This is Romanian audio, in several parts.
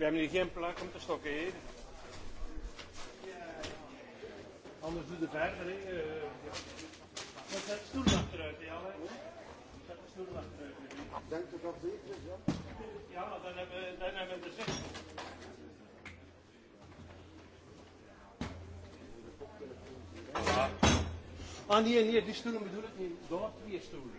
We hebben hier geen plak om te stokken hier. Anders doe je verder. Hè. Uh, zet de stoel achteruit, Jan. Zet de stoel achteruit. Denk je dat beter is, ja? Ja, dan hebben, we, dan hebben we de zicht. Ah, nee, nee, die stoelen bedoel ik niet. Daar twee stoelen.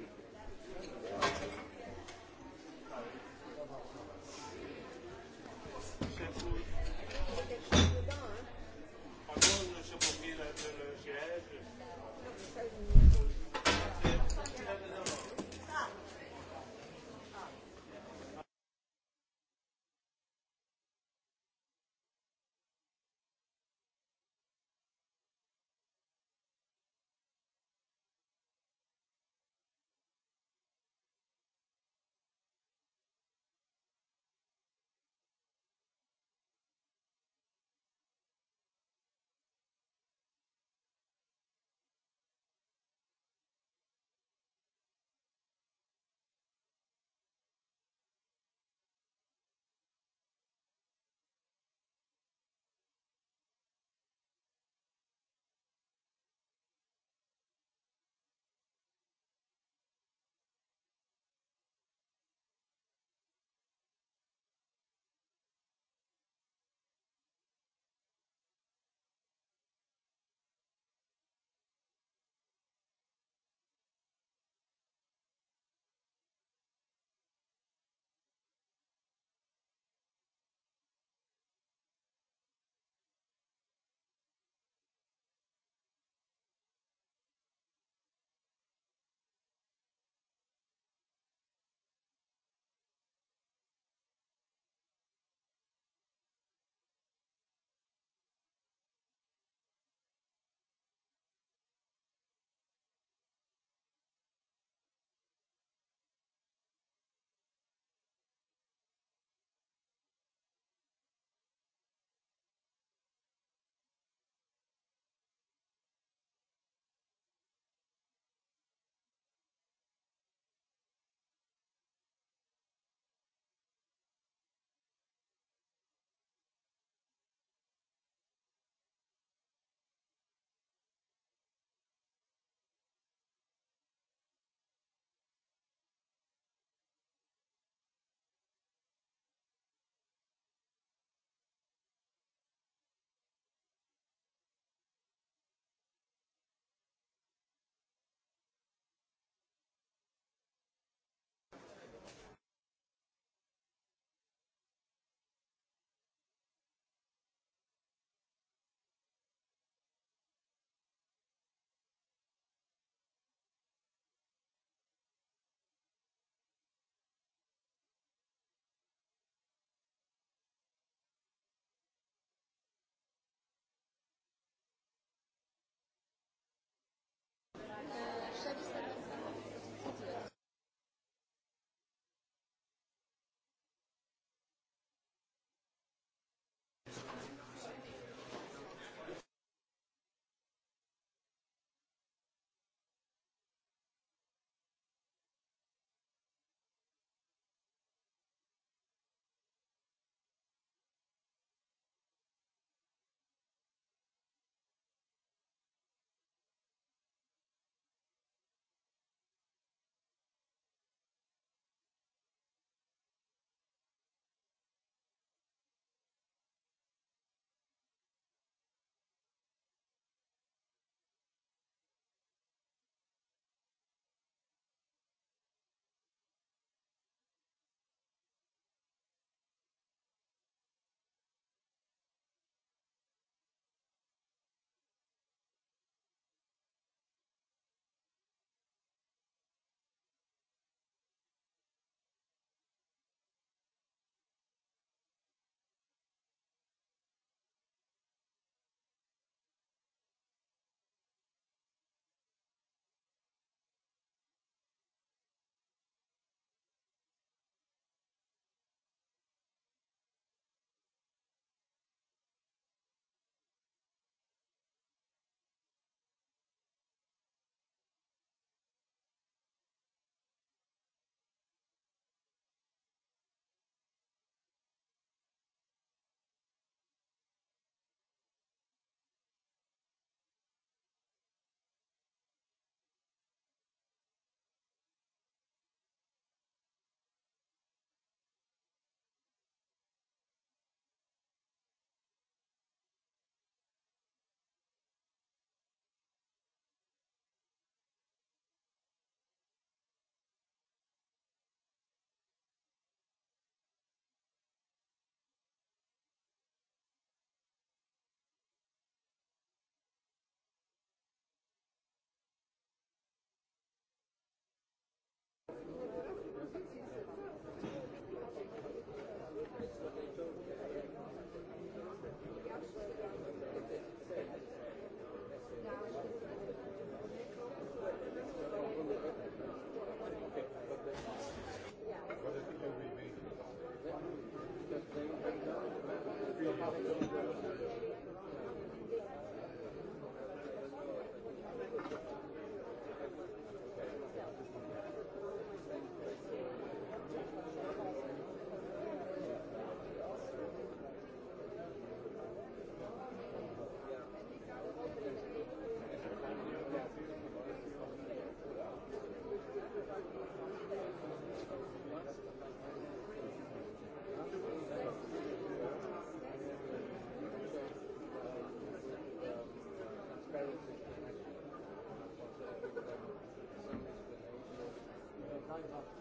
Thank you.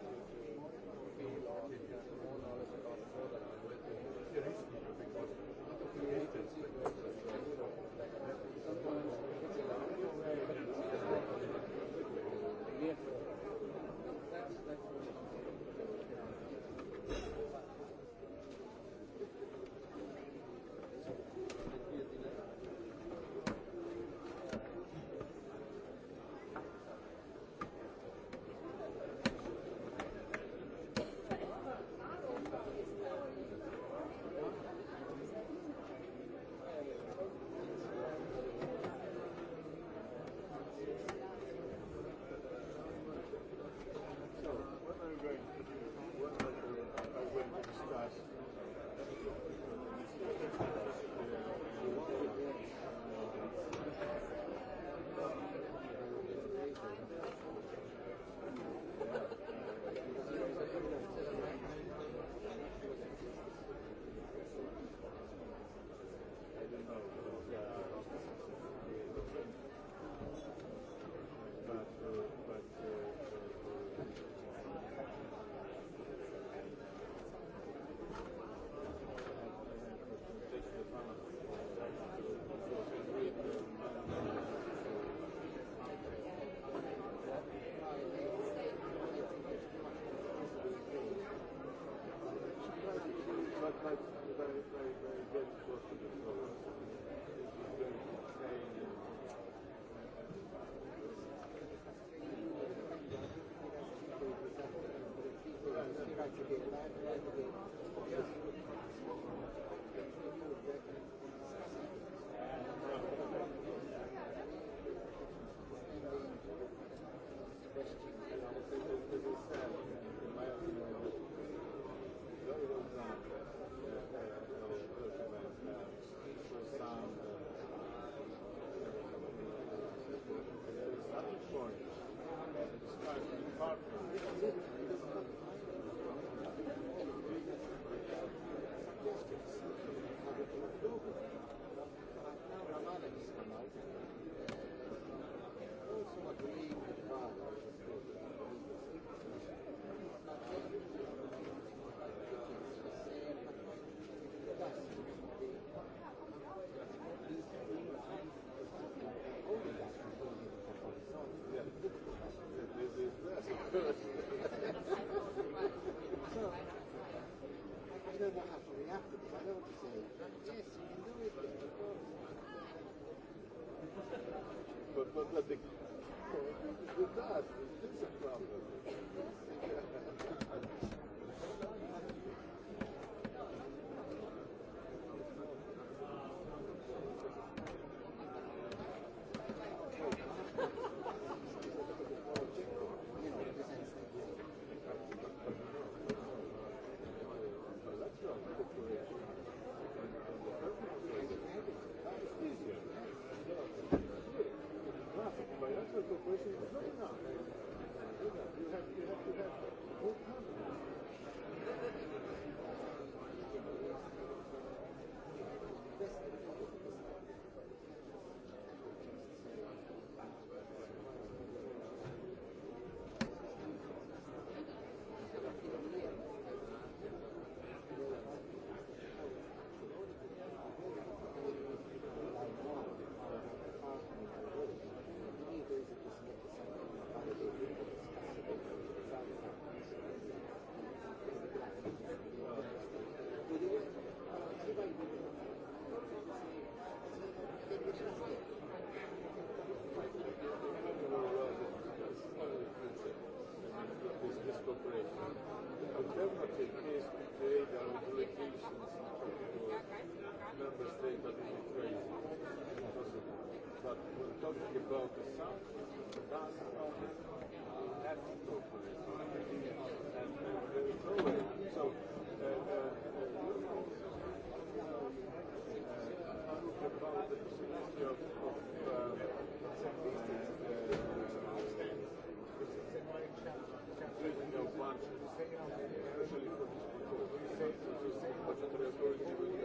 member state that is But we're talking about the sound, the dance component, we have to And there is no way. So, uh, uh, uh, about the possibility of, of uh, uh,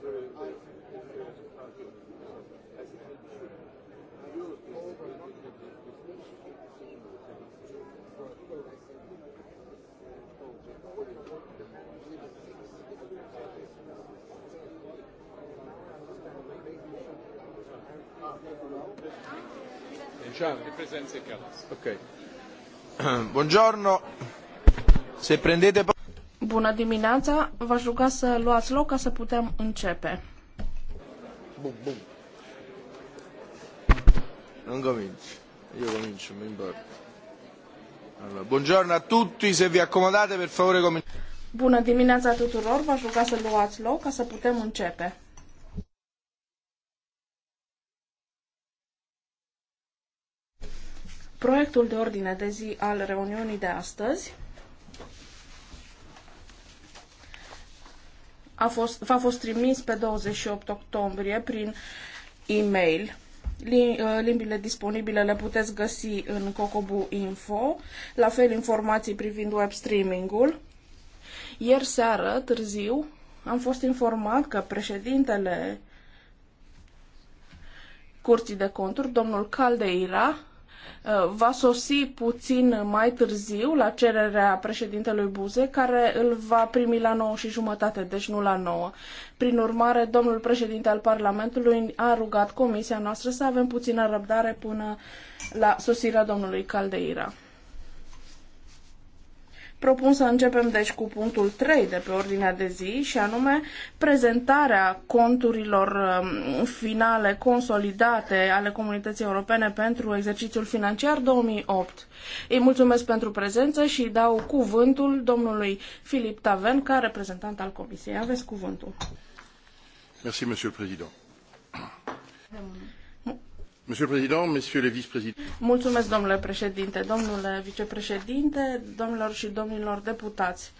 Buongiorno. Se prendete Bună dimineața! V-aș ruga să luați loc ca să putem începe. Bun, bun. Non cominci. Io comincio, mi importa. Allora, buongiorno a tutti, se vi accomodate per favore cominci... Bună dimineața tuturor, v-aș ruga să luați loc ca să putem începe. Proiectul de ordine de zi al reuniunii de astăzi a fost, v-a fost trimis pe 28 octombrie prin e-mail. Uh, limbile disponibile le puteți găsi în Cocobu Info, la fel informații privind web streaming-ul. Ieri seară, târziu, am fost informat că președintele Curții de Conturi, domnul Caldeira, Uh, va sosi puțin mai târziu la cererea președintelui Buze, care îl va primi la 9 și jumătate, deci nu la 9. Prin urmare, domnul președinte al Parlamentului a rugat comisia noastră să avem puțină răbdare până la sosirea domnului Caldeira. Propun să începem deci cu punctul 3 de pe ordinea de zi și anume prezentarea conturilor um, finale consolidate ale Comunității Europene pentru exercițiul financiar 2008. Îi mulțumesc pentru prezență și dau cuvântul domnului Filip Taven ca reprezentant al Comisiei. Aveți cuvântul. Merci, monsieur le président. Mulțumesc, domnule președinte, domnule vicepreședinte, domnilor și domnilor deputați.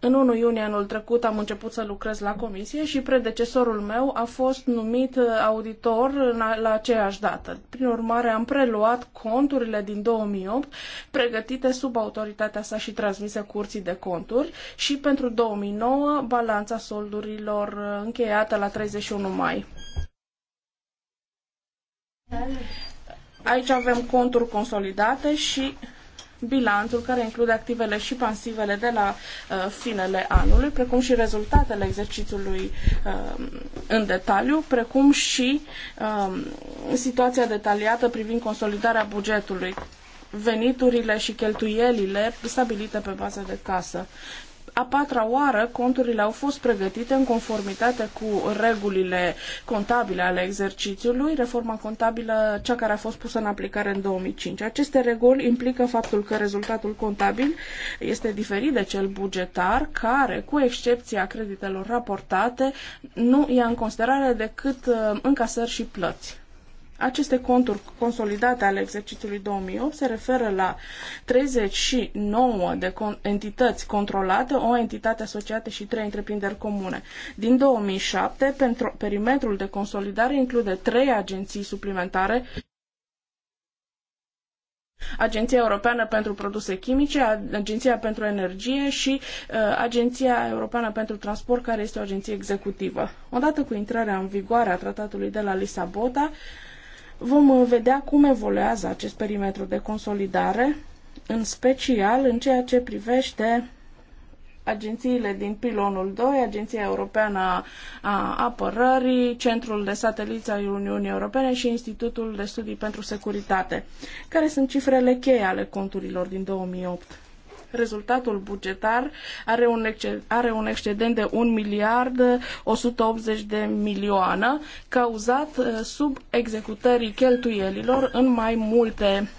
În 1 iunie anul trecut am început să lucrez la comisie și predecesorul meu a fost numit uh, auditor la aceeași dată. Prin urmare, am preluat conturile din 2008 pregătite sub autoritatea sa și transmise curții de conturi și pentru 2009 balanța soldurilor uh, încheiată la 31 mai. Aici avem conturi consolidate și bilanțul care include activele și pasivele de la uh, finele anului, precum și rezultatele exercițiului uh, în detaliu, precum și uh, situația detaliată privind consolidarea bugetului veniturile și cheltuielile stabilite pe bază de casă a patra oară conturile au fost pregătite în conformitate cu regulile contabile ale exercițiului, reforma contabilă, cea care a fost pusă în aplicare în 2005. Aceste reguli implică faptul că rezultatul contabil este diferit de cel bugetar, care, cu excepția creditelor raportate, nu ia în considerare decât uh, încasări și plăți. Aceste conturi consolidate ale exercițiului 2008 se referă la 39 de entități controlate, o entitate asociată și trei întreprinderi comune. Din 2007, pentru perimetrul de consolidare include trei agenții suplimentare Agenția Europeană pentru Produse Chimice, Agenția pentru Energie și uh, Agenția Europeană pentru Transport, care este o agenție executivă. Odată cu intrarea în vigoare a tratatului de la Lisabota, uh, Vom uh, vedea cum evoluează acest perimetru de consolidare, în special în ceea ce privește agențiile din pilonul 2, Agenția Europeană a, Apărării, Centrul de Sateliți al Uniunii Europene și Institutul de Studii pentru Securitate, care sunt cifrele cheie ale conturilor din 2008. Rezultatul bugetar are un, excedent, are un excedent de 1 miliard 180 uh, de milioane, cauzat uh, sub executării cheltuielilor în mai multe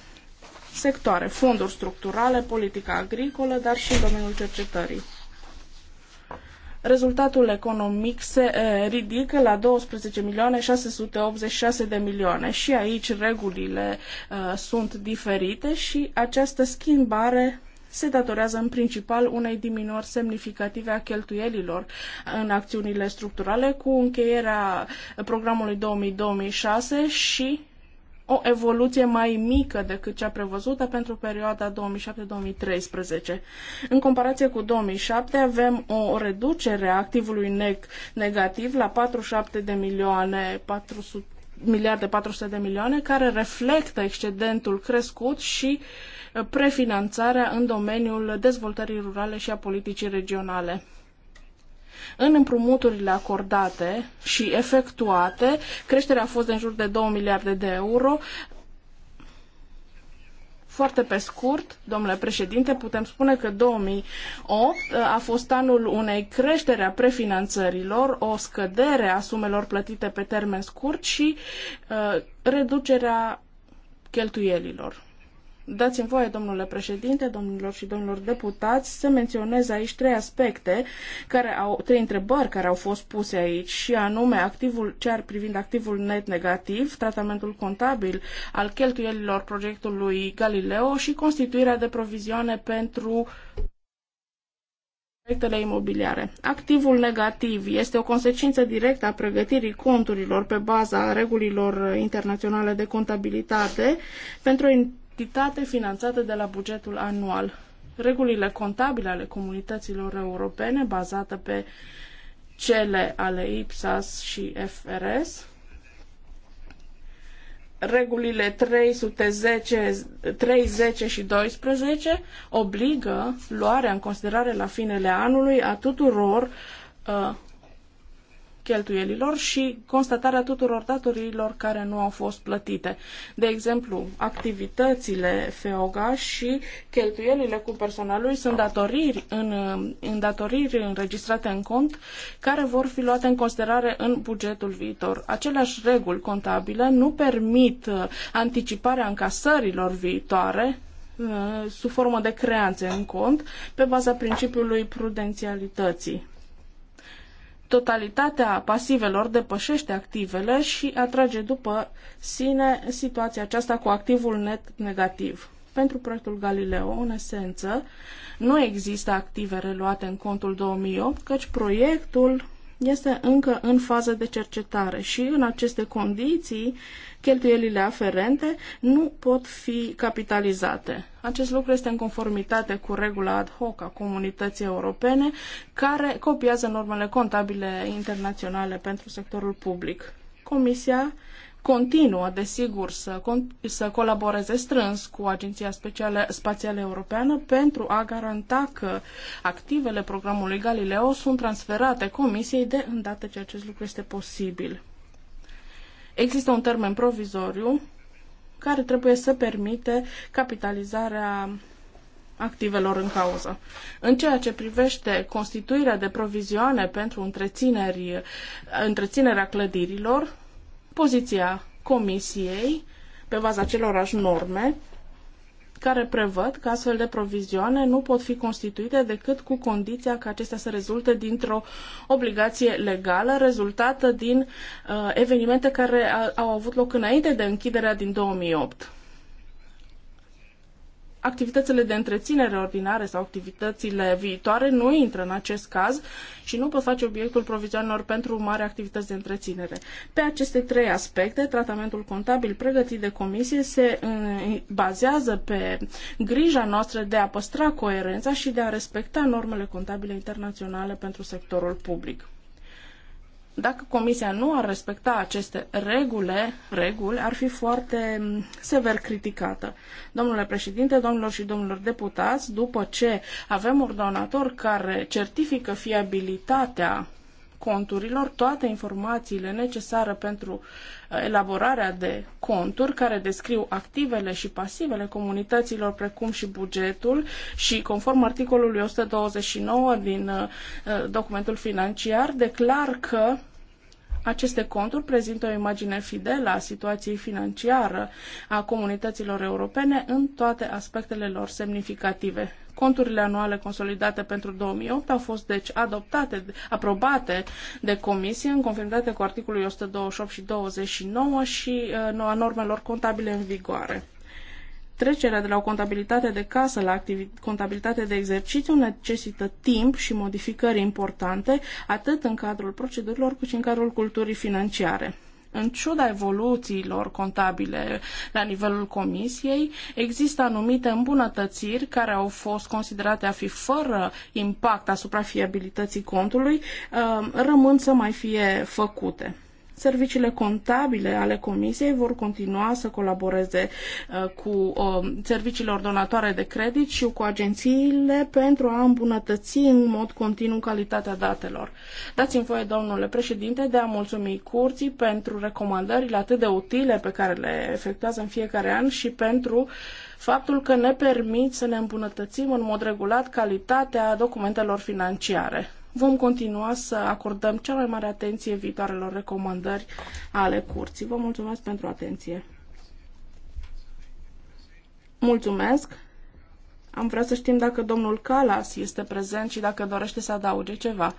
sectoare, fonduri structurale, politica agricolă, dar și în domeniul cercetării. Rezultatul economic se uh, ridică la 12 milioane 686 de milioane și aici regulile uh, sunt diferite și această schimbare se datorează în principal unei diminuări semnificative a cheltuielilor în acțiunile structurale cu încheierea programului 2000-2006 și o evoluție mai mică decât cea prevăzută pentru perioada 2007-2013. În comparație cu 2007 avem o reducere a activului neg negativ la 47 de milioane 400 miliarde 400 de milioane, care reflectă excedentul crescut și uh, prefinanțarea în domeniul dezvoltării rurale și a politicii regionale. În împrumuturile acordate și efectuate, creșterea a fost în jur de 2 miliarde de euro, foarte pe scurt, domnule președinte, putem spune că 2008 uh, a fost anul unei creștere a prefinanțărilor, o scădere a sumelor plătite pe termen scurt și uh, reducerea cheltuielilor. Dați-mi voie, domnule președinte, domnilor și domnilor deputați, să menționez aici trei aspecte, care au, trei întrebări care au fost puse aici, și anume activul, cea privind activul net negativ, tratamentul contabil al cheltuielilor proiectului Galileo și constituirea de provizioane pentru proiectele imobiliare. Activul negativ este o consecință directă a pregătirii conturilor pe baza regulilor internaționale de contabilitate pentru entitate finanțată de la bugetul anual. Regulile contabile ale comunităților europene, bazate pe cele ale IPSAS și FRS, regulile 310, 310 și 12 obligă luarea în considerare la finele anului a tuturor uh, cheltuielilor și constatarea tuturor datoriilor care nu au fost plătite. De exemplu, activitățile FEOGA și cheltuielile cu personalul sunt datoriri în, îndatoriri înregistrate în cont care vor fi luate în considerare în bugetul viitor. Aceleași reguli contabile nu permit uh, anticiparea încasărilor viitoare uh, sub formă de creanțe în cont pe baza principiului prudențialității totalitatea pasivelor depășește activele și atrage după sine situația aceasta cu activul net negativ. Pentru proiectul Galileo, în esență, nu există active reluate în contul 2008, căci proiectul este încă în fază de cercetare și în aceste condiții cheltuielile aferente nu pot fi capitalizate. Acest lucru este în conformitate cu regula ad hoc a comunității europene care copiază normele contabile internaționale pentru sectorul public. Comisia continuă, desigur, să, să colaboreze strâns cu Agenția Spațială Europeană pentru a garanta că activele programului Galileo sunt transferate Comisiei de îndată ce acest lucru este posibil. Există un termen provizoriu care trebuie să permite capitalizarea activelor în cauză. În ceea ce privește constituirea de provizioane pentru întreținerea clădirilor, poziția Comisiei pe baza acelorași norme care prevăd că astfel de provizioane nu pot fi constituite decât cu condiția că acestea să rezulte dintr-o obligație legală rezultată din uh, evenimente care au avut loc înainte de închiderea din 2008 activitățile de întreținere ordinare sau activitățile viitoare nu intră în acest caz și nu pot face obiectul provizionilor pentru mari activități de întreținere. Pe aceste trei aspecte, tratamentul contabil pregătit de comisie se bazează pe grija noastră de a păstra coerența și de a respecta normele contabile internaționale pentru sectorul public. Dacă Comisia nu ar respecta aceste regule, reguli, ar fi foarte mm, sever criticată. Domnule președinte, domnilor și domnilor deputați, după ce avem un donator care certifică fiabilitatea conturilor toate informațiile necesare pentru uh, elaborarea de conturi care descriu activele și pasivele comunităților, precum și bugetul și conform articolului 129 din uh, documentul financiar, declar că aceste conturi prezintă o imagine fidelă a situației financiară a comunităților europene în toate aspectele lor semnificative. Conturile anuale consolidate pentru 2008 au fost deci adoptate, aprobate de comisie în conformitate cu articolul 128 și 29 și uh, noua normelor contabile în vigoare. Trecerea de la o contabilitate de casă la contabilitate de exercițiu necesită timp și modificări importante, atât în cadrul procedurilor, cât și în cadrul culturii financiare. În ciuda evoluțiilor contabile la nivelul comisiei, există anumite îmbunătățiri care au fost considerate a fi fără impact asupra fiabilității contului, uh, rămân să mai fie făcute. Serviciile contabile ale Comisiei vor continua să colaboreze uh, cu um, serviciile ordonatoare de credit și cu agențiile pentru a îmbunătăți în mod continuu calitatea datelor. Dați-mi voie, domnule președinte, de a mulțumi curții pentru recomandările atât de utile pe care le efectuează în fiecare an și pentru faptul că ne permit să ne îmbunătățim în mod regulat calitatea documentelor financiare vom continua să acordăm cea mai mare atenție viitoarelor recomandări ale curții. Vă mulțumesc pentru atenție. Mulțumesc. Am vrea să știm dacă domnul Calas este prezent și dacă dorește să adauge ceva.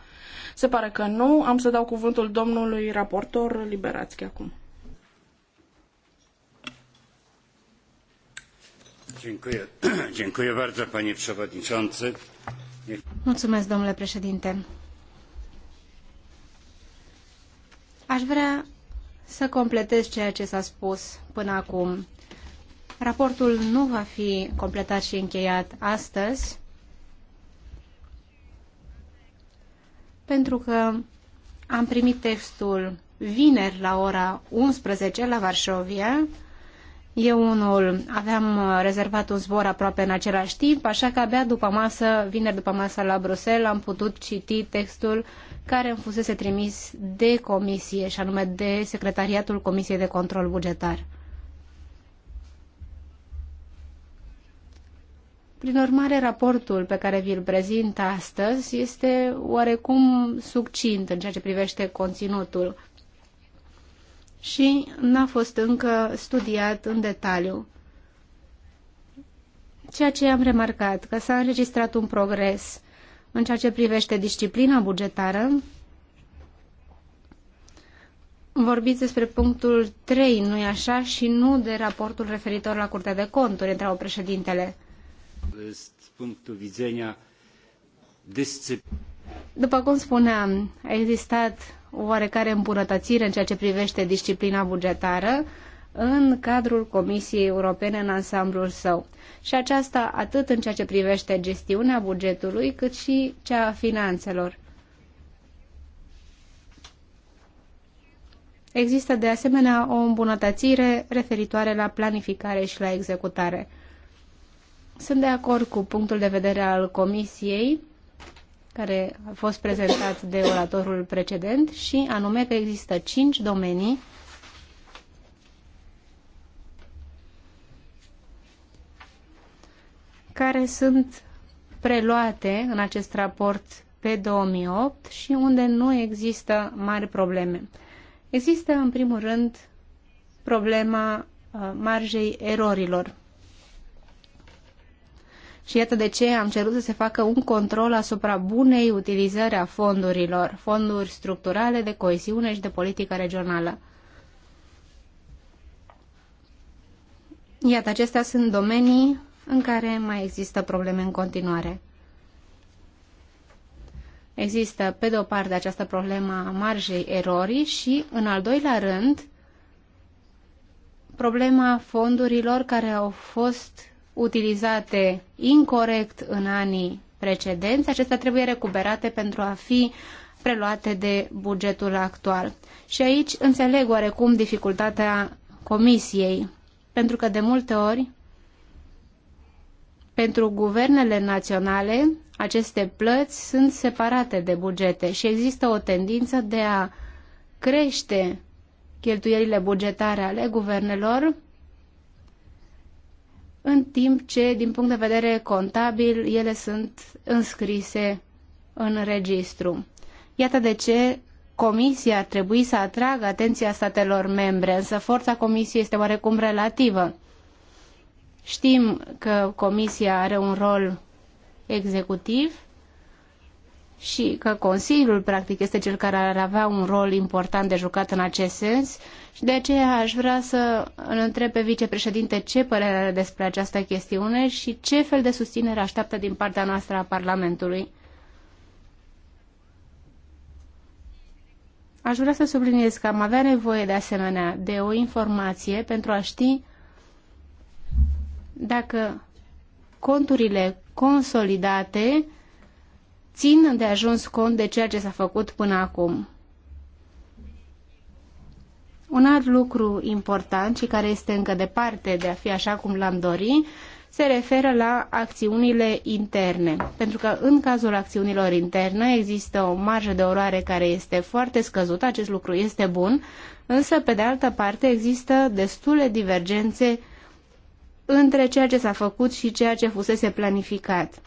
Se pare că nu. Am să dau cuvântul domnului raportor Liberați Liberațchi acum. Dziękuję. Dziękuję bardzo, panie przewodniczący. Mulțumesc, domnule președinte. Aș vrea să completez ceea ce s-a spus până acum. Raportul nu va fi completat și încheiat astăzi, pentru că am primit textul vineri la ora 11 la Varșovia eu unul aveam uh, rezervat un zbor aproape în același timp, așa că abia după masă, vineri după masă la Bruxelles, am putut citi textul care îmi fusese trimis de comisie, și anume de Secretariatul Comisiei de Control Bugetar. Prin urmare, raportul pe care vi-l prezint astăzi este oarecum succint în ceea ce privește conținutul și n-a fost încă studiat în detaliu. Ceea ce am remarcat, că s-a înregistrat un progres în ceea ce privește disciplina bugetară, Vorbiți despre punctul 3, nu-i așa, și nu de raportul referitor la Curtea de Conturi, întreabă președintele. După cum spuneam, a existat oarecare îmbunătățire în ceea ce privește disciplina bugetară în cadrul Comisiei Europene în ansamblul său. Și aceasta atât în ceea ce privește gestiunea bugetului, cât și cea a finanțelor. Există de asemenea o îmbunătățire referitoare la planificare și la executare. Sunt de acord cu punctul de vedere al Comisiei care a fost prezentat de oratorul precedent și anume că există cinci domenii care sunt preluate în acest raport pe 2008 și unde nu există mari probleme. Există, în primul rând, problema uh, marjei erorilor. Și iată de ce am cerut să se facă un control asupra bunei utilizări a fondurilor, fonduri structurale de coeziune și de politică regională. Iată, acestea sunt domenii în care mai există probleme în continuare. Există, pe de o parte, această problemă a marjei erorii și, în al doilea rând, problema fondurilor care au fost utilizate incorrect în anii precedenți, acestea trebuie recuperate pentru a fi preluate de bugetul actual. Și aici înțeleg oarecum dificultatea comisiei, pentru că de multe ori pentru guvernele naționale aceste plăți sunt separate de bugete și există o tendință de a crește cheltuielile bugetare ale guvernelor în timp ce, din punct de vedere contabil, ele sunt înscrise în registru. Iată de ce Comisia ar trebui să atragă atenția statelor membre, însă forța Comisiei este oarecum relativă. Știm că Comisia are un rol executiv, și că Consiliul, practic, este cel care ar avea un rol important de jucat în acest sens și de aceea aș vrea să îl întreb pe vicepreședinte ce părere are despre această chestiune și ce fel de susținere așteaptă din partea noastră a Parlamentului. Aș vrea să subliniez că am avea nevoie de asemenea de o informație pentru a ști dacă conturile consolidate țin de ajuns cont de ceea ce s-a făcut până acum. Un alt lucru important și care este încă departe de a fi așa cum l-am dorit, se referă la acțiunile interne. Pentru că în cazul acțiunilor interne există o marjă de oroare care este foarte scăzută, acest lucru este bun, însă pe de altă parte există destule divergențe între ceea ce s-a făcut și ceea ce fusese planificat.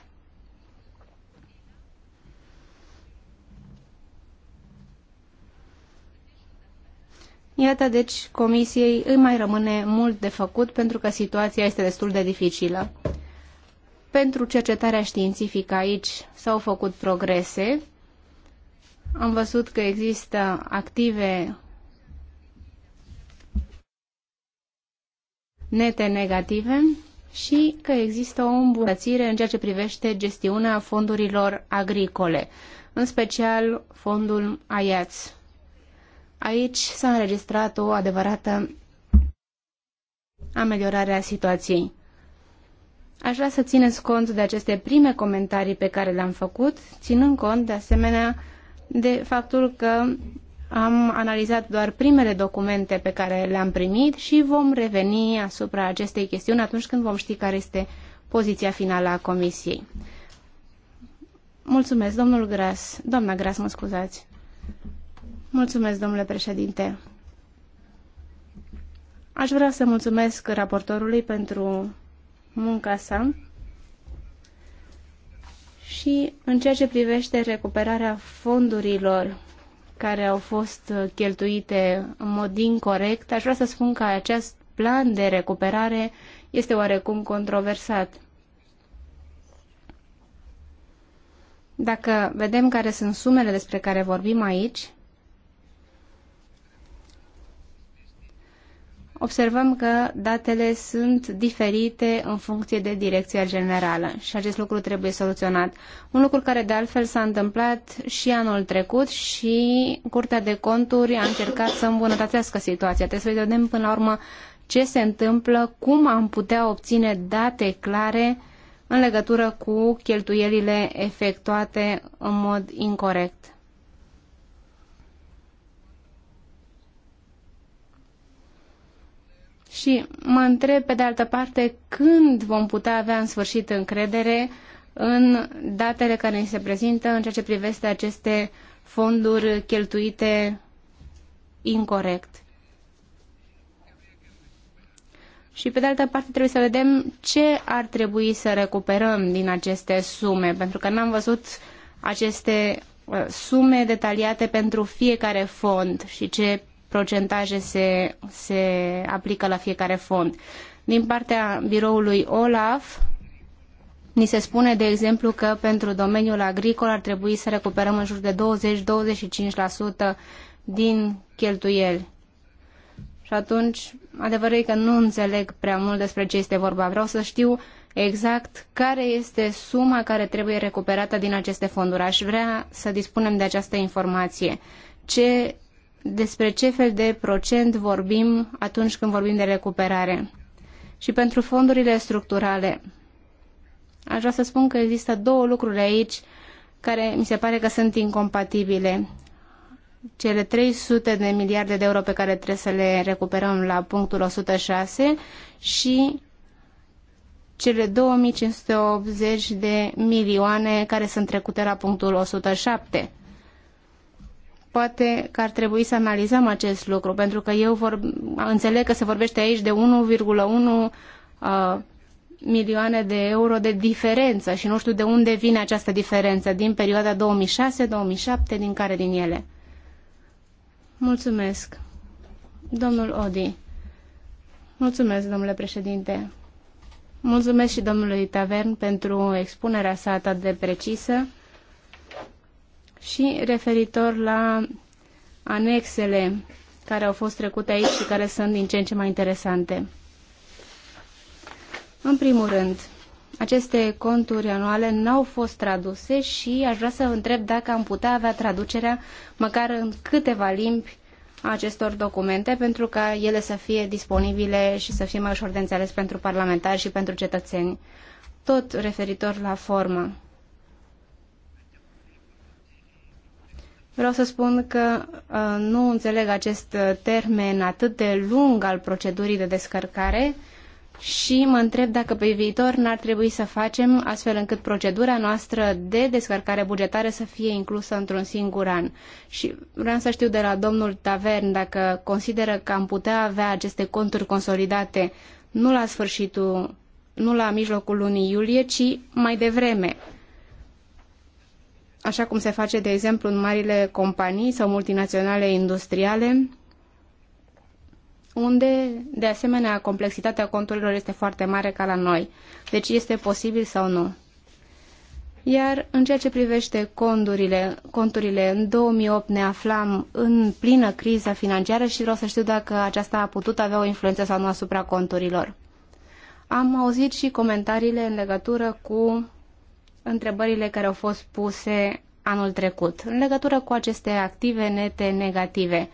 Iată, deci, comisiei îi mai rămâne mult de făcut pentru că situația este destul de dificilă. Pentru cercetarea științifică aici s-au făcut progrese. Am văzut că există active nete negative și că există o îmbunătățire în ceea ce privește gestiunea fondurilor agricole, în special fondul AIATS. Aici s-a înregistrat o adevărată ameliorare a situației. Aș vrea să țineți cont de aceste prime comentarii pe care le-am făcut, ținând cont de asemenea de faptul că am analizat doar primele documente pe care le-am primit și vom reveni asupra acestei chestiuni atunci când vom ști care este poziția finală a Comisiei. Mulțumesc, domnul Gras. Doamna Gras, mă scuzați. Mulțumesc, domnule președinte. Aș vrea să mulțumesc raportorului pentru munca sa și în ceea ce privește recuperarea fondurilor care au fost cheltuite în mod incorrect, aș vrea să spun că acest plan de recuperare este oarecum controversat. Dacă vedem care sunt sumele despre care vorbim aici, observăm că datele sunt diferite în funcție de direcția generală și acest lucru trebuie soluționat. Un lucru care de altfel s-a întâmplat și anul trecut și Curtea de Conturi a încercat să îmbunătățească situația. Trebuie să vedem până la urmă ce se întâmplă, cum am putea obține date clare în legătură cu cheltuielile efectuate în mod incorrect. Și mă întreb, pe de altă parte, când vom putea avea în sfârșit încredere în datele care ni se prezintă în ceea ce privește aceste fonduri cheltuite incorrect. Și pe de altă parte trebuie să vedem ce ar trebui să recuperăm din aceste sume, pentru că n-am văzut aceste uh, sume detaliate pentru fiecare fond și ce procentaje se, se aplică la fiecare fond. Din partea biroului OLAF, Ni se spune, de exemplu, că pentru domeniul agricol ar trebui să recuperăm în jur de 20-25% din cheltuieli. Și atunci, adevărul e că nu înțeleg prea mult despre ce este vorba. Vreau să știu exact care este suma care trebuie recuperată din aceste fonduri. Aș vrea să dispunem de această informație. Ce despre ce fel de procent vorbim atunci când vorbim de recuperare. Și pentru fondurile structurale, aș vrea să spun că există două lucruri aici care mi se pare că sunt incompatibile. Cele 300 de miliarde de euro pe care trebuie să le recuperăm la punctul 106 și cele 2580 de milioane care sunt trecute la punctul 107 poate că ar trebui să analizăm acest lucru, pentru că eu vor, înțeleg că se vorbește aici de 1,1 uh, milioane de euro de diferență și nu știu de unde vine această diferență, din perioada 2006-2007, din care din ele. Mulțumesc. Domnul Odi. Mulțumesc, domnule președinte. Mulțumesc și domnului Tavern pentru expunerea sa atât de precisă și referitor la anexele care au fost trecute aici și care sunt din ce în ce mai interesante. În primul rând, aceste conturi anuale n-au fost traduse și aș vrea să vă întreb dacă am putea avea traducerea măcar în câteva limbi a acestor documente pentru ca ele să fie disponibile și să fie mai ușor de înțeles pentru parlamentari și pentru cetățeni. Tot referitor la formă. Vreau să spun că uh, nu înțeleg acest uh, termen atât de lung al procedurii de descărcare și mă întreb dacă pe viitor n-ar trebui să facem astfel încât procedura noastră de descărcare bugetară să fie inclusă într-un singur an. Și vreau să știu de la domnul Tavern dacă consideră că am putea avea aceste conturi consolidate nu la sfârșitul, nu la mijlocul lunii iulie, ci mai devreme așa cum se face, de exemplu, în marile companii sau multinaționale industriale, unde, de asemenea, complexitatea conturilor este foarte mare ca la noi. Deci este posibil sau nu. Iar în ceea ce privește condurile, conturile, în 2008 ne aflam în plină criză financiară și vreau să știu dacă aceasta a putut avea o influență sau nu asupra conturilor. Am auzit și comentariile în legătură cu întrebările care au fost puse anul trecut în legătură cu aceste active nete negative.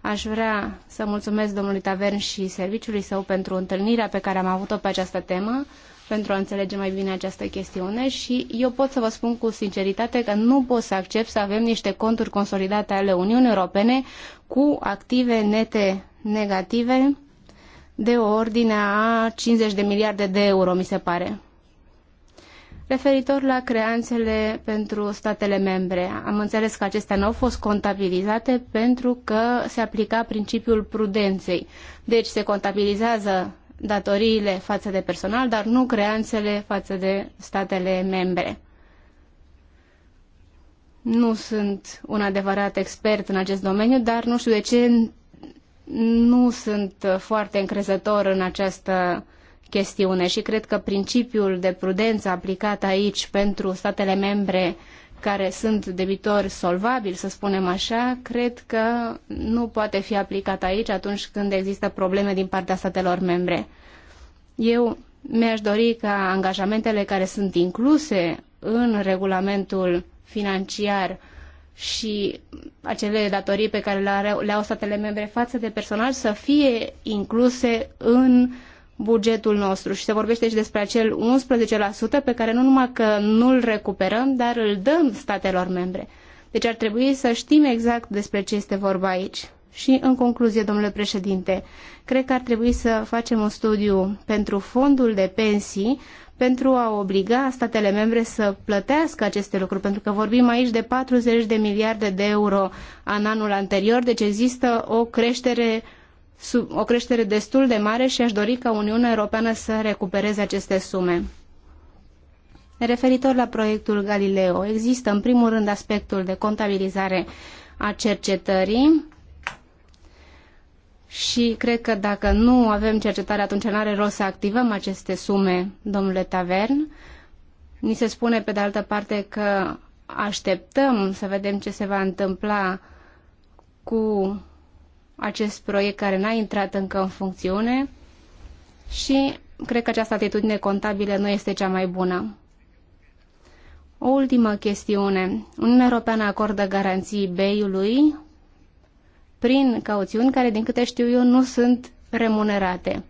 Aș vrea să mulțumesc domnului Tavern și serviciului său pentru întâlnirea pe care am avut-o pe această temă, pentru a înțelege mai bine această chestiune și eu pot să vă spun cu sinceritate că nu pot să accept să avem niște conturi consolidate ale Uniunii Europene cu active nete negative de o ordine a 50 de miliarde de euro, mi se pare. Referitor la creanțele pentru statele membre, am înțeles că acestea nu au fost contabilizate pentru că se aplica principiul prudenței. Deci se contabilizează datoriile față de personal, dar nu creanțele față de statele membre. Nu sunt un adevărat expert în acest domeniu, dar nu știu de ce nu sunt foarte încrezător în această uh, chestiune și cred că principiul de prudență aplicat aici pentru statele membre care sunt debitori solvabili, să spunem așa, cred că nu poate fi aplicat aici atunci când există probleme din partea statelor membre. Eu mi-aș dori ca angajamentele care sunt incluse în regulamentul financiar și acele datorii pe care le au statele membre față de personal să fie incluse în uh, bugetul nostru și se vorbește și despre acel 11% pe care nu numai că nu-l recuperăm, dar îl dăm statelor membre. Deci ar trebui să știm exact despre ce este vorba aici. Și în concluzie, domnule președinte, cred că ar trebui să facem un studiu pentru fondul de pensii pentru a obliga statele membre să plătească aceste lucruri, pentru că vorbim aici de 40 de miliarde de euro în anul anterior, deci există o creștere sub o creștere destul de mare și aș dori ca Uniunea Europeană să recupereze aceste sume. Referitor la proiectul Galileo, există în primul rând aspectul de contabilizare a cercetării și cred că dacă nu avem cercetare, atunci nu are rost să activăm aceste sume, domnule Tavern. Ni se spune, pe de altă parte, că așteptăm să vedem ce se va întâmpla cu acest proiect care n-a intrat încă în funcțiune și cred că această atitudine contabilă nu este cea mai bună. O ultimă chestiune. Uniunea Europeană acordă garanții BEI-ului prin cauțiuni care, din câte știu eu, nu sunt remunerate.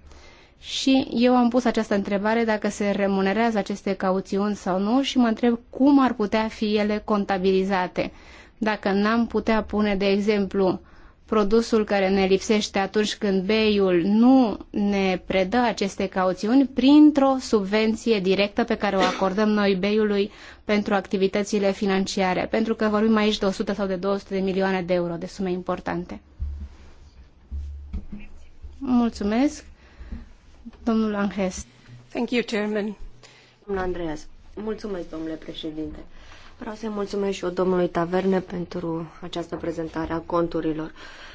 Și eu am pus această întrebare dacă se remunerează aceste cauțiuni sau nu și mă întreb cum ar putea fi ele contabilizate. Dacă n-am putea pune, de exemplu, produsul care ne lipsește atunci când beiul nu ne predă aceste cauțiuni printr-o subvenție directă pe care o acordăm noi beiului pentru activitățile financiare, pentru că vorbim aici de 100 sau de 200 de milioane de euro, de sume importante. Mulțumesc. Domnul Anhes. Thank you, Chairman. Domnul Andreas. Mulțumesc, domnule președinte. Vreau să-i mulțumesc și eu domnului Taverne pentru această prezentare a conturilor.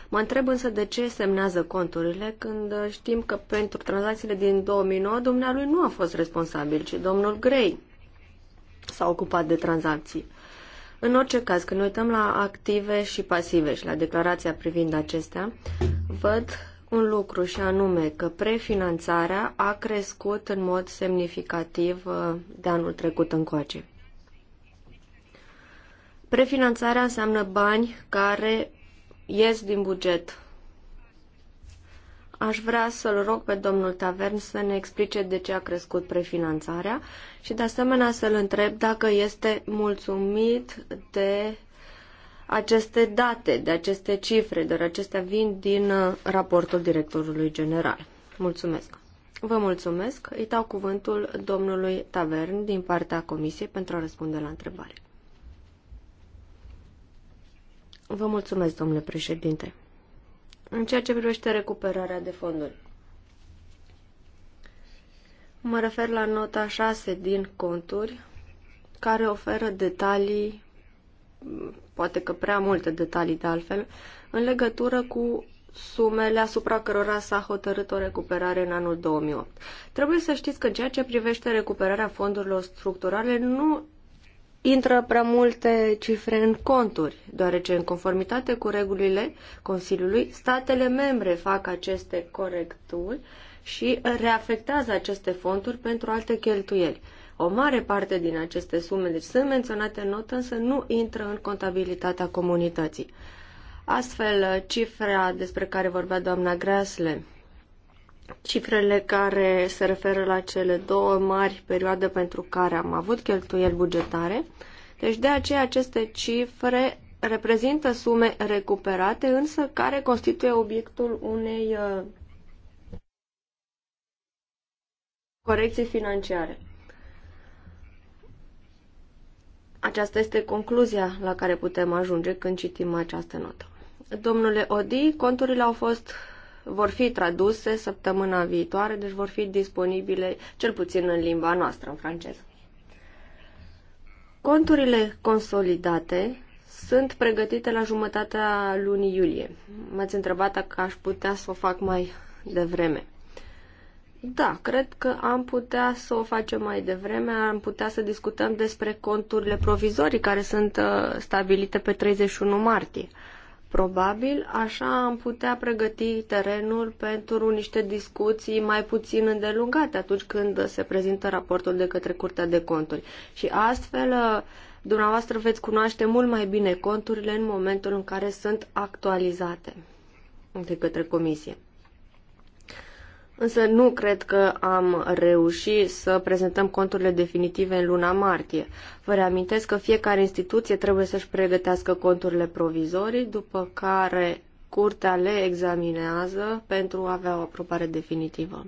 Mă întreb însă de ce semnează conturile când știm că pentru tranzacțiile din 2009 dumnealui nu a fost responsabil, ci domnul Grey s-a ocupat de tranzacții. În orice caz, când uităm la active și pasive și la declarația privind acestea, văd un lucru și anume că prefinanțarea a crescut în mod semnificativ uh, de anul trecut încoace. Prefinanțarea înseamnă bani care ies din buget. Aș vrea să-l rog pe domnul Tavern să ne explice de ce a crescut prefinanțarea și de asemenea să-l întreb dacă este mulțumit de aceste date, de aceste cifre, dar acestea vin din uh, raportul directorului general. Mulțumesc! Vă mulțumesc. Îi dau cuvântul domnului Tavern din partea Comisiei pentru a răspunde la întrebare. Vă mulțumesc, domnule președinte. În ceea ce privește recuperarea de fonduri, mă refer la nota 6 din conturi, care oferă detalii, poate că prea multe detalii de altfel, în legătură cu sumele asupra cărora s-a hotărât o recuperare în anul 2008. Trebuie să știți că în ceea ce privește recuperarea fondurilor structurale nu intră prea multe cifre în conturi, deoarece în conformitate cu regulile Consiliului, statele membre fac aceste corecturi și reafectează aceste fonduri pentru alte cheltuieli. O mare parte din aceste sume, deci sunt menționate în notă, însă nu intră în contabilitatea comunității. Astfel, cifra despre care vorbea doamna Grasle, cifrele care se referă la cele două mari perioade pentru care am avut cheltuieli bugetare. Deci de aceea aceste cifre reprezintă sume recuperate, însă care constituie obiectul unei uh, corecții financiare. Aceasta este concluzia la care putem ajunge când citim această notă. Domnule Odi, conturile au fost vor fi traduse săptămâna viitoare, deci vor fi disponibile cel puțin în limba noastră, în franceză. Conturile consolidate sunt pregătite la jumătatea lunii iulie. M-ați întrebat dacă aș putea să o fac mai devreme. Da, cred că am putea să o facem mai devreme, am putea să discutăm despre conturile provizorii care sunt uh, stabilite pe 31 martie. Probabil așa am putea pregăti terenul pentru niște discuții mai puțin îndelungate atunci când se prezintă raportul de către Curtea de Conturi. Și astfel uh, dumneavoastră veți cunoaște mult mai bine conturile în momentul în care sunt actualizate de către Comisie. Însă nu cred că am reușit să prezentăm conturile definitive în luna martie. Vă reamintesc că fiecare instituție trebuie să-și pregătească conturile provizorii, după care curtea le examinează pentru a avea o aprobare definitivă.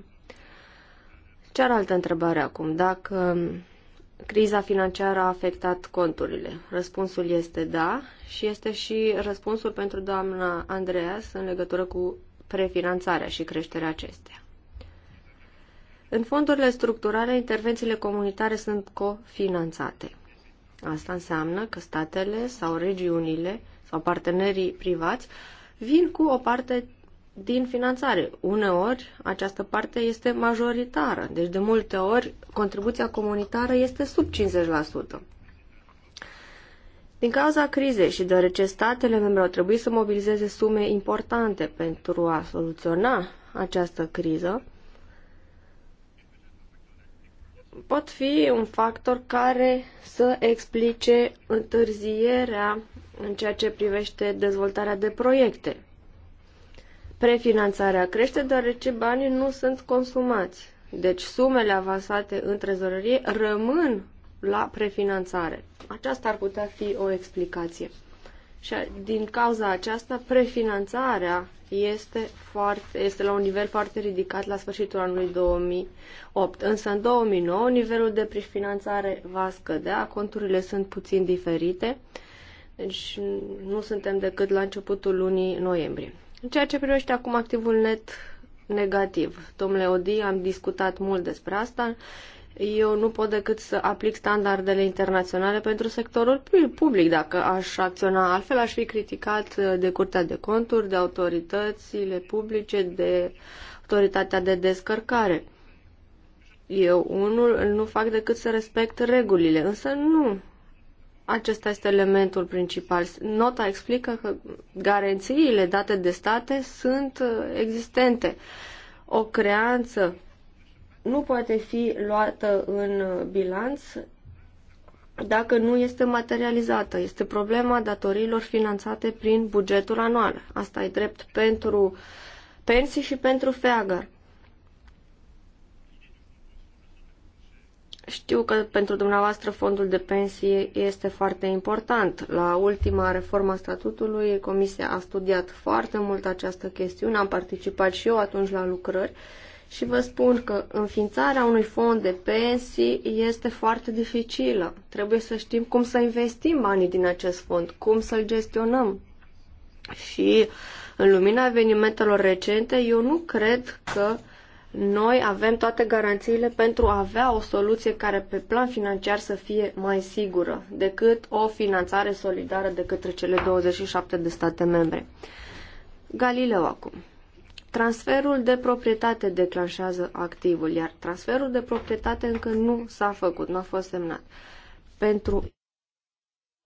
Cealaltă întrebare acum, dacă criza financiară a afectat conturile? Răspunsul este da și este și răspunsul pentru doamna Andreas în legătură cu prefinanțarea și creșterea acesteia. În fondurile structurale, intervențiile comunitare sunt cofinanțate. Asta înseamnă că statele sau regiunile sau partenerii privați vin cu o parte din finanțare. Uneori, această parte este majoritară, deci de multe ori contribuția comunitară este sub 50%. Din cauza crizei și deoarece statele membre au trebuit să mobilizeze sume importante pentru a soluționa această criză, pot fi un factor care să explice întârzierea în ceea ce privește dezvoltarea de proiecte. Prefinanțarea crește deoarece banii nu sunt consumați, deci sumele avansate în trezorărie rămân la prefinanțare. Aceasta ar putea fi o explicație. Și din cauza aceasta, prefinanțarea este, foarte, este la un nivel foarte ridicat la sfârșitul anului 2008. Însă în 2009 nivelul de prefinanțare va scădea, conturile sunt puțin diferite, deci nu suntem decât la începutul lunii noiembrie. În ceea ce privește acum activul net negativ. Domnule Odi, am discutat mult despre asta eu nu pot decât să aplic standardele internaționale pentru sectorul public. Dacă aș acționa altfel, aș fi criticat uh, de Curtea de Conturi, de autoritățile publice, de autoritatea de descărcare. Eu, unul, nu fac decât să respect regulile, însă nu. Acesta este elementul principal. Nota explică că garanțiile date de state sunt uh, existente. O creanță nu poate fi luată în bilanț dacă nu este materializată. Este problema datoriilor finanțate prin bugetul anual. Asta e drept pentru pensii și pentru FEAGAR. Știu că pentru dumneavoastră fondul de pensii este foarte important. La ultima reformă a statutului, Comisia a studiat foarte mult această chestiune, am participat și eu atunci la lucrări și vă spun că înființarea unui fond de pensii este foarte dificilă. Trebuie să știm cum să investim banii din acest fond, cum să-l gestionăm. Și în lumina evenimentelor recente, eu nu cred că noi avem toate garanțiile pentru a avea o soluție care pe plan financiar să fie mai sigură decât o finanțare solidară de către cele 27 de state membre. Galileu acum. Transferul de proprietate declanșează activul, iar transferul de proprietate încă nu s-a făcut, nu a fost semnat. Pentru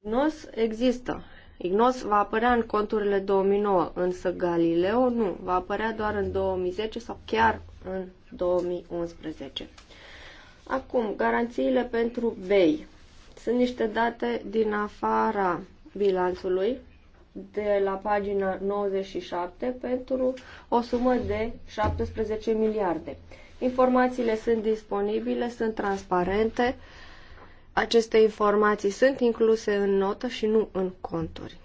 IGNOS există. IGNOS va apărea în conturile 2009, însă Galileo nu, va apărea doar în 2010 sau chiar în 2011. Acum, garanțiile pentru BEI. Sunt niște date din afara bilanțului de la pagina 97 pentru o sumă de 17 miliarde. Informațiile sunt disponibile, sunt transparente. Aceste informații sunt incluse în notă și nu în conturi.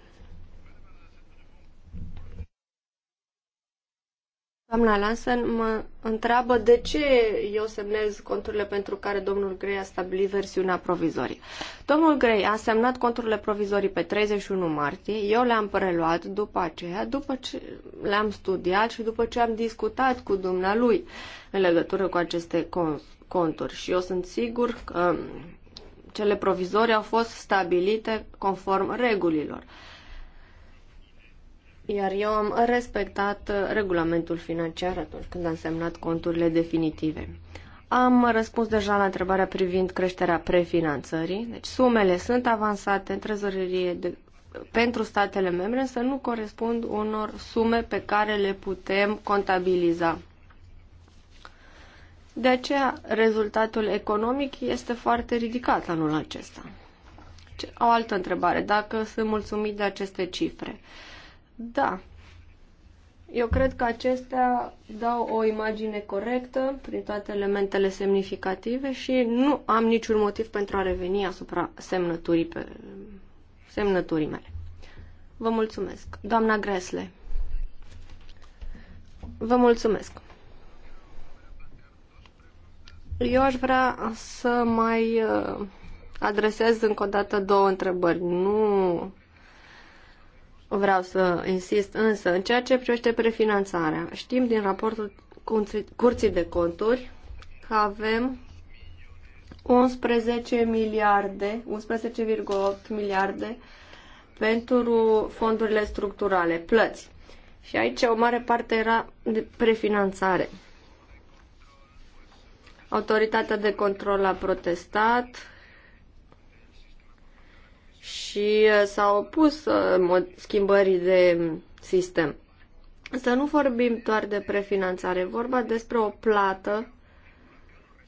Doamna Lansen mă întreabă de ce eu semnez conturile pentru care domnul Grey a stabilit versiunea provizorie. Domnul Grey a semnat conturile provizorii pe 31 martie, eu le-am preluat după aceea, după ce le-am studiat și după ce am discutat cu dumnealui în legătură cu aceste conturi. Și eu sunt sigur că cele provizorii au fost stabilite conform regulilor. Iar eu am respectat uh, regulamentul financiar atunci când am semnat conturile definitive. Am răspuns deja la întrebarea privind creșterea prefinanțării. Deci sumele sunt avansate în trezorerie de, pentru statele membre, însă nu corespund unor sume pe care le putem contabiliza. De aceea, rezultatul economic este foarte ridicat anul acesta. O altă întrebare, dacă sunt mulțumit de aceste cifre. Uh, da. Eu cred că acestea dau o imagine corectă prin toate elementele semnificative și nu am niciun motiv pentru a reveni asupra semnăturii, pe, semnăturii mele. Vă mulțumesc. Doamna Gresle. Vă mulțumesc. Eu aș vrea să mai uh, adresez încă o dată două întrebări. Nu vreau să insist, însă, în ceea ce privește prefinanțarea, știm din raportul Curții de Conturi că avem 11 miliarde, 11,8 miliarde pentru fondurile structurale, plăți. Și aici o mare parte era de prefinanțare. Autoritatea de control a protestat și uh, s au opus uh, schimbării de sistem. Să nu vorbim doar de prefinanțare, vorba despre o plată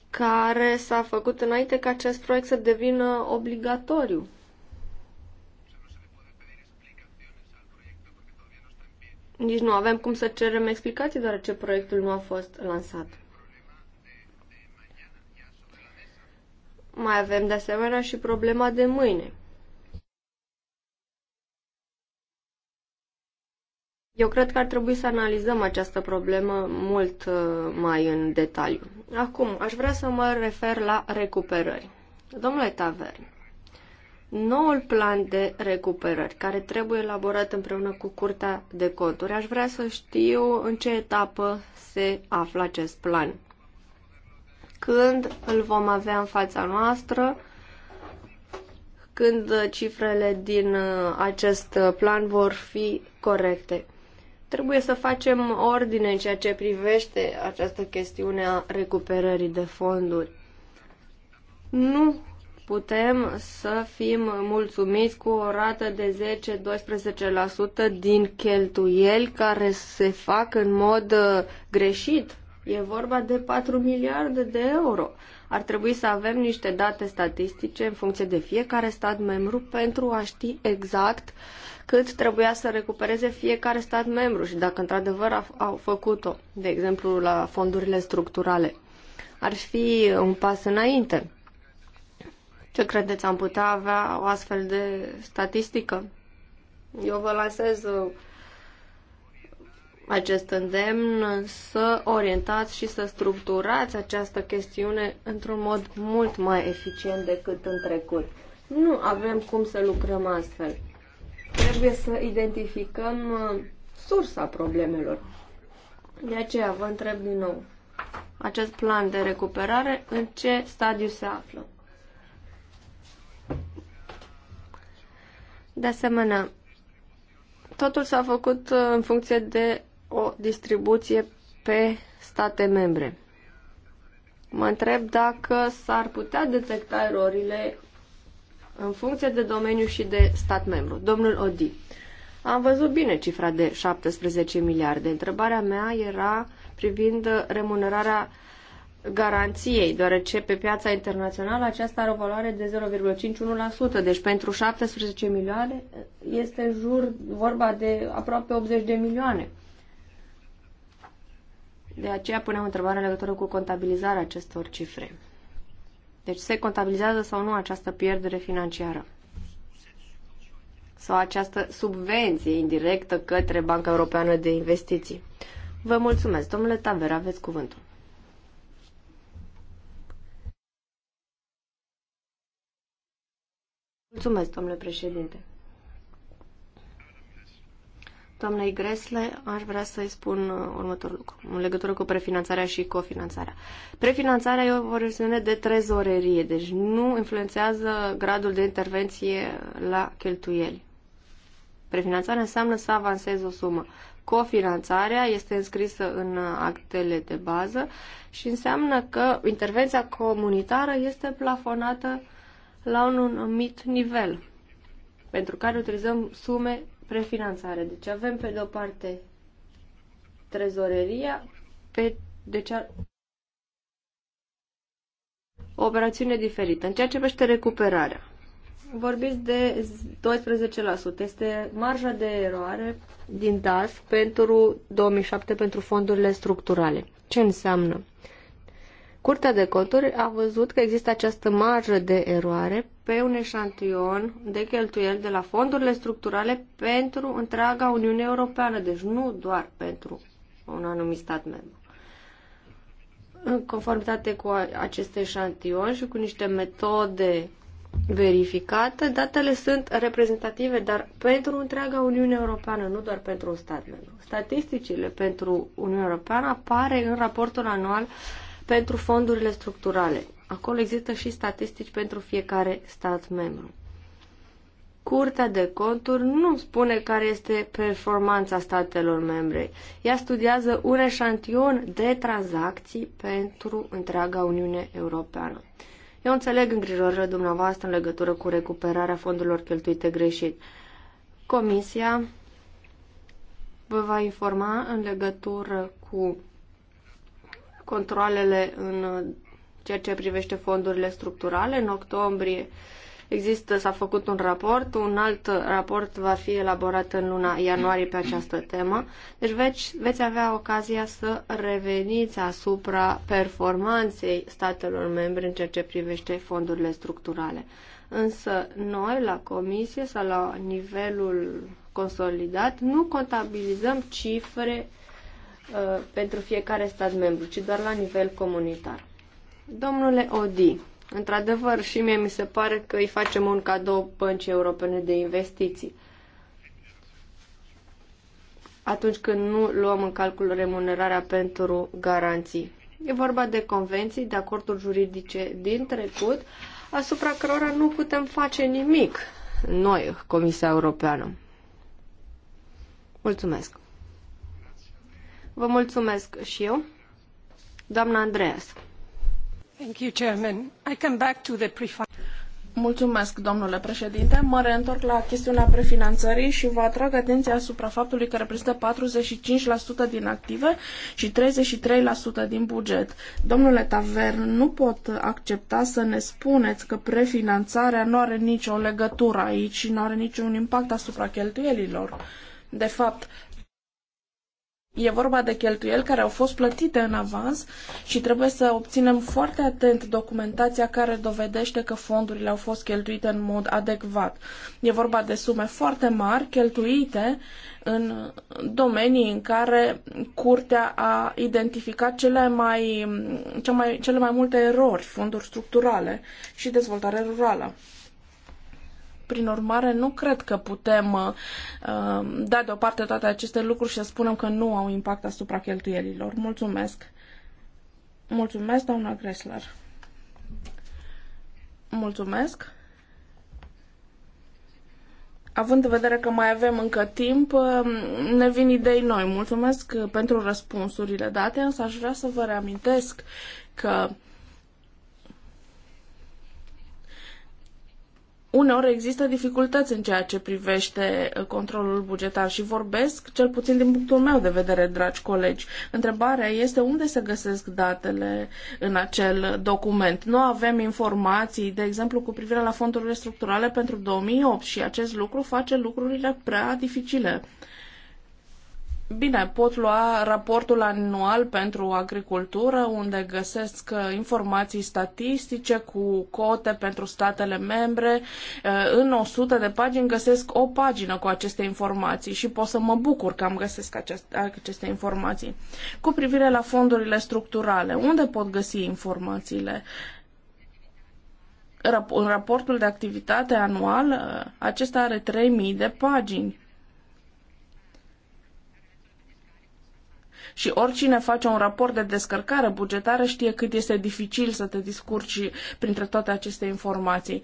care s-a făcut înainte ca acest proiect să devină obligatoriu. Nici nu avem cum să cerem explicații, deoarece proiectul nu a fost lansat. Mai avem de asemenea și problema de mâine. Eu cred că ar trebui să analizăm această problemă mult uh, mai în detaliu. Acum, aș vrea să mă refer la recuperări. Domnule Tavern, noul plan de recuperări care trebuie elaborat împreună cu Curtea de Conturi, aș vrea să știu în ce etapă se află acest plan. Când îl vom avea în fața noastră, când uh, cifrele din uh, acest plan vor fi corecte trebuie să facem ordine în ceea ce privește această chestiune a recuperării de fonduri. Nu putem să fim mulțumiți cu o rată de 10-12% din cheltuieli care se fac în mod uh, greșit. E vorba de 4 miliarde de euro. Ar trebui să avem niște date statistice în funcție de fiecare stat membru pentru a ști exact uh, cât trebuia să recupereze fiecare stat membru și dacă într-adevăr au făcut-o, de exemplu la fondurile structurale. Ar fi un pas înainte. Ce credeți, am putea avea o astfel de statistică? Eu vă lansez uh, acest îndemn să orientați și să structurați această chestiune într-un mod mult mai eficient decât în trecut. Nu avem cum să lucrăm astfel trebuie să identificăm uh, sursa problemelor. De aceea vă întreb din nou, acest plan de recuperare în ce stadiu se află? De asemenea, totul s-a făcut uh, în funcție de o distribuție pe state membre. Mă întreb dacă s-ar putea detecta erorile în funcție de domeniu și de stat membru. Domnul Odi, am văzut bine cifra de 17 miliarde. Întrebarea mea era privind remunerarea garanției, deoarece pe piața internațională aceasta are o valoare de 0,51%, deci pentru 17 milioane este în jur vorba de aproape 80 de milioane. De aceea punem întrebarea în legătură cu contabilizarea acestor cifre. Deci se contabilizează sau nu această pierdere financiară sau această subvenție indirectă către Banca Europeană de Investiții. Vă mulțumesc. Domnule Taver, aveți cuvântul. Mulțumesc, domnule președinte. Doamnei Gresle, aș vrea să-i spun uh, următorul lucru, în legătură cu prefinanțarea și cofinanțarea. Prefinanțarea e o versiune de trezorerie, deci nu influențează gradul de intervenție la cheltuieli. Prefinanțarea înseamnă să avansezi o sumă. Cofinanțarea este înscrisă în actele de bază și înseamnă că intervenția comunitară este plafonată la un anumit nivel, pentru care utilizăm sume prefinanțare. Deci avem pe de o parte trezoreria, pe de deci cea... o operațiune diferită. În ceea ce privește recuperarea, vorbiți de 12%. Este marja de eroare din DAS pentru 2007 pentru fondurile structurale. Ce înseamnă? Curtea de conturi a văzut că există această marjă de eroare pe un eșantion de cheltuieli de la fondurile structurale pentru întreaga Uniune Europeană, deci nu doar pentru un anumit stat membru. În conformitate cu acest eșantion și cu niște metode verificate, datele sunt reprezentative, dar pentru întreaga Uniune Europeană, nu doar pentru un stat membru. Statisticile pentru Uniunea Europeană apare în raportul anual pentru fondurile structurale. Acolo există și statistici pentru fiecare stat membru. Curtea de conturi nu spune care este performanța statelor membre. Ea studiază un eșantion de tranzacții pentru întreaga Uniune Europeană. Eu înțeleg îngrijorările dumneavoastră în legătură cu recuperarea fondurilor cheltuite greșit. Comisia vă va informa în legătură cu controlele în ceea ce privește fondurile structurale. În octombrie există, s-a făcut un raport, un alt raport va fi elaborat în luna ianuarie pe această temă. Deci veți, veți avea ocazia să reveniți asupra performanței statelor membre în ceea ce privește fondurile structurale. Însă noi, la comisie sau la nivelul consolidat, nu contabilizăm cifre uh, pentru fiecare stat membru, ci doar la nivel comunitar. Domnule Odi, într-adevăr și mie mi se pare că îi facem un cadou băncii europene de investiții atunci când nu luăm în calcul remunerarea pentru garanții. E vorba de convenții, de acorduri juridice din trecut, asupra cărora nu putem face nimic noi, Comisia Europeană. Mulțumesc. Vă mulțumesc și eu, doamna Andreas. Mulțumesc, domnule președinte. Mă reîntorc la chestiunea prefinanțării și vă atrag atenția asupra faptului că reprezintă 45% din active și 33% din buget. Domnule Tavern, nu pot accepta să ne spuneți că prefinanțarea nu are nicio legătură aici și nu are niciun impact asupra cheltuielilor. De fapt, E vorba de cheltuieli care au fost plătite în avans și trebuie să obținem foarte atent documentația care dovedește că fondurile au fost cheltuite în mod adecvat. E vorba de sume foarte mari cheltuite în domenii în care curtea a identificat cele mai, cea mai, cele mai multe erori, fonduri structurale și dezvoltare rurală. Prin urmare, nu cred că putem uh, uh, da deoparte toate aceste lucruri și să spunem că nu au impact asupra cheltuielilor. Mulțumesc! Mulțumesc, doamna Gressler! Mulțumesc! Având în vedere că mai avem încă timp, uh, ne vin idei noi. Mulțumesc pentru răspunsurile date, însă aș vrea să vă reamintesc că uneori există dificultăți în ceea ce privește uh, controlul bugetar și vorbesc, cel puțin din punctul meu de vedere, dragi colegi. Întrebarea este unde se găsesc datele în acel document. Nu avem informații, de exemplu, cu privire la fondurile structurale pentru 2008 și acest lucru face lucrurile prea dificile Bine, pot lua raportul anual pentru agricultură, unde găsesc uh, informații statistice cu cote pentru statele membre. Uh, în 100 de pagini găsesc o pagină cu aceste informații și pot să mă bucur că am găsesc aceste informații. Cu privire la fondurile structurale, unde pot găsi informațiile? În raportul de activitate anual, uh, acesta are 3000 de pagini Și oricine face un raport de descărcare bugetară știe cât este dificil să te discurci printre toate aceste informații.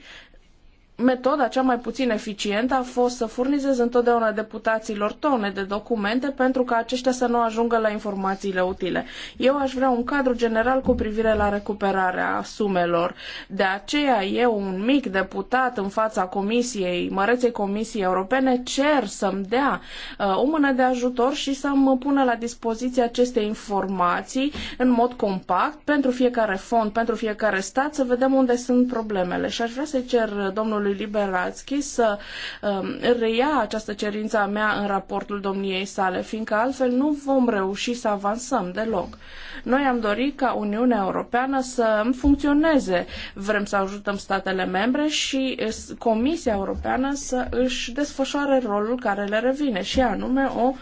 Metoda cea mai puțin eficientă a fost să furnizeze întotdeauna deputaților tone de documente pentru ca aceștia să nu ajungă la informațiile utile. Eu aș vrea un cadru general cu privire la recuperarea sumelor. De aceea eu, un mic deputat în fața Comisiei, Măreței Comisiei Europene, cer să-mi dea uh, o mână de ajutor și să-mi pună la dispoziție aceste informații în mod compact pentru fiecare fond, pentru fiecare stat, să vedem unde sunt problemele. Și aș vrea să-i cer uh, domnului domnului Liberatski să um, reia această cerință a mea în raportul domniei sale, fiindcă altfel nu vom reuși să avansăm deloc. Noi am dorit ca Uniunea Europeană să funcționeze. Vrem să ajutăm statele membre și Comisia Europeană să își desfășoare rolul care le revine, și anume o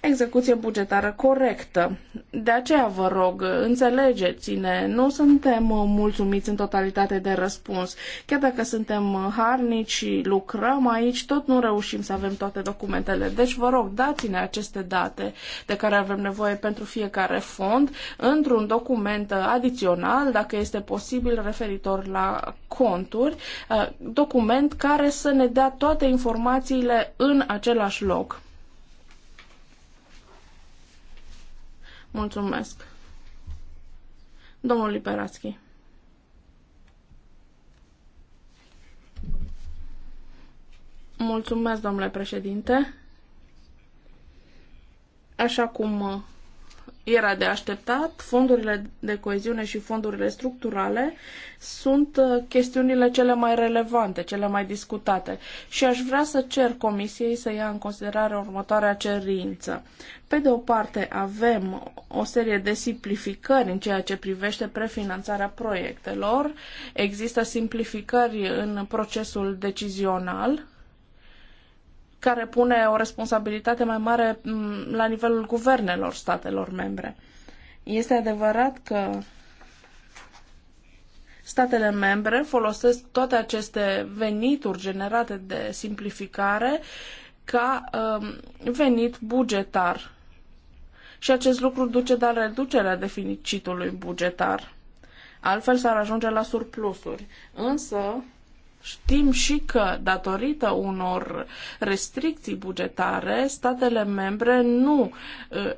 execuție bugetară corectă. De aceea vă rog, înțelegeți-ne, nu suntem uh, mulțumiți în totalitate de răspuns. Chiar dacă suntem uh, harnici și lucrăm aici, tot nu reușim să avem toate documentele. Deci vă rog, dați-ne aceste date de care avem nevoie pentru fiecare fond într-un document uh, adițional, dacă este posibil, referitor la conturi, document care să ne dea toate informațiile în același loc. Mulțumesc. Domnul Liberaschi. Mulțumesc, domnule președinte. Așa cum uh, era de așteptat. Fondurile de coeziune și fondurile structurale sunt uh, chestiunile cele mai relevante, cele mai discutate și aș vrea să cer Comisiei să ia în considerare următoarea cerință. Pe de o parte, avem o serie de simplificări în ceea ce privește prefinanțarea proiectelor. Există simplificări în procesul decizional, care pune o responsabilitate mai mare mm, la nivelul guvernelor statelor membre. Este adevărat că statele membre folosesc toate aceste venituri generate de simplificare ca um, venit bugetar. Și acest lucru duce la reducerea deficitului bugetar. Altfel s-ar ajunge la surplusuri. Însă, Știm și că, datorită unor restricții bugetare, statele membre nu uh,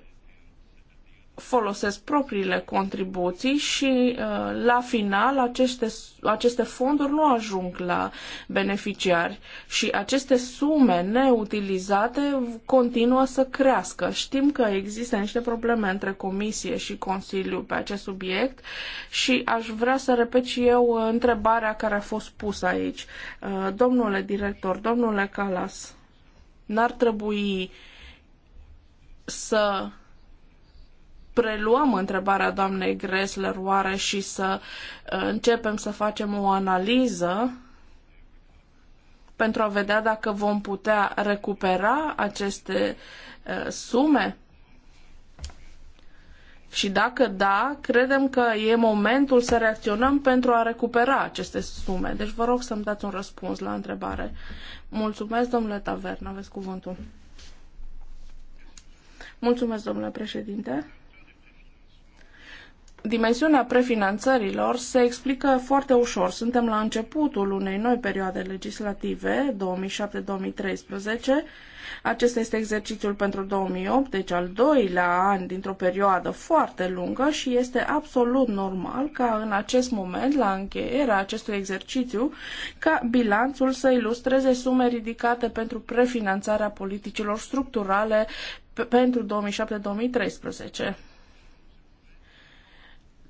folosesc propriile contribuții și uh, la final aceste, aceste fonduri nu ajung la beneficiari și aceste sume neutilizate continuă să crească. Știm că există niște probleme între Comisie și Consiliu pe acest subiect și aș vrea să repet și eu uh, întrebarea care a fost pusă aici. Uh, domnule director, domnule Calas, n-ar trebui să preluăm întrebarea doamnei Gresler oare și să uh, începem să facem o analiză pentru a vedea dacă vom putea recupera aceste uh, sume? Și dacă da, credem că e momentul să reacționăm pentru a recupera aceste sume. Deci vă rog să-mi dați un răspuns la întrebare. Mulțumesc, domnule Tavern, aveți cuvântul. Mulțumesc, domnule președinte. Dimensiunea prefinanțărilor se explică foarte ușor. Suntem la începutul unei noi perioade legislative, 2007-2013. Acesta este exercițiul pentru 2008, deci al doilea an dintr-o perioadă foarte lungă și este absolut normal ca în acest moment, la încheierea acestui exercițiu, ca bilanțul să ilustreze sume ridicate pentru prefinanțarea politicilor structurale pentru 2007-2013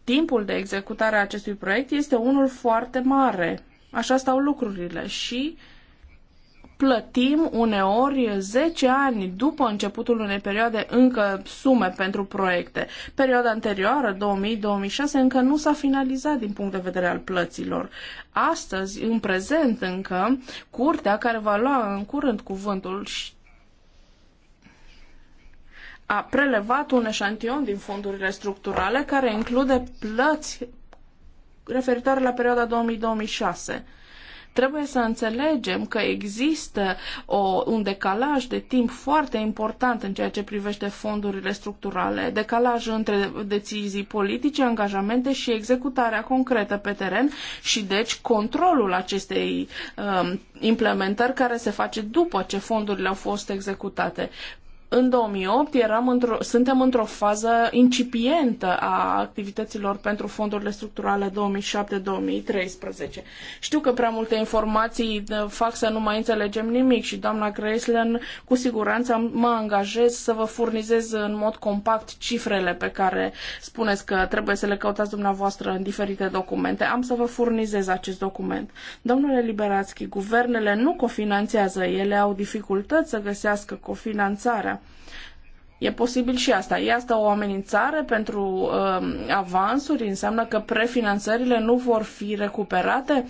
timpul de executare a acestui proiect este unul foarte mare. Așa stau lucrurile și plătim uneori 10 ani după începutul unei perioade încă sume pentru proiecte. Perioada anterioară, 2000-2006, încă nu s-a finalizat din punct de vedere al plăților. Astăzi, în prezent încă, curtea care va lua în curând cuvântul și a prelevat un eșantion din fondurile structurale care include plăți referitoare la perioada 2000-2006 trebuie să înțelegem că există o, un decalaj de timp foarte important în ceea ce privește fondurile structurale, decalaj între decizii politice, angajamente și executarea concretă pe teren și deci controlul acestei um, implementări care se face după ce fondurile au fost executate. În 2008 eram într-o, suntem într-o fază incipientă a activităților pentru fondurile structurale 2007-2013. Știu că prea multe informații fac să nu mai înțelegem nimic și doamna Greslen, cu siguranță mă angajez să vă furnizez în mod compact cifrele pe care spuneți că trebuie să le căutați dumneavoastră în diferite documente. Am să vă furnizez acest document. Domnule Liberațchi, guvernele nu cofinanțează, ele au dificultăți să găsească cofinanțarea E posibil și asta. E asta o amenințare pentru uh, avansuri? Înseamnă că prefinanțările nu vor fi recuperate?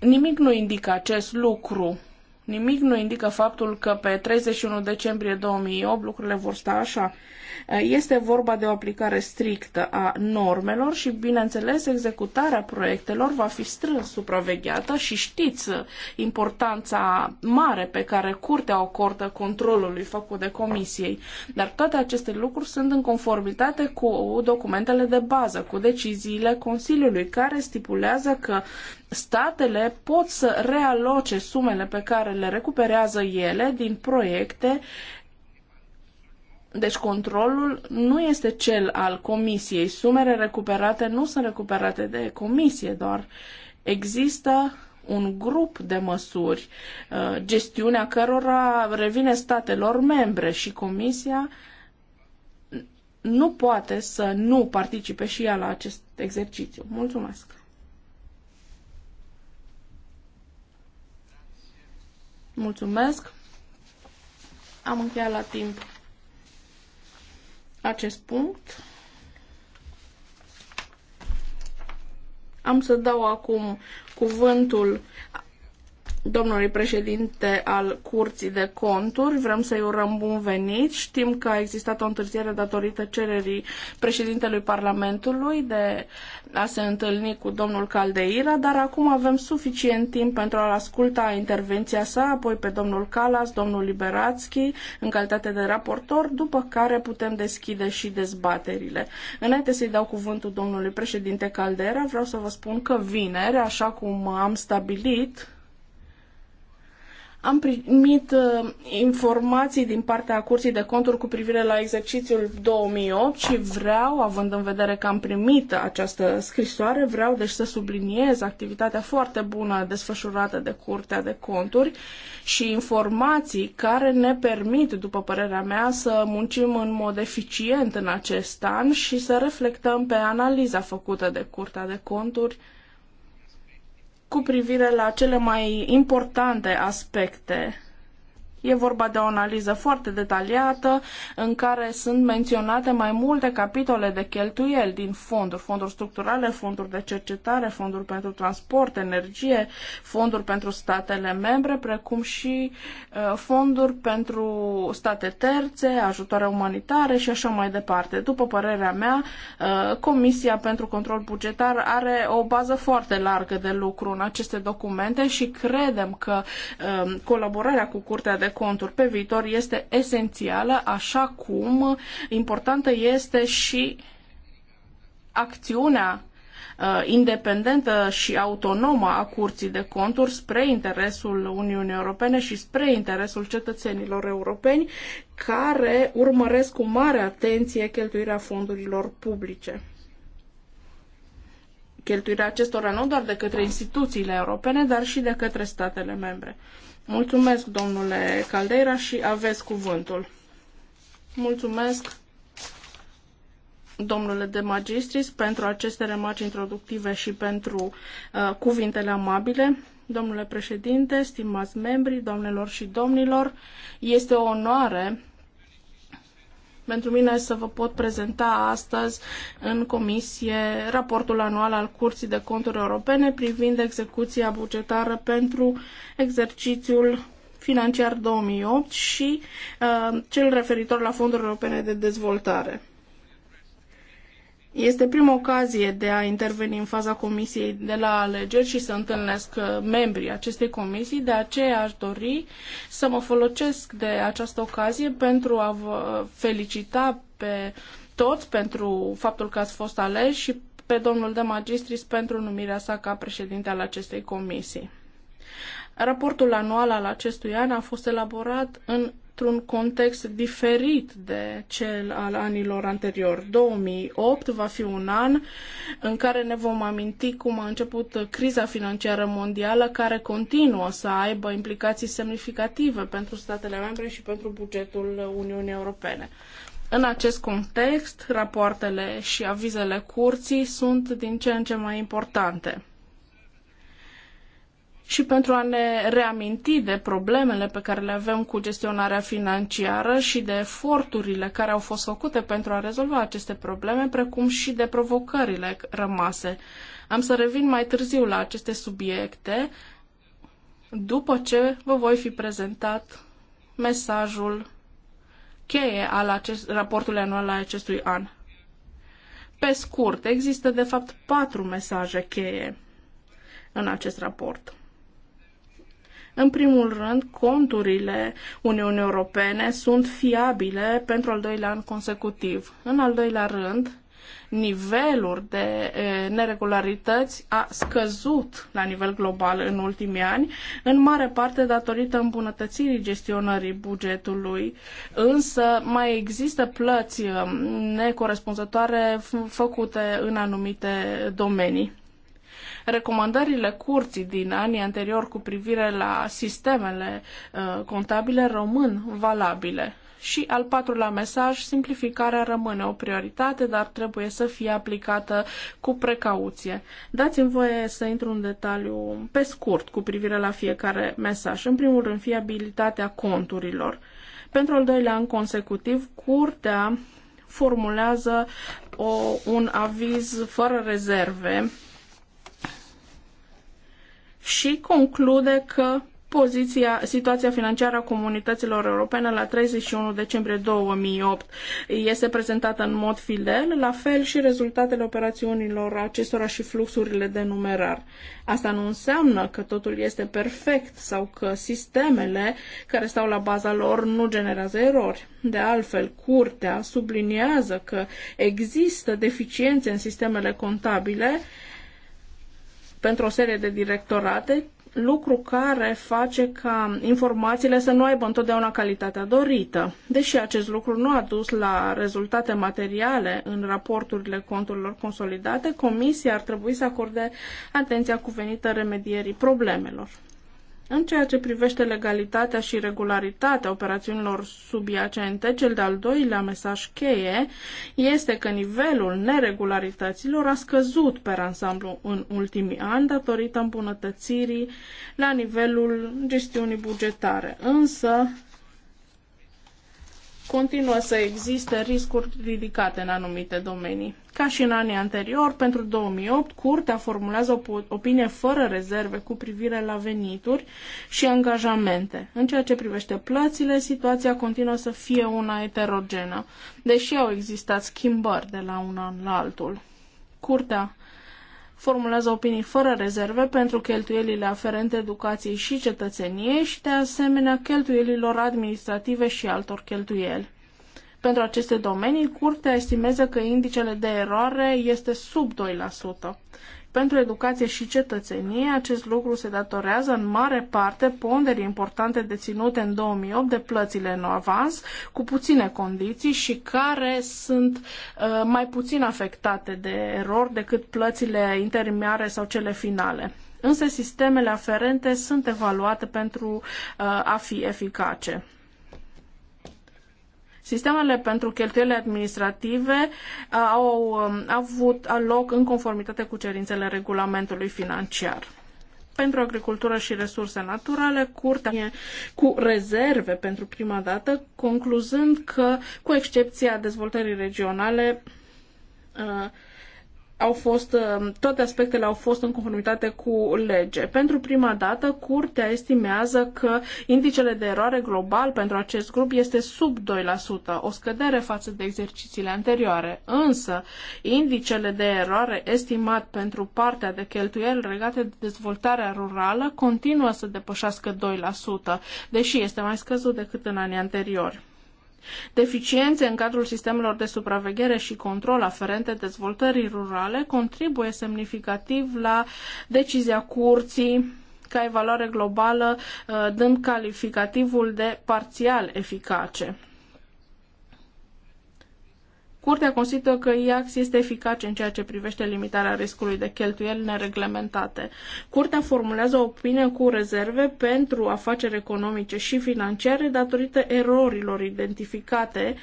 Nimic nu indică acest lucru Nimic nu indică faptul că pe 31 decembrie 2008 lucrurile vor sta așa. Este vorba de o aplicare strictă a normelor și, bineînțeles, executarea proiectelor va fi strâns supravegheată și știți importanța mare pe care curtea o acordă controlului făcut de comisiei. Dar toate aceste lucruri sunt în conformitate cu documentele de bază, cu deciziile Consiliului, care stipulează că statele pot să realoce sumele pe care le recuperează ele din proiecte deci controlul nu este cel al comisiei. Sumele recuperate nu sunt recuperate de comisie, doar există un grup de măsuri, uh, gestiunea cărora revine statelor membre și comisia nu poate să nu participe și ea la acest exercițiu. Mulțumesc! Mulțumesc. Am încheiat la timp acest punct. Am să dau acum cuvântul domnului președinte al Curții de Conturi. Vrem să-i urăm bun venit. Știm că a existat o întârziere datorită cererii președintelui Parlamentului de a se întâlni cu domnul Caldeira, dar acum avem suficient timp pentru a-l asculta intervenția sa, apoi pe domnul Calas, domnul Liberațchi, în calitate de raportor, după care putem deschide și dezbaterile. Înainte să-i dau cuvântul domnului președinte Caldera, vreau să vă spun că vineri, așa cum am stabilit, am primit uh, informații din partea Curții de Conturi cu privire la exercițiul 2008 și vreau, având în vedere că am primit această scrisoare, vreau deci să subliniez activitatea foarte bună desfășurată de Curtea de Conturi și informații care ne permit, după părerea mea, să muncim în mod eficient în acest an și să reflectăm pe analiza făcută de Curtea de Conturi cu privire la cele mai importante aspecte E vorba de o analiză foarte detaliată în care sunt menționate mai multe capitole de cheltuieli din fonduri, fonduri structurale, fonduri de cercetare, fonduri pentru transport, energie, fonduri pentru statele membre, precum și uh, fonduri pentru state terțe, ajutoare umanitare și așa mai departe. După părerea mea, uh, Comisia pentru Control Bugetar are o bază foarte largă de lucru în aceste documente și credem că um, colaborarea cu Curtea de conturi pe viitor este esențială, așa cum importantă este și acțiunea uh, independentă și autonomă a Curții de Conturi spre interesul Uniunii Europene și spre interesul cetățenilor europeni care urmăresc cu mare atenție cheltuirea fondurilor publice. Cheltuirea acestora nu doar de către instituțiile europene, dar și de către statele membre. Mulțumesc, domnule Caldeira, și aveți cuvântul. Mulțumesc, domnule de magistris, pentru aceste remarci introductive și pentru uh, cuvintele amabile. Domnule președinte, stimați membri, domnilor și domnilor, este o onoare pentru mine să vă pot prezenta astăzi în comisie raportul anual al Curții de Conturi Europene privind execuția bugetară pentru exercițiul financiar 2008 și uh, cel referitor la fondurile europene de dezvoltare. Este prima ocazie de a interveni în faza comisiei de la alegeri și să întâlnesc uh, membrii acestei comisii, de aceea aș dori să mă folosesc de această ocazie pentru a vă felicita pe toți pentru faptul că ați fost aleși și pe domnul de magistris pentru numirea sa ca președinte al acestei comisii. Raportul anual al acestui an a fost elaborat în într-un context diferit de cel al anilor anterior. 2008 va fi un an în care ne vom aminti cum a început criza financiară mondială care continuă să aibă implicații semnificative pentru statele membre și pentru bugetul Uniunii Europene. În acest context, rapoartele și avizele curții sunt din ce în ce mai importante și pentru a ne reaminti de problemele pe care le avem cu gestionarea financiară și de eforturile care au fost făcute pentru a rezolva aceste probleme, precum și de provocările rămase. Am să revin mai târziu la aceste subiecte, după ce vă voi fi prezentat mesajul cheie al acest, raportului anual al acestui an. Pe scurt, există de fapt patru mesaje cheie în acest raport. În primul rând, conturile Uniunii Europene sunt fiabile pentru al doilea an consecutiv. În al doilea rând, nivelul de neregularități a scăzut la nivel global în ultimii ani, în mare parte datorită îmbunătățirii gestionării bugetului, însă mai există plăți necorespunzătoare făcute în anumite domenii. Recomandările curții din anii anterior cu privire la sistemele uh, contabile rămân valabile. Și al patrulea mesaj, simplificarea rămâne o prioritate, dar trebuie să fie aplicată cu precauție. Dați-mi voie să intru în detaliu pe scurt cu privire la fiecare mesaj. În primul rând, fiabilitatea conturilor. Pentru al doilea an consecutiv, curtea formulează o, un aviz fără rezerve și conclude că poziția, situația financiară a comunităților europene la 31 decembrie 2008 este prezentată în mod fidel, la fel și rezultatele operațiunilor acestora și fluxurile de numerar. Asta nu înseamnă că totul este perfect sau că sistemele care stau la baza lor nu generează erori. De altfel, curtea subliniază că există deficiențe în sistemele contabile, pentru o serie de directorate, lucru care face ca informațiile să nu aibă întotdeauna calitatea dorită. Deși acest lucru nu a dus la rezultate materiale în raporturile conturilor consolidate, Comisia ar trebui să acorde atenția cuvenită remedierii problemelor. În ceea ce privește legalitatea și regularitatea operațiunilor subiacente, cel de-al doilea mesaj cheie este că nivelul neregularităților a scăzut pe ansamblu în ultimii ani datorită îmbunătățirii la nivelul gestiunii bugetare. Însă, continuă să existe riscuri ridicate în anumite domenii. Ca și în anii anterior, pentru 2008, Curtea formulează o opinie fără rezerve cu privire la venituri și angajamente. În ceea ce privește plățile, situația continuă să fie una eterogenă, deși au existat schimbări de la un an la altul. Curtea formulează opinii fără rezerve pentru cheltuielile aferente educației și cetățeniei și, de asemenea, cheltuielilor administrative și altor cheltuieli. Pentru aceste domenii, curtea estimează că indicele de eroare este sub 2%. Pentru educație și cetățenie, acest lucru se datorează în mare parte ponderii importante deținute în 2008 de plățile în avans, cu puține condiții și care sunt uh, mai puțin afectate de erori decât plățile intermiare sau cele finale. Însă sistemele aferente sunt evaluate pentru uh, a fi eficace. Sistemele pentru cheltuielile administrative uh, au um, avut loc în conformitate cu cerințele regulamentului financiar pentru agricultură și resurse naturale, curtea cu rezerve pentru prima dată, concluzând că, cu excepția dezvoltării regionale, uh, au fost, um, toate aspectele au fost în conformitate cu lege. Pentru prima dată, curtea estimează că indicele de eroare global pentru acest grup este sub 2%, o scădere față de exercițiile anterioare. Însă, indicele de eroare estimat pentru partea de cheltuieli legate de dezvoltarea rurală continuă să depășească 2%, deși este mai scăzut decât în anii anteriori. Deficiențe în cadrul sistemelor de supraveghere și control aferente dezvoltării rurale contribuie semnificativ la decizia curții ca evaluare globală, uh, dând calificativul de parțial eficace. Curtea consideră că IAX este eficace în ceea ce privește limitarea riscului de cheltuieli nereglementate. Curtea formulează o opinie cu rezerve pentru afaceri economice și financiare datorită erorilor identificate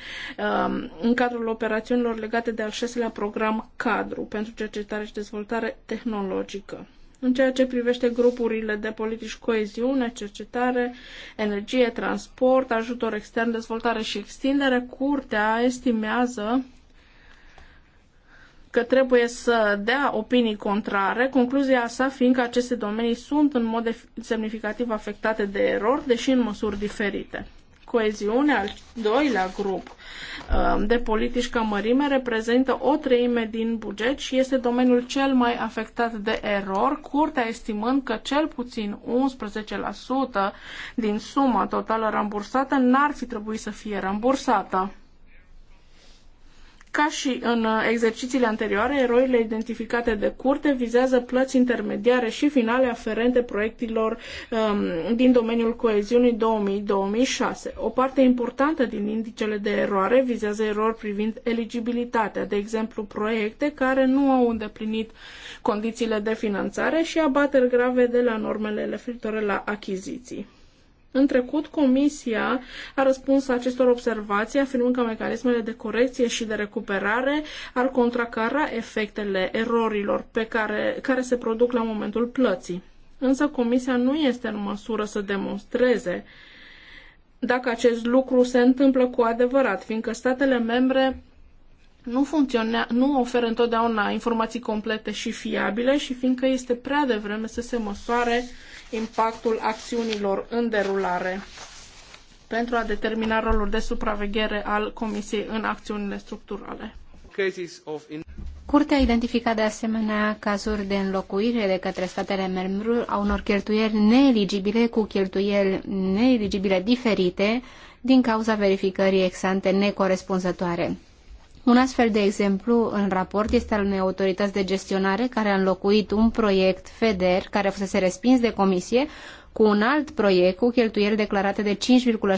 um, în cadrul operațiunilor legate de al șaselea program cadru pentru cercetare și dezvoltare tehnologică. În ceea ce privește grupurile de politici coeziune, cercetare, energie, transport, ajutor extern, dezvoltare și extindere, Curtea estimează că trebuie să dea opinii contrare, concluzia sa fiind că aceste domenii sunt în mod semnificativ afectate de erori, deși în măsuri diferite. Coeziunea, al doilea grup um, de politici ca mărime, reprezintă o treime din buget și este domeniul cel mai afectat de erori, curtea estimând că cel puțin 11% din suma totală rambursată n-ar fi trebuit să fie rambursată. Ca și în uh, exercițiile anterioare, eroile identificate de curte vizează plăți intermediare și finale aferente proiectelor um, din domeniul coeziunii 2000-2006. O parte importantă din indicele de eroare vizează erori privind eligibilitatea, de exemplu proiecte care nu au îndeplinit condițiile de finanțare și abateri grave de la normele referitoare la achiziții. În trecut, Comisia a răspuns acestor observații, afirmând că mecanismele de corecție și de recuperare ar contracara efectele erorilor pe care, care se produc la momentul plății. Însă Comisia nu este în măsură să demonstreze dacă acest lucru se întâmplă cu adevărat, fiindcă statele membre nu, funcționa, nu oferă întotdeauna informații complete și fiabile și fiindcă este prea devreme să se măsoare uh, impactul acțiunilor în derulare pentru a determina rolul de supraveghere al Comisiei în acțiunile structurale. Curtea a identificat de asemenea cazuri de înlocuire de către statele membru a unor cheltuieli neeligibile cu cheltuieli neeligibile diferite din cauza verificării ex ante necorespunzătoare. Un astfel de exemplu în raport este al unei autorități de gestionare care a înlocuit un proiect FEDER care fusese respins de comisie cu un alt proiect cu cheltuieli declarate de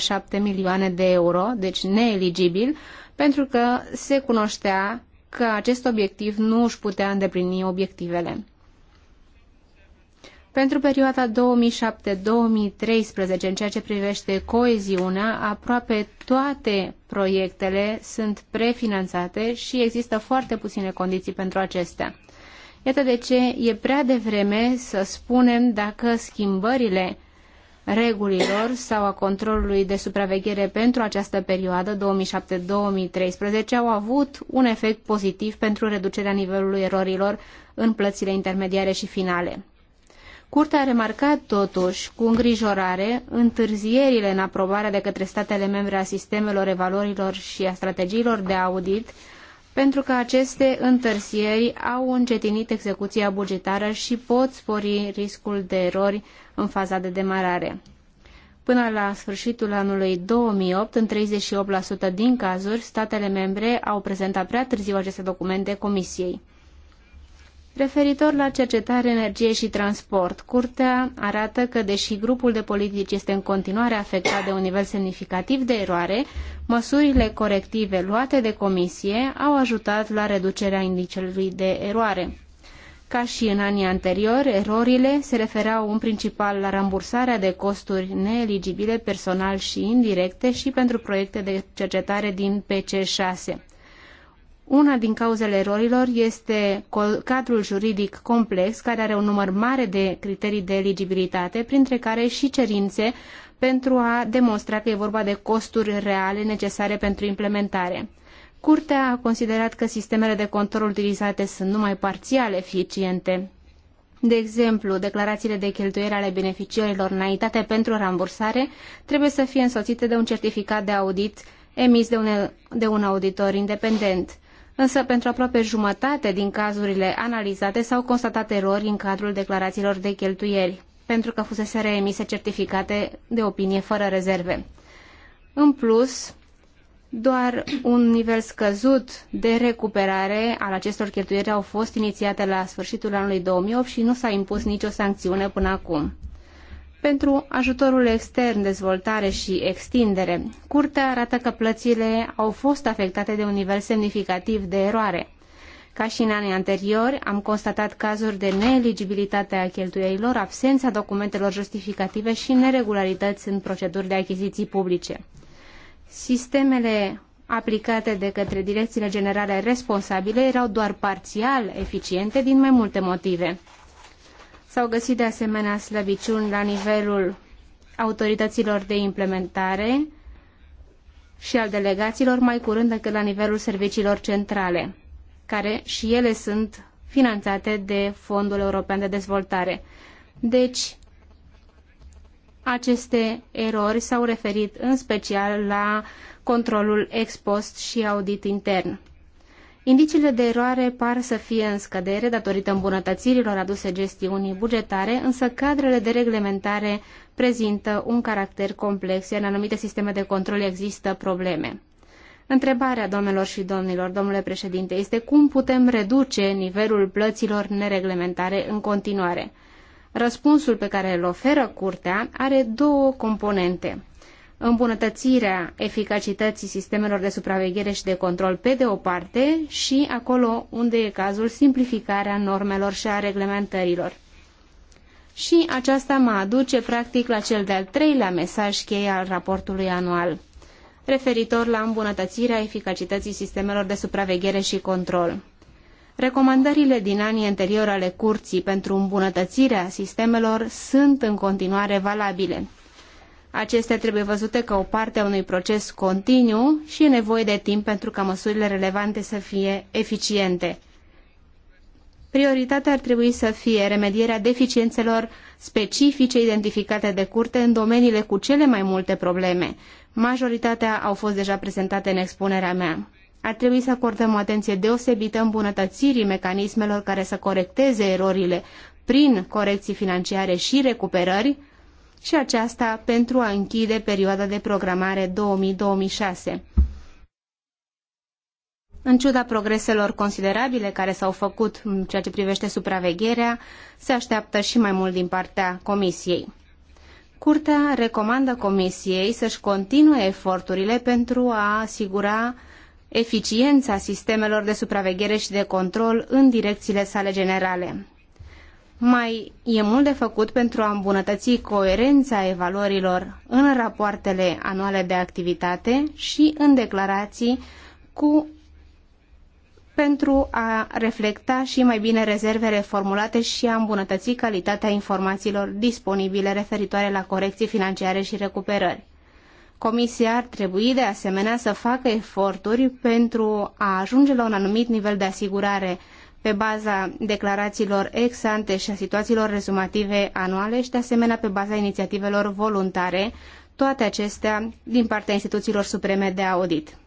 5,7 milioane de euro, deci neeligibil, pentru că se cunoștea că acest obiectiv nu își putea îndeplini obiectivele. Pentru perioada 2007-2013, în ceea ce privește coeziunea, aproape toate proiectele sunt prefinanțate și există foarte puține condiții pentru acestea. Iată de ce e prea devreme să spunem dacă schimbările regulilor sau a controlului de supraveghere pentru această perioadă 2007-2013 au avut un efect pozitiv pentru reducerea nivelului erorilor în plățile intermediare și finale. Curtea a remarcat totuși cu îngrijorare întârzierile în aprobarea de către statele membre a sistemelor evaluărilor și a strategiilor de audit, pentru că aceste întârzieri au încetinit execuția bugetară și pot spori riscul de erori în faza de demarare. Până la sfârșitul anului 2008, în 38% din cazuri, statele membre au prezentat prea târziu aceste documente comisiei. Referitor la cercetare, energie și transport, Curtea arată că, deși grupul de politici este în continuare afectat de un nivel semnificativ de eroare, măsurile corective luate de comisie au ajutat la reducerea indicelui de eroare. Ca și în anii anteriori, erorile se refereau în principal la rambursarea de costuri neeligibile personal și indirecte și pentru proiecte de cercetare din PC6. Una din cauzele erorilor este cadrul juridic complex, care are un număr mare de criterii de eligibilitate, printre care și cerințe pentru a demonstra că e vorba de costuri reale necesare pentru implementare. Curtea a considerat că sistemele de control utilizate sunt numai parțial eficiente. De exemplu, declarațiile de cheltuieli ale beneficiarilor înaintate pentru rambursare trebuie să fie însoțite de un certificat de audit emis de un, de un auditor independent însă pentru aproape jumătate din cazurile analizate s-au constatat erori în cadrul declarațiilor de cheltuieli, pentru că fusese reemise certificate de opinie fără rezerve. În plus, doar un nivel scăzut de recuperare al acestor cheltuieli au fost inițiate la sfârșitul anului 2008 și nu s-a impus nicio sancțiune până acum. Pentru ajutorul extern, dezvoltare și extindere, Curtea arată că plățile au fost afectate de un nivel semnificativ de eroare. Ca și în anii anteriori, am constatat cazuri de neeligibilitate a cheltuielilor, absența documentelor justificative și neregularități în proceduri de achiziții publice. Sistemele aplicate de către direcțiile generale responsabile erau doar parțial eficiente din mai multe motive. S-au găsit de asemenea slăbiciuni la nivelul autorităților de implementare și al delegaților mai curând decât la nivelul serviciilor centrale, care și ele sunt finanțate de Fondul European de Dezvoltare. Deci, aceste erori s-au referit în special la controlul ex post și audit intern. Indiciile de eroare par să fie în scădere datorită îmbunătățirilor aduse gestiunii bugetare, însă cadrele de reglementare prezintă un caracter complex, iar în anumite sisteme de control există probleme. Întrebarea, domnilor și domnilor, domnule președinte, este cum putem reduce nivelul plăților nereglementare în continuare. Răspunsul pe care îl oferă curtea are două componente îmbunătățirea eficacității sistemelor de supraveghere și de control pe de o parte și, acolo unde e cazul, simplificarea normelor și a reglementărilor. Și aceasta mă aduce practic la cel de-al treilea mesaj cheie al raportului anual, referitor la îmbunătățirea eficacității sistemelor de supraveghere și control. Recomandările din anii anteriori ale curții pentru îmbunătățirea sistemelor sunt în continuare valabile. Acestea trebuie văzute ca o parte a unui proces continuu și e nevoie de timp pentru ca măsurile relevante să fie eficiente. Prioritatea ar trebui să fie remedierea deficiențelor specifice identificate de curte în domeniile cu cele mai multe probleme. Majoritatea au fost deja prezentate în expunerea mea. Ar trebui să acordăm o atenție deosebită îmbunătățirii mecanismelor care să corecteze erorile prin corecții financiare și recuperări, și aceasta pentru a închide perioada de programare 2000-2006. În ciuda progreselor considerabile care s-au făcut în ceea ce privește supravegherea, se așteaptă și mai mult din partea Comisiei. Curtea recomandă Comisiei să-și continue eforturile pentru a asigura eficiența sistemelor de supraveghere și de control în direcțiile sale generale. Mai e mult de făcut pentru a îmbunătăți coerența evaluărilor în rapoartele anuale de activitate și în declarații cu pentru a reflecta și mai bine rezervele formulate și a îmbunătăți calitatea informațiilor disponibile referitoare la corecții financiare și recuperări. Comisia ar trebui de asemenea să facă eforturi pentru a ajunge la un anumit nivel de asigurare pe baza declarațiilor ex ante și a situațiilor rezumative anuale și de asemenea pe baza inițiativelor voluntare, toate acestea din partea instituțiilor supreme de audit.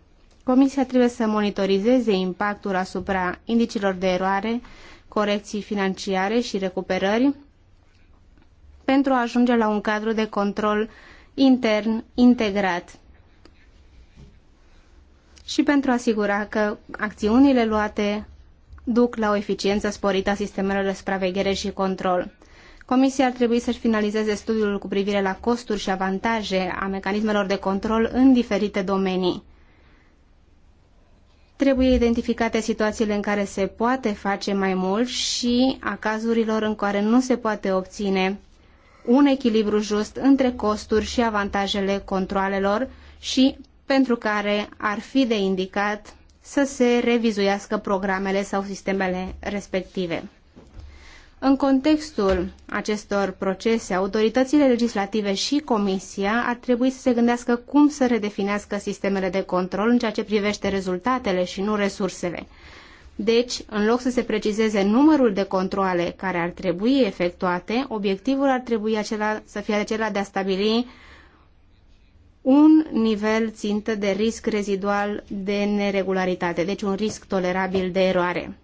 Comisia trebuie să monitorizeze impactul asupra indicilor de eroare, corecții financiare și recuperări pentru a ajunge la un cadru de control intern integrat și pentru a asigura că acțiunile luate duc la o eficiență sporită a sistemelor de supraveghere și control. Comisia ar trebui să-și finalizeze studiul cu privire la costuri și avantaje a mecanismelor de control în diferite domenii. Trebuie identificate situațiile în care se poate face mai mult și a cazurilor în care nu se poate obține un echilibru just între costuri și avantajele controalelor și pentru care ar fi de indicat să se revizuiască programele sau sistemele respective. În contextul acestor procese, autoritățile legislative și Comisia ar trebui să se gândească cum să redefinească sistemele de control în ceea ce privește rezultatele și nu resursele. Deci, în loc să se precizeze numărul de controle care ar trebui efectuate, obiectivul ar trebui acela, să fie acela de a stabili un nivel țintă de risc rezidual de neregularitate, deci un risc tolerabil de eroare.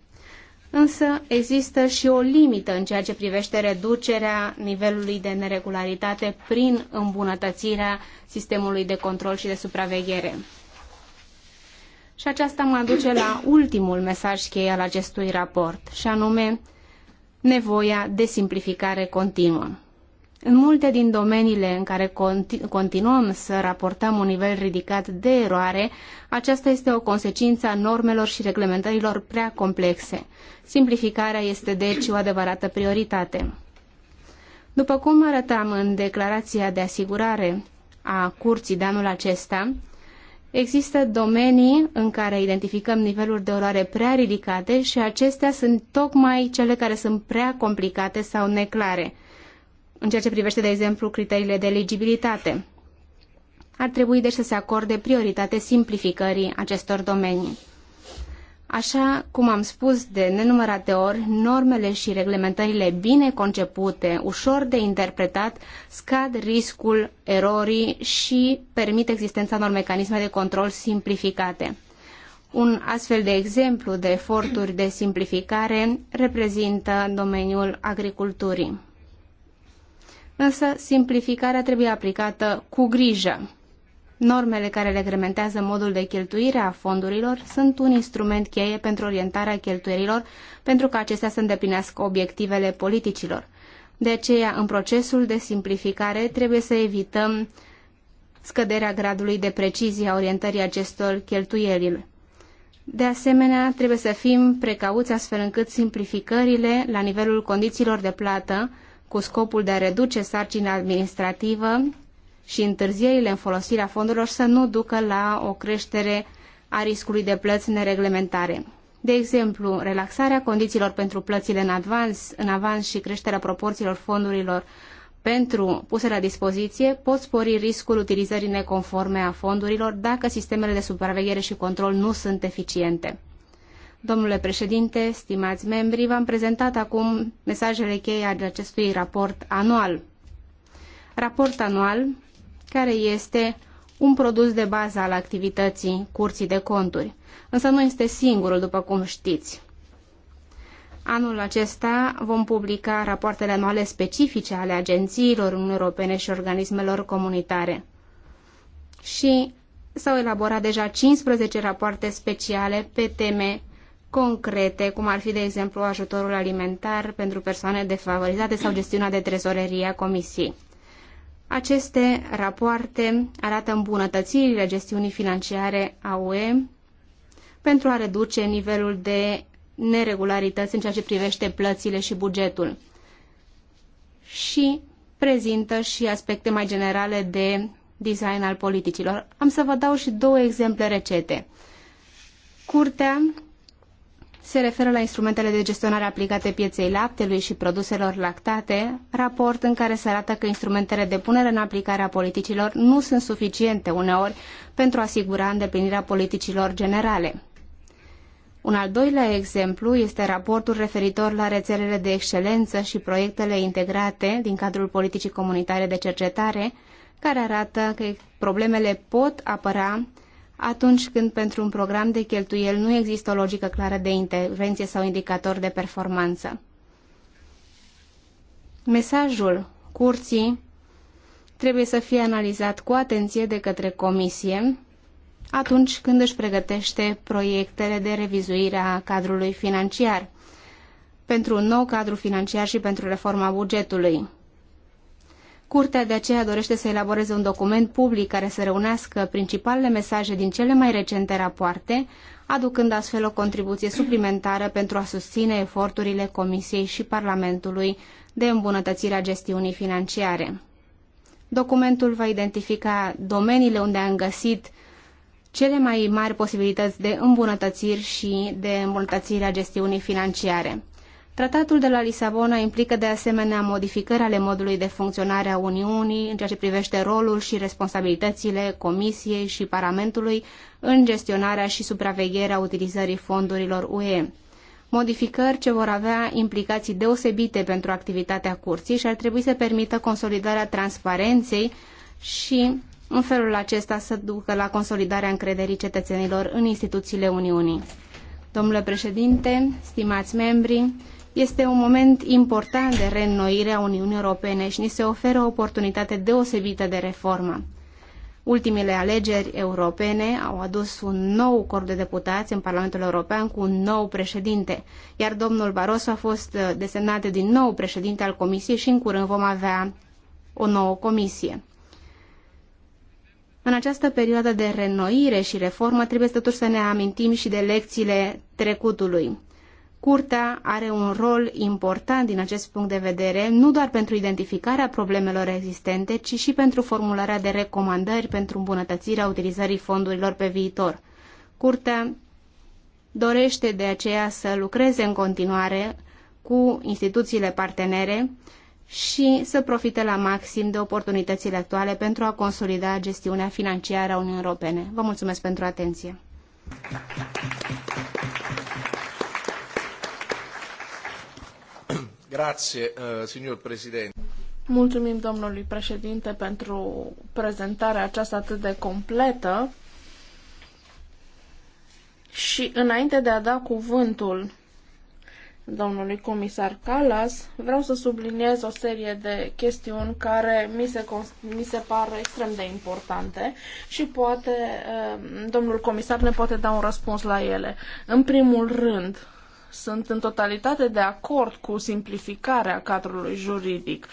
Însă există și o limită în ceea ce privește reducerea nivelului de neregularitate prin îmbunătățirea sistemului de control și de supraveghere. Și aceasta mă aduce la ultimul mesaj cheie al acestui raport, și anume nevoia de simplificare continuă. În multe din domeniile în care continuăm să raportăm un nivel ridicat de eroare, aceasta este o consecință a normelor și reglementărilor prea complexe. Simplificarea este deci o adevărată prioritate. După cum arătam în declarația de asigurare a curții de anul acesta, Există domenii în care identificăm niveluri de eroare prea ridicate și acestea sunt tocmai cele care sunt prea complicate sau neclare în ceea ce privește, de exemplu, criteriile de eligibilitate. Ar trebui deci să se acorde prioritate simplificării acestor domenii. Așa cum am spus de nenumărate ori, normele și reglementările bine concepute, ușor de interpretat, scad riscul erorii și permit existența unor mecanisme de control simplificate. Un astfel de exemplu de eforturi de simplificare reprezintă domeniul agriculturii însă simplificarea trebuie aplicată cu grijă. Normele care reglementează modul de cheltuire a fondurilor sunt un instrument cheie pentru orientarea cheltuierilor, pentru ca acestea să îndeplinească obiectivele politicilor. De aceea, în procesul de simplificare, trebuie să evităm scăderea gradului de precizie a orientării acestor cheltuieli. De asemenea, trebuie să fim precauți astfel încât simplificările la nivelul condițiilor de plată cu scopul de a reduce sarcina administrativă și întârzierile în folosirea fondurilor să nu ducă la o creștere a riscului de plăți nereglementare. De exemplu, relaxarea condițiilor pentru plățile în avans, în avans și creșterea proporțiilor fondurilor pentru puse la dispoziție pot spori riscul utilizării neconforme a fondurilor dacă sistemele de supraveghere și control nu sunt eficiente. Domnule președinte, stimați membri, v-am prezentat acum mesajele cheie ale acestui raport anual. Raport anual care este un produs de bază al activității Curții de Conturi, însă nu este singurul, după cum știți. Anul acesta vom publica rapoartele anuale specifice ale agențiilor Uniunii Europene și organismelor comunitare. Și s-au elaborat deja 15 rapoarte speciale pe teme concrete, cum ar fi, de exemplu, ajutorul alimentar pentru persoane defavorizate sau gestiunea de trezorerie a Comisiei. Aceste rapoarte arată îmbunătățirile gestiunii financiare a UE pentru a reduce nivelul de neregularități în ceea ce privește plățile și bugetul și prezintă și aspecte mai generale de design al politicilor. Am să vă dau și două exemple recete. Curtea se referă la instrumentele de gestionare aplicate pieței laptelui și produselor lactate, raport în care se arată că instrumentele de punere în aplicare a politicilor nu sunt suficiente uneori pentru a asigura îndeplinirea politicilor generale. Un al doilea exemplu este raportul referitor la rețelele de excelență și proiectele integrate din cadrul politicii comunitare de cercetare, care arată că problemele pot apăra atunci când pentru un program de cheltuieli nu există o logică clară de intervenție sau indicator de performanță. Mesajul curții trebuie să fie analizat cu atenție de către comisie atunci când își pregătește proiectele de revizuire a cadrului financiar pentru un nou cadru financiar și pentru reforma bugetului. Curtea de aceea dorește să elaboreze un document public care să reunească principalele mesaje din cele mai recente rapoarte, aducând astfel o contribuție suplimentară pentru a susține eforturile Comisiei și Parlamentului de îmbunătățirea gestiunii financiare. Documentul va identifica domeniile unde am găsit cele mai mari posibilități de îmbunătățiri și de îmbunătățirea gestiunii financiare. Tratatul de la Lisabona implică de asemenea modificări ale modului de funcționare a Uniunii în ceea ce privește rolul și responsabilitățile Comisiei și Parlamentului în gestionarea și supravegherea utilizării fondurilor UE. Modificări ce vor avea implicații deosebite pentru activitatea curții și ar trebui să permită consolidarea transparenței și în felul acesta să ducă la consolidarea încrederii cetățenilor în instituțiile Uniunii. Domnule președinte, stimați membri, este un moment important de reînnoire a Uniunii Europene și ni se oferă o oportunitate deosebită de reformă. Ultimile alegeri europene au adus un nou corp de deputați în Parlamentul European cu un nou președinte, iar domnul Barroso a fost uh, desemnat din nou președinte al Comisiei și în curând vom avea o nouă comisie. În această perioadă de renoire și reformă trebuie totuși să ne amintim și de lecțiile trecutului. Curtea are un rol important din acest punct de vedere, nu doar pentru identificarea problemelor existente, ci și pentru formularea de recomandări pentru îmbunătățirea utilizării fondurilor pe viitor. Curtea dorește de aceea să lucreze în continuare cu instituțiile partenere și să profite la maxim de oportunitățile actuale pentru a consolida gestiunea financiară a Uniunii Europene. Vă mulțumesc pentru atenție! Grazie, eh, signor Presidente. Mulțumim domnului președinte pentru prezentarea aceasta atât de completă. Și înainte de a da cuvântul domnului comisar Calas, vreau să subliniez o serie de chestiuni care mi se, mi se par extrem de importante și poate eh, domnul comisar ne poate da un răspuns la ele. În primul rând, sunt în totalitate de acord cu simplificarea cadrului juridic,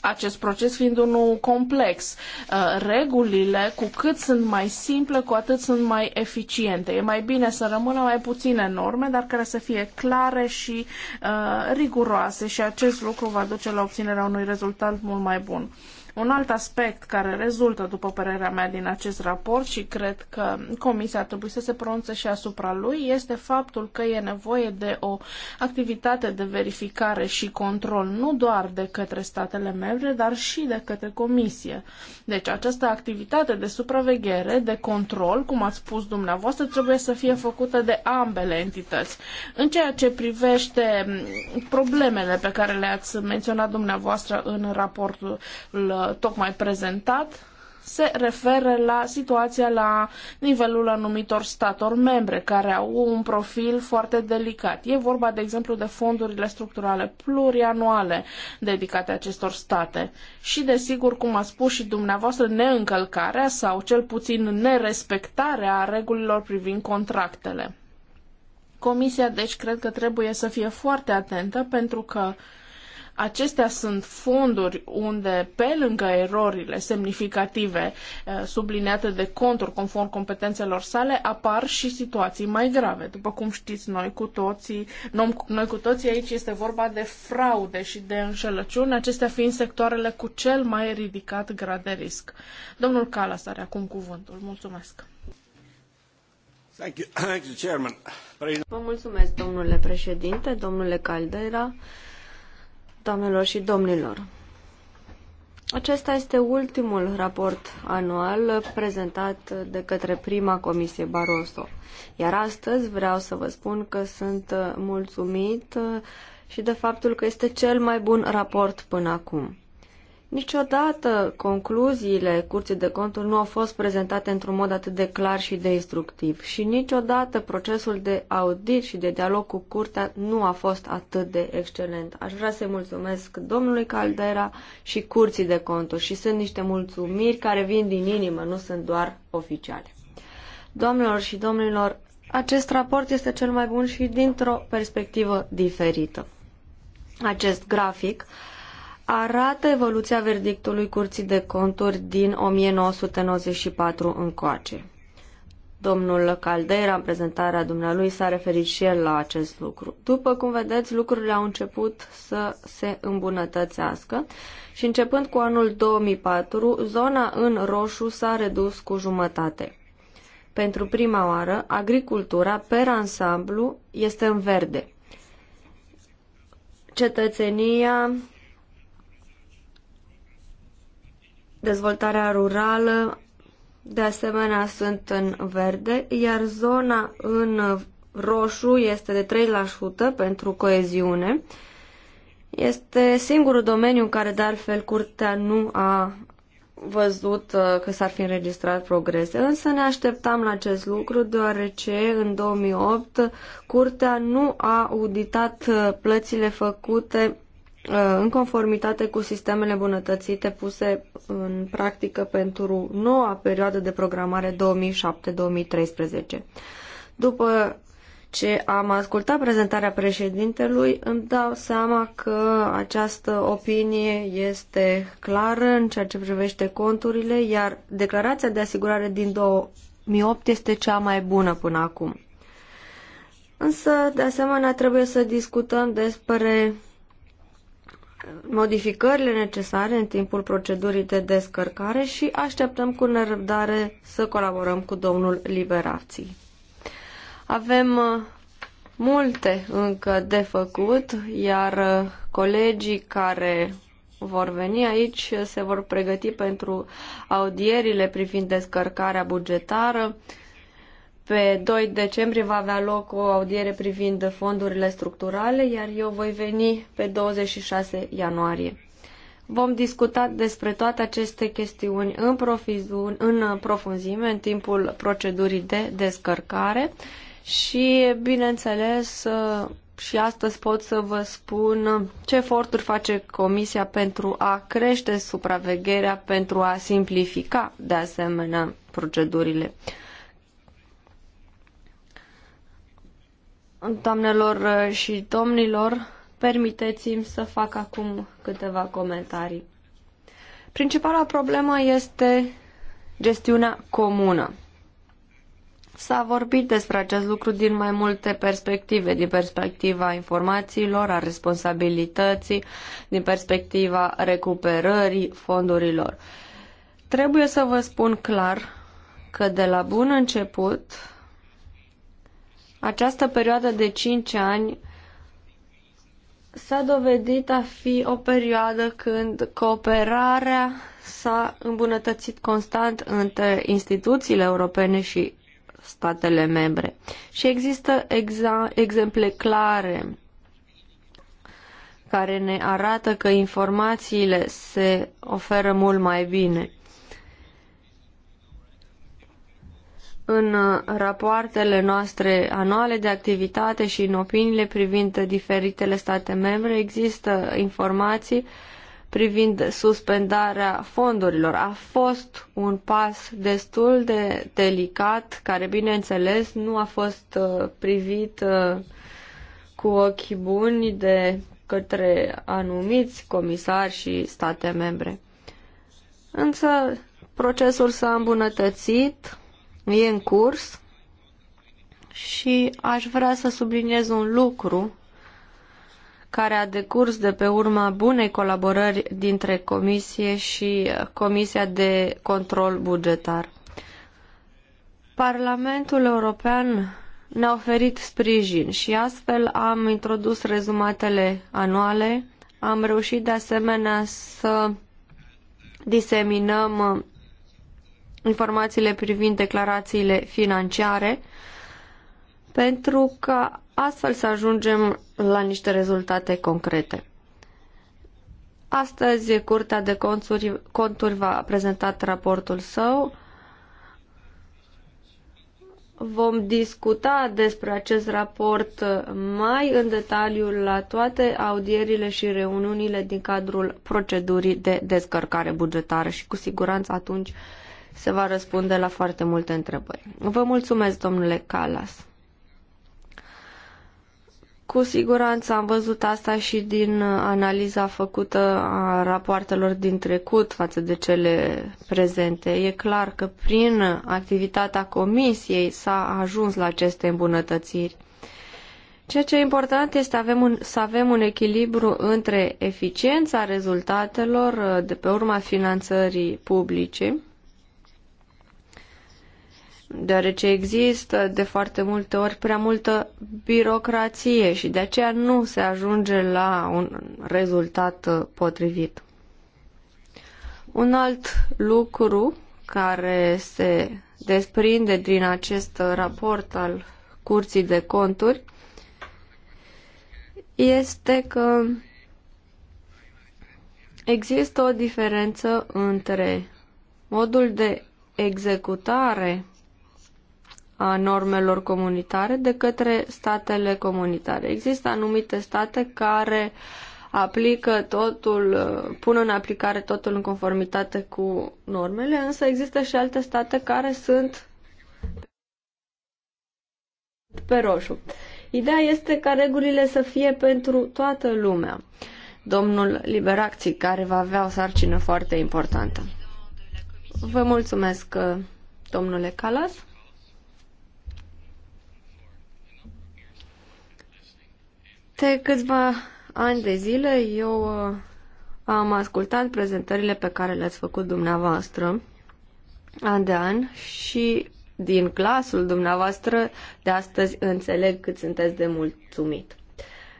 acest proces fiind unul complex. Uh, regulile, cu cât sunt mai simple, cu atât sunt mai eficiente. E mai bine să rămână mai puține norme, dar care să fie clare și uh, riguroase și acest lucru va duce la obținerea unui rezultat mult mai bun. Un alt aspect care rezultă, după părerea mea, din acest raport și cred că Comisia ar trebui să se pronunțe și asupra lui, este faptul că e nevoie de o activitate de verificare și control nu doar de către statele membre, dar și de către Comisie. Deci această activitate de supraveghere, de control, cum ați spus dumneavoastră, trebuie să fie făcută de ambele entități. În ceea ce privește problemele pe care le-ați menționat dumneavoastră în raportul tocmai prezentat se referă la situația la nivelul anumitor statelor membre care au un profil foarte delicat. E vorba, de exemplu, de fondurile structurale plurianuale dedicate acestor state și, desigur, cum a spus și dumneavoastră, neîncălcarea sau cel puțin nerespectarea regulilor privind contractele. Comisia, deci, cred că trebuie să fie foarte atentă pentru că Acestea sunt fonduri unde, pe lângă erorile semnificative eh, subliniate de conturi conform competențelor sale, apar și situații mai grave. După cum știți noi cu toții, noi cu toții aici este vorba de fraude și de înșelăciuni, acestea fiind sectoarele cu cel mai ridicat grad de risc. Domnul Calas are acum cuvântul. Mulțumesc. Vă mulțumesc, domnule președinte, domnule Caldera. Doamnelor și domnilor, acesta este ultimul raport anual prezentat de către prima comisie Barroso. Iar astăzi vreau să vă spun că sunt mulțumit și de faptul că este cel mai bun raport până acum. Niciodată concluziile Curții de Conturi nu au fost prezentate într-un mod atât de clar și de instructiv și niciodată procesul de audit și de dialog cu Curtea nu a fost atât de excelent. Aș vrea să-i mulțumesc domnului Caldera și Curții de Conturi și sunt niște mulțumiri care vin din inimă, nu sunt doar oficiale. Domnilor și domnilor, acest raport este cel mai bun și dintr-o perspectivă diferită. Acest grafic uh, arată evoluția verdictului Curții de Conturi din 1994 încoace. Domnul Caldera, în prezentarea dumnealui, s-a referit și el la acest lucru. După cum vedeți, lucrurile au început să se îmbunătățească și începând cu anul 2004, zona în roșu s-a redus cu jumătate. Pentru prima oară, agricultura, per ansamblu, este în verde. Cetățenia, dezvoltarea rurală, de asemenea, sunt în verde, iar zona în roșu este de 3% pentru coeziune. Este singurul domeniu în care, de altfel, curtea nu a văzut uh, că s-ar fi înregistrat progrese, însă ne așteptam la acest lucru deoarece în 2008 curtea nu a auditat uh, plățile făcute Uh, în conformitate cu sistemele bunătățite puse în practică pentru noua perioadă de programare 2007-2013. După ce am ascultat prezentarea președintelui, îmi dau seama că această opinie este clară în ceea ce privește conturile, iar declarația de asigurare din 2008 este cea mai bună până acum. Însă, de asemenea, trebuie să discutăm despre modificările necesare în timpul procedurii de descărcare și așteptăm cu nerăbdare să colaborăm cu domnul Liberații. Avem uh, multe încă de făcut, iar uh, colegii care vor veni aici se vor pregăti pentru audierile privind descărcarea bugetară pe 2 decembrie va avea loc o audiere privind fondurile structurale, iar eu voi veni pe 26 ianuarie. Vom discuta despre toate aceste chestiuni în, în profunzime în timpul procedurii de descărcare și, bineînțeles, și astăzi pot să vă spun ce eforturi face Comisia pentru a crește supravegherea, pentru a simplifica, de asemenea, procedurile. Doamnelor uh, și domnilor, permiteți-mi să fac acum câteva comentarii. Principala problemă este gestiunea comună. S-a vorbit despre acest lucru din mai multe perspective, din perspectiva informațiilor, a responsabilității, din perspectiva recuperării fondurilor. Trebuie să vă spun clar că de la bun început această perioadă de 5 ani s-a dovedit a fi o perioadă când cooperarea s-a îmbunătățit constant între instituțiile europene și statele membre. Și există exemple clare care ne arată că informațiile se oferă mult mai bine. în uh, rapoartele noastre anuale de activitate și în opiniile privind diferitele state membre există informații privind suspendarea fondurilor. A fost un pas destul de delicat, care bineînțeles nu a fost uh, privit uh, cu ochi buni de către anumiți comisari și state membre. Însă procesul s-a îmbunătățit, e în curs și aș vrea să subliniez un lucru care a decurs de pe urma bunei colaborări dintre Comisie și Comisia de Control Bugetar. Parlamentul European ne-a oferit sprijin și astfel am introdus rezumatele anuale, am reușit de asemenea să diseminăm informațiile privind declarațiile financiare, pentru că astfel să ajungem la niște rezultate concrete. Astăzi, Curtea de Conturi, Conturi va prezenta raportul său. Vom discuta despre acest raport mai în detaliu la toate audierile și reuniunile din cadrul procedurii de descărcare bugetară și cu siguranță atunci se va răspunde la foarte multe întrebări. Vă mulțumesc, domnule Calas. Cu siguranță am văzut asta și din uh, analiza făcută a rapoartelor din trecut față de cele prezente. E clar că prin activitatea comisiei s-a ajuns la aceste îmbunătățiri. Ceea ce e important este avem un, să avem un echilibru între eficiența rezultatelor uh, de pe urma finanțării publice deoarece există de foarte multe ori prea multă birocrație și de aceea nu se ajunge la un rezultat uh, potrivit. Un alt lucru care se desprinde din acest raport al Curții de Conturi este că există o diferență între modul de executare a normelor comunitare de către statele comunitare. Există anumite state care aplică totul, pun în aplicare totul în conformitate cu normele, însă există și alte state care sunt pe roșu. Ideea este ca regulile să fie pentru toată lumea. Domnul Liberacții, care va avea o sarcină foarte importantă. Vă mulțumesc, domnule Calas. De câțiva ani de zile eu uh, am ascultat prezentările pe care le-ați făcut dumneavoastră an de an și din clasul dumneavoastră de astăzi înțeleg cât sunteți de mulțumit.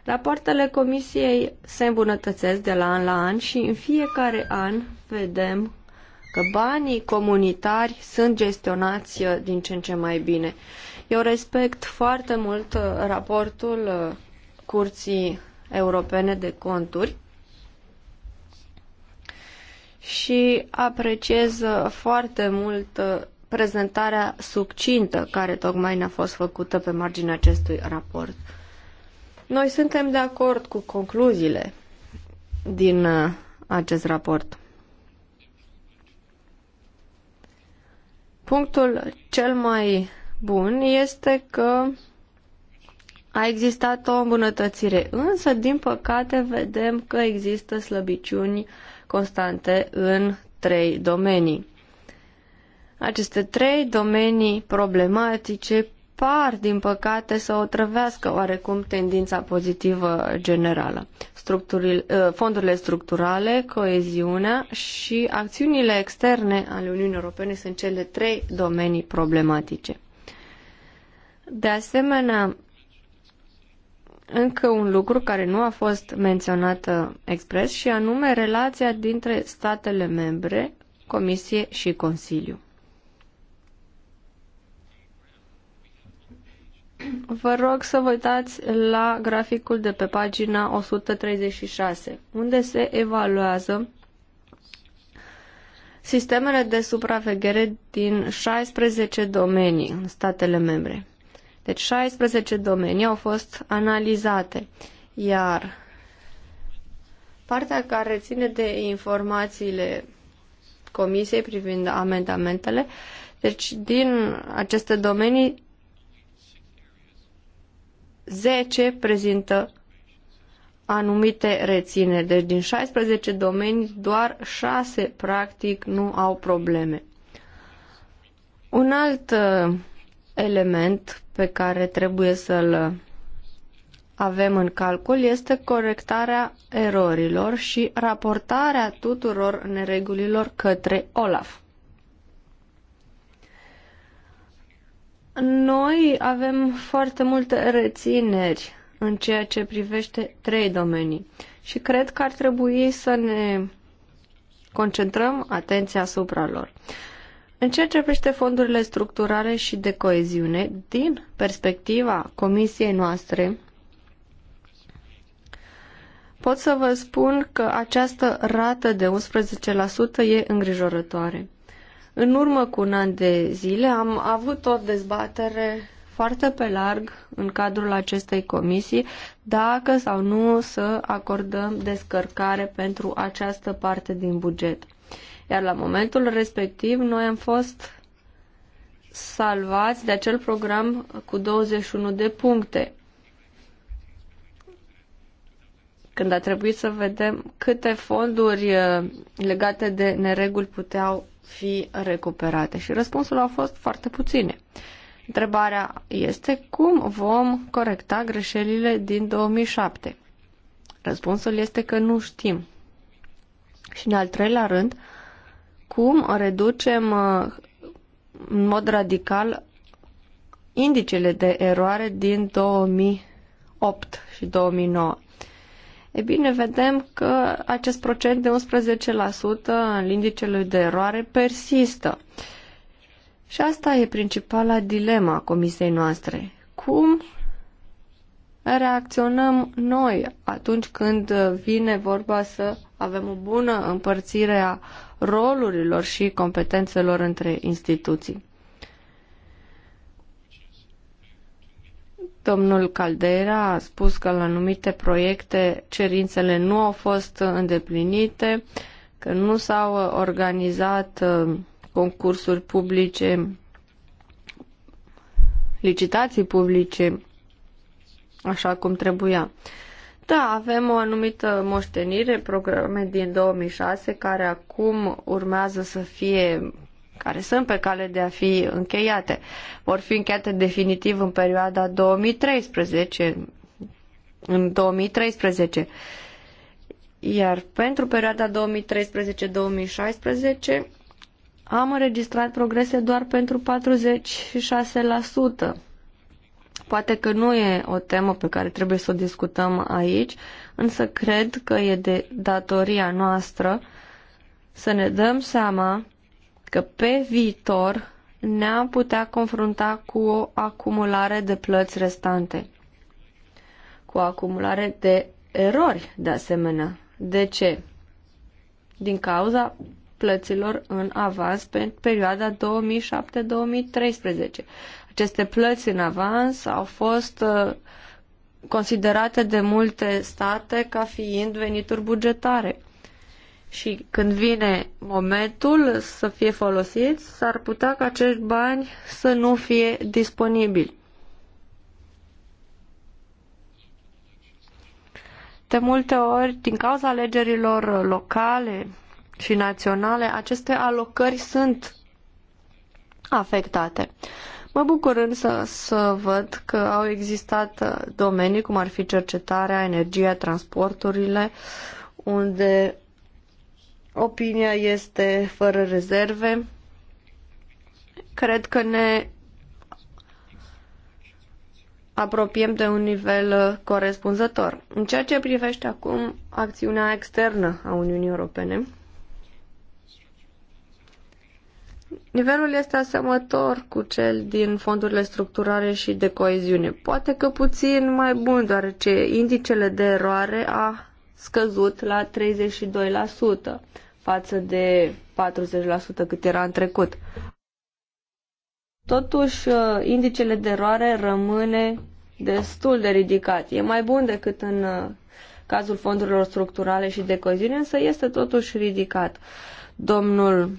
Rapoartele comisiei se îmbunătățesc de la an la an și în fiecare an vedem că banii comunitari sunt gestionați uh, din ce în ce mai bine. Eu respect foarte mult uh, raportul Curții Europene de Conturi și apreciez foarte mult prezentarea succintă care tocmai ne-a fost făcută pe marginea acestui raport. Noi suntem de acord cu concluziile din uh, acest raport. Punctul cel mai bun este că a existat o îmbunătățire, însă, din păcate, vedem că există slăbiciuni constante în trei domenii. Aceste trei domenii problematice par, din păcate, să otrăvească oarecum tendința pozitivă generală. Structurile, ă, fondurile structurale, coeziunea și acțiunile externe ale Uniunii Europene sunt cele trei domenii problematice. De asemenea, încă un lucru care nu a fost menționat uh, expres și anume relația dintre statele membre, Comisie și Consiliu. Vă rog să vă uitați la graficul de pe pagina 136, unde se evaluează sistemele de supraveghere din 16 domenii în statele membre. Deci 16 domenii au fost analizate, iar partea care ține de informațiile comisiei privind amendamentele, deci din aceste domenii 10 prezintă anumite reține, Deci din 16 domenii, doar 6 practic nu au probleme. Un alt uh, element pe care trebuie să-l avem în calcul este corectarea erorilor și raportarea tuturor neregulilor către OLAF. Noi avem foarte multe rețineri în ceea ce privește trei domenii și cred că ar trebui să ne concentrăm atenția asupra lor. Uh, în ceea ce privește fondurile structurale și de coeziune, din perspectiva comisiei noastre, pot să vă spun că această rată de 11% e îngrijorătoare. În urmă cu un an de zile am avut o dezbatere foarte pe larg în cadrul acestei comisii dacă sau nu să acordăm descărcare pentru această parte din buget. Iar la momentul respectiv noi am fost salvați de acel program cu 21 de puncte. Când a trebuit să vedem câte fonduri uh, legate de nereguli puteau fi recuperate și răspunsul a fost foarte puține. Întrebarea este cum vom corecta greșelile din 2007. Răspunsul este că nu știm. Și în al treilea rând, cum reducem uh, în mod radical indicele de eroare din 2008 și 2009. E bine, vedem că acest procent de 11% al indicelui de eroare persistă. Și asta e principala dilema a comisiei noastre. Cum reacționăm noi atunci când vine vorba să avem o bună împărțire a rolurilor și competențelor între instituții. Domnul Caldera a spus că la anumite proiecte cerințele nu au fost îndeplinite, că nu s-au organizat uh, concursuri publice, licitații publice, așa cum trebuia. Da, avem o anumită moștenire, programe din 2006 care acum urmează să fie care sunt pe cale de a fi încheiate. Vor fi încheiate definitiv în perioada 2013, în 2013. Iar pentru perioada 2013-2016 am înregistrat progrese doar pentru 46%. Poate că nu e o temă pe care trebuie să o discutăm aici, însă cred că e de datoria noastră să ne dăm seama că pe viitor ne-am putea confrunta cu o acumulare de plăți restante, cu o acumulare de erori de asemenea. De ce? Din cauza plăților în avans pe perioada 2007-2013. Aceste plăți în avans au fost uh, considerate de multe state ca fiind venituri bugetare. Și când vine momentul să fie folosiți, s-ar putea ca acești bani să nu fie disponibili. De multe ori, din cauza alegerilor locale și naționale, aceste alocări sunt afectate. Mă bucur însă să văd că au existat uh, domenii cum ar fi cercetarea, energia, transporturile, unde opinia este fără rezerve. Cred că ne apropiem de un nivel uh, corespunzător. În ceea ce privește acum acțiunea externă a Uniunii Europene, Nivelul este asemător cu cel din fondurile structurare și de coeziune, poate că puțin mai bun, deoarece indicele de eroare a scăzut la 32% față de 40% cât era în trecut. Totuși, uh, indicele de eroare rămâne destul de ridicat. E mai bun decât în uh, cazul fondurilor structurale și de coeziune, însă este totuși ridicat. Domnul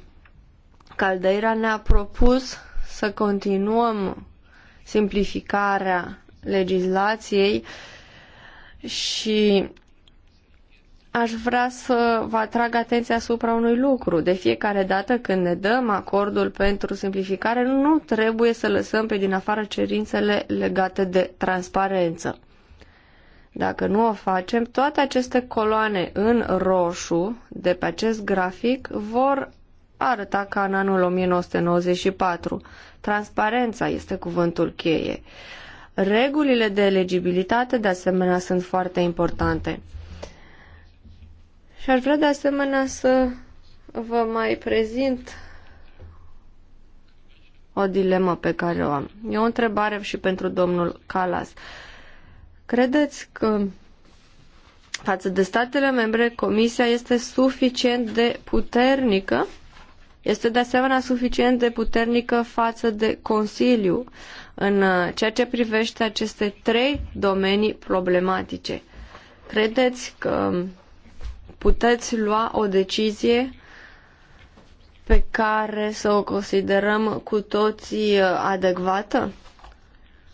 Caldeira ne-a propus să continuăm simplificarea legislației și aș vrea să vă atrag atenția asupra unui lucru. De fiecare dată când ne dăm acordul pentru simplificare, nu trebuie să lăsăm pe din afară cerințele legate de transparență. Dacă nu o facem, toate aceste coloane în roșu de pe acest grafic vor arăta ca în anul 1994. Transparența este cuvântul cheie. Regulile de eligibilitate, de asemenea, sunt foarte importante. Și aș vrea, de asemenea, să vă mai prezint o dilemă pe care o am. E o întrebare și pentru domnul Calas. Credeți că față de statele membre, Comisia este suficient de puternică este de asemenea suficient de puternică față de Consiliu în uh, ceea ce privește aceste trei domenii problematice. Credeți că puteți lua o decizie pe care să o considerăm cu toții uh, adecvată?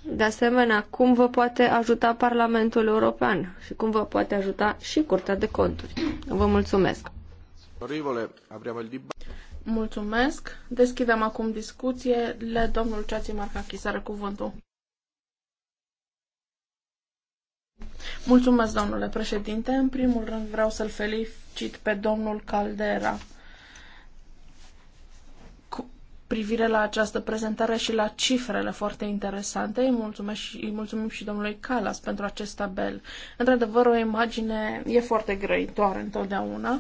De asemenea, cum vă poate ajuta Parlamentul European și cum vă poate ajuta și Curtea de Conturi? Vă mulțumesc! Mulțumesc. Deschidem acum discuție. Le domnul Ceați Marcachis are cuvântul. Mulțumesc, domnule președinte. În primul rând vreau să-l felicit pe domnul Caldera cu privire la această prezentare și la cifrele foarte interesante. Îi, mulțumesc și, îi mulțumim și domnului Calas pentru acest tabel. Într-adevăr, o imagine e foarte grăitoare întotdeauna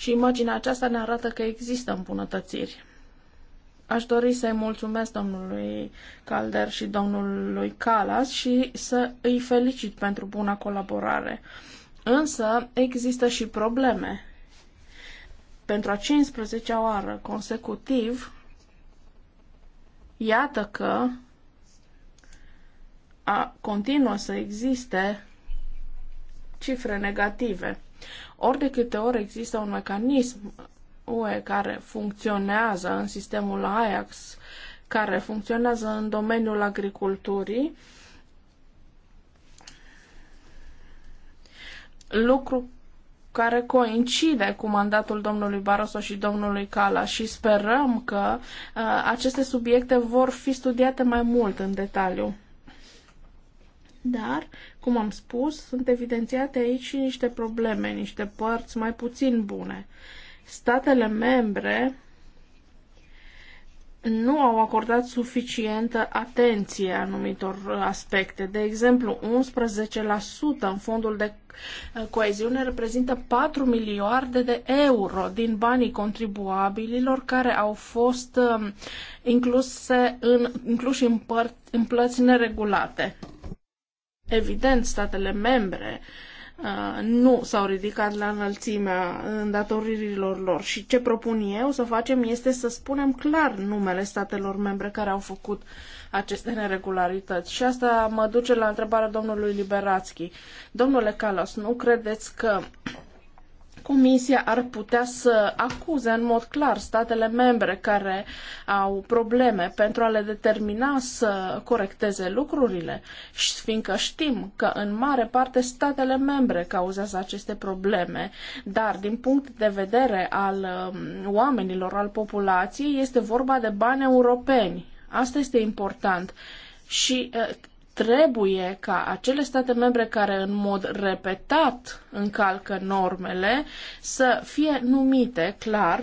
și imaginea aceasta ne arată că există îmbunătățiri. Aș dori să-i mulțumesc domnului Calder și domnului Calas și să îi felicit pentru buna colaborare. Însă există și probleme. Pentru a 15-a oară consecutiv, iată că a, continuă să existe cifre negative. Ori de câte ori există un mecanism UE care funcționează în sistemul Ajax, care funcționează în domeniul agriculturii, lucru care coincide cu mandatul domnului Barroso și domnului Cala și sperăm că uh, aceste subiecte vor fi studiate mai mult în detaliu. Dar cum am spus, sunt evidențiate aici și niște probleme, niște părți mai puțin bune. Statele membre nu au acordat suficientă atenție anumitor aspecte. De exemplu, 11% în fondul de eh, coeziune reprezintă 4 miliarde de euro din banii contribuabililor care au fost eh, incluse în, incluși în, păr- în plăți neregulate. Evident, statele membre uh, nu s-au ridicat la înălțimea îndatoririlor lor și ce propun eu să facem este să spunem clar numele statelor membre care au făcut aceste neregularități. Și asta mă duce la întrebarea domnului Liberațchi. Domnule Calas, nu credeți că Comisia ar putea să acuze în mod clar statele membre care au probleme pentru a le determina să corecteze lucrurile, fiindcă știm că în mare parte statele membre cauzează aceste probleme, dar din punct de vedere al um, oamenilor, al populației, este vorba de bani europeni. Asta este important. Și uh, trebuie ca acele state membre care în mod repetat încalcă normele să fie numite clar.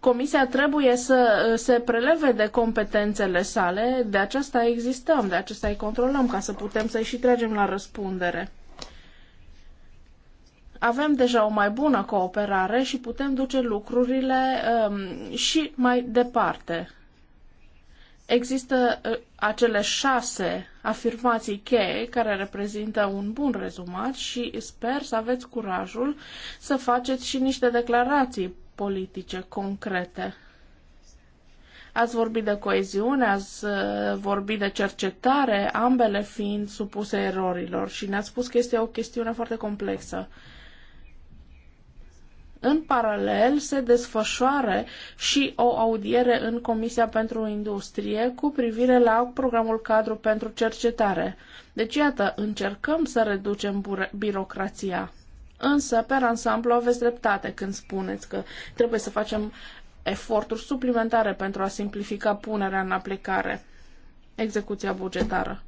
Comisia trebuie să uh, se preleve de competențele sale, de aceasta existăm, de aceasta îi controlăm ca să putem să-i și tragem la răspundere. Avem deja o mai bună cooperare și putem duce lucrurile um, și mai departe Există uh, acele șase afirmații cheie care reprezintă un bun rezumat și sper să aveți curajul să faceți și niște declarații politice concrete. Ați vorbit de coeziune, ați uh, vorbit de cercetare, ambele fiind supuse erorilor și ne-ați spus că este o chestiune foarte complexă în paralel se desfășoare și o audiere în Comisia pentru Industrie cu privire la programul cadru pentru cercetare. Deci, iată, încercăm să reducem birocrația. Însă, pe ansamblu, aveți dreptate când spuneți că trebuie să facem eforturi suplimentare pentru a simplifica punerea în aplicare, execuția bugetară.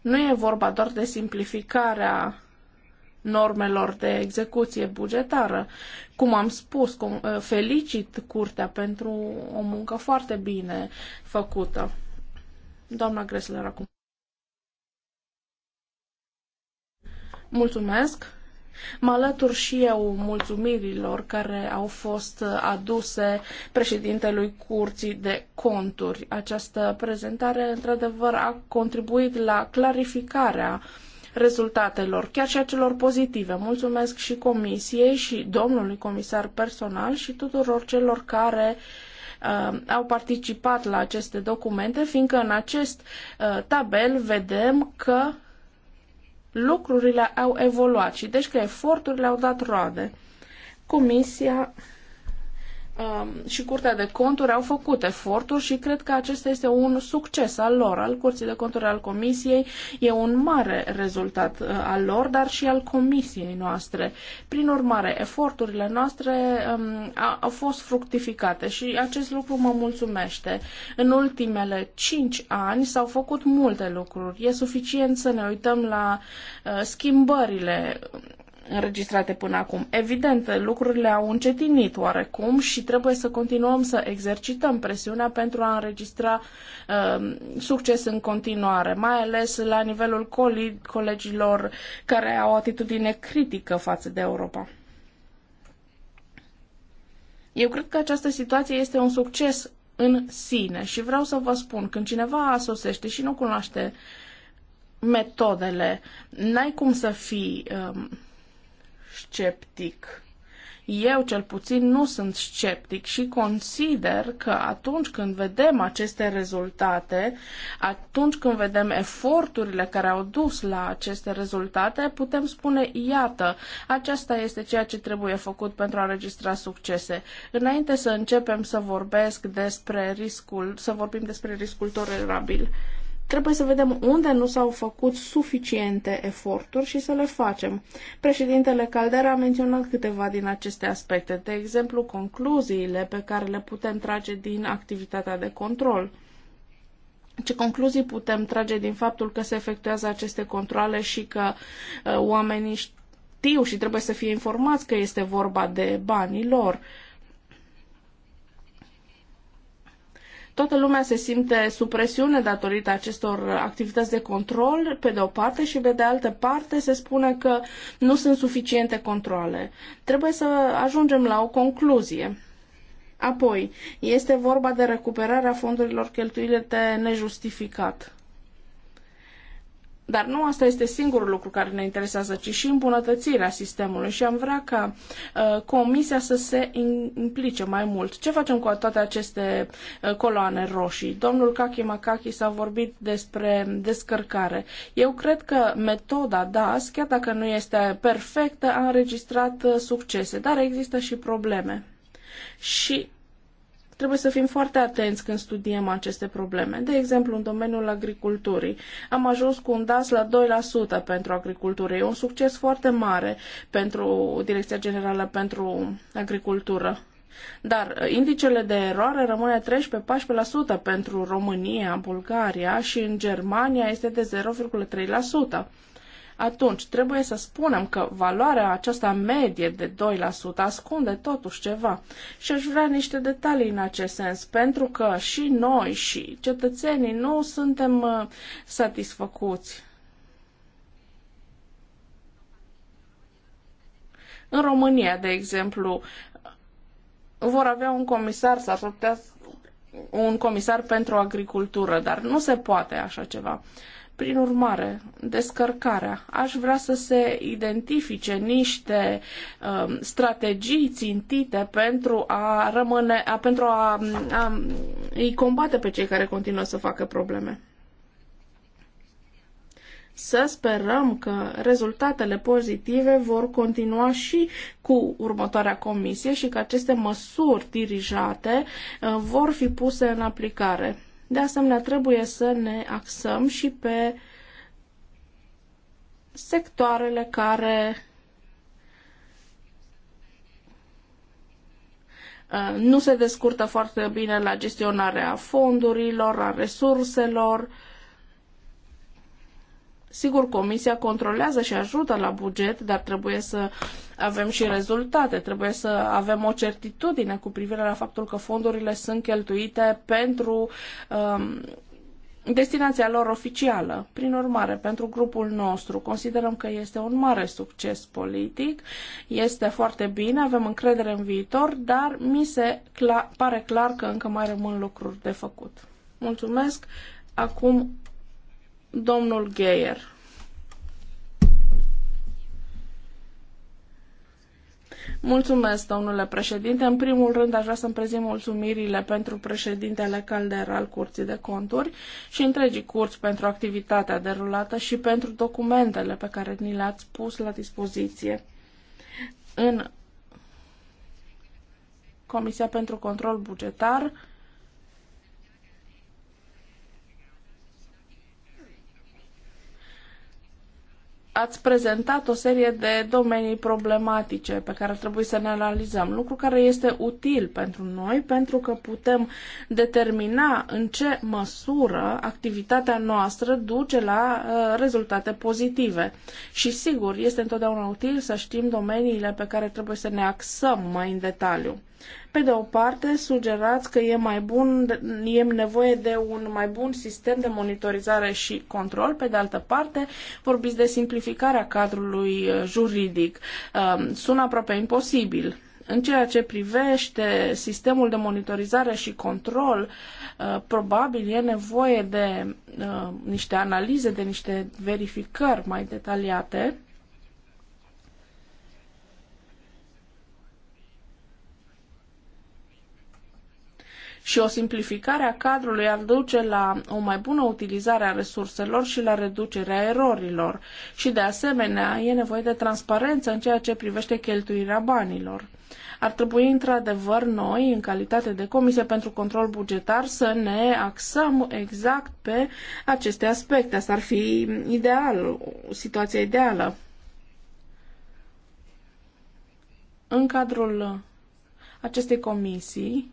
Nu e vorba doar de simplificarea normelor de execuție bugetară. Cum am spus, ă, felicit curtea pentru o muncă foarte bine făcută. Doamna Gresler, acum. Mulțumesc. Mă alătur și eu mulțumirilor care au fost aduse președintelui Curții de Conturi. Această prezentare, într-adevăr, a contribuit la clarificarea rezultatelor, chiar și a celor pozitive. Mulțumesc și comisiei și domnului comisar personal și tuturor celor care uh, au participat la aceste documente, fiindcă în acest uh, tabel vedem că lucrurile au evoluat și deci că eforturile au dat roade. Comisia Um, și Curtea de Conturi au făcut eforturi și cred că acesta este un succes al lor, al Curții de Conturi, al Comisiei. E un mare rezultat uh, al lor, dar și al Comisiei noastre. Prin urmare, eforturile noastre um, au fost fructificate și acest lucru mă mulțumește. În ultimele cinci ani s-au făcut multe lucruri. E suficient să ne uităm la uh, schimbările înregistrate până acum. Evident, lucrurile au încetinit oarecum și trebuie să continuăm să exercităm presiunea pentru a înregistra uh, succes în continuare, mai ales la nivelul colegilor care au o atitudine critică față de Europa. Eu cred că această situație este un succes în sine și vreau să vă spun, când cineva asosește și nu cunoaște metodele, n-ai cum să fii Uh, sceptic. Eu cel puțin nu sunt sceptic și consider că atunci când vedem aceste rezultate, atunci când vedem eforturile care au dus la aceste rezultate, putem spune, iată, aceasta este ceea ce trebuie făcut pentru a registra succese. Înainte să începem să vorbesc despre riscul, să vorbim despre riscul tolerabil. Trebuie să vedem unde nu s-au făcut suficiente eforturi și să le facem. Președintele Caldera a menționat câteva din aceste aspecte, de exemplu concluziile pe care le putem trage din activitatea de control. Ce concluzii putem trage din faptul că se efectuează aceste controle și că uh, oamenii știu și trebuie să fie informați că este vorba de banii lor? Uh, Toată lumea se simte sub presiune datorită acestor activități de control, pe de o parte, și pe de altă parte se spune că nu sunt suficiente controle. Trebuie să ajungem la o concluzie. Apoi, este vorba de recuperarea fondurilor cheltuite nejustificat. Dar nu asta este singurul lucru care ne interesează, ci și îmbunătățirea sistemului și am vrea ca uh, comisia să se implice mai mult. Ce facem cu toate aceste uh, coloane roșii? Domnul Kaki Makaki s-a vorbit despre descărcare. Eu cred că metoda DAS, chiar dacă nu este perfectă, a înregistrat uh, succese, dar există și probleme. Și Trebuie să fim foarte atenți când studiem aceste probleme. De exemplu, în domeniul agriculturii. Am ajuns cu un DAS la 2% pentru agricultură. E un succes foarte mare pentru Direcția Generală pentru Agricultură. Dar uh, indicele de eroare rămâne 13-14% pentru România, Bulgaria și în Germania este de 0,3% atunci trebuie să spunem că valoarea aceasta medie de 2% ascunde totuși ceva. Și aș vrea niște detalii în acest sens, pentru că și noi și cetățenii nu suntem uh, satisfăcuți În România, de exemplu, vor avea un comisar, s-ar putea un comisar pentru agricultură, dar nu se poate așa ceva. Uh, prin urmare, descărcarea. Aș vrea să se identifice niște um, strategii țintite pentru a rămâne, a, pentru a, um, a um, îi combate pe cei care continuă să facă probleme. Să sperăm că rezultatele pozitive vor continua și cu următoarea comisie și că aceste măsuri dirijate uh, vor fi puse în aplicare. De asemenea, trebuie să ne axăm și pe sectoarele care uh, nu se descurtă foarte bine la gestionarea fondurilor, a resurselor, Sigur, Comisia controlează și ajută la buget, dar trebuie să avem și rezultate, trebuie să avem o certitudine cu privire la faptul că fondurile sunt cheltuite pentru um, destinația lor oficială. Prin urmare, pentru grupul nostru considerăm că este un mare succes politic, este foarte bine, avem încredere în viitor, dar mi se cla pare clar că încă mai rămân lucruri de făcut. Mulțumesc! Acum Domnul Geier. Mulțumesc, domnule președinte. În primul rând, aș vrea să-mi prezint mulțumirile pentru președintele Calder al Curții de Conturi și întregii curți pentru activitatea derulată și pentru documentele pe care ni le-ați pus la dispoziție. În Comisia pentru Control Bugetar, ați prezentat o serie de domenii problematice pe care ar trebui să ne analizăm, lucru care este util pentru noi pentru că putem determina în ce măsură activitatea noastră duce la uh, rezultate pozitive. Și sigur, este întotdeauna util să știm domeniile pe care trebuie să ne axăm mai în detaliu. Pe de o parte, sugerați că e mai bun, e nevoie de un mai bun sistem de monitorizare și control. Pe de altă parte, vorbiți de simplificarea cadrului uh, juridic. Um, sună aproape imposibil. În ceea ce privește sistemul de monitorizare și control, uh, probabil e nevoie de uh, niște analize, de niște verificări mai detaliate și o simplificare a cadrului ar duce la o mai bună utilizare a resurselor și la reducerea erorilor. Și de asemenea, e nevoie de transparență în ceea ce privește cheltuirea banilor. Ar trebui într-adevăr noi, în calitate de comisie pentru control bugetar, să ne axăm exact pe aceste aspecte. Asta ar fi ideal, situația ideală. În cadrul acestei comisii,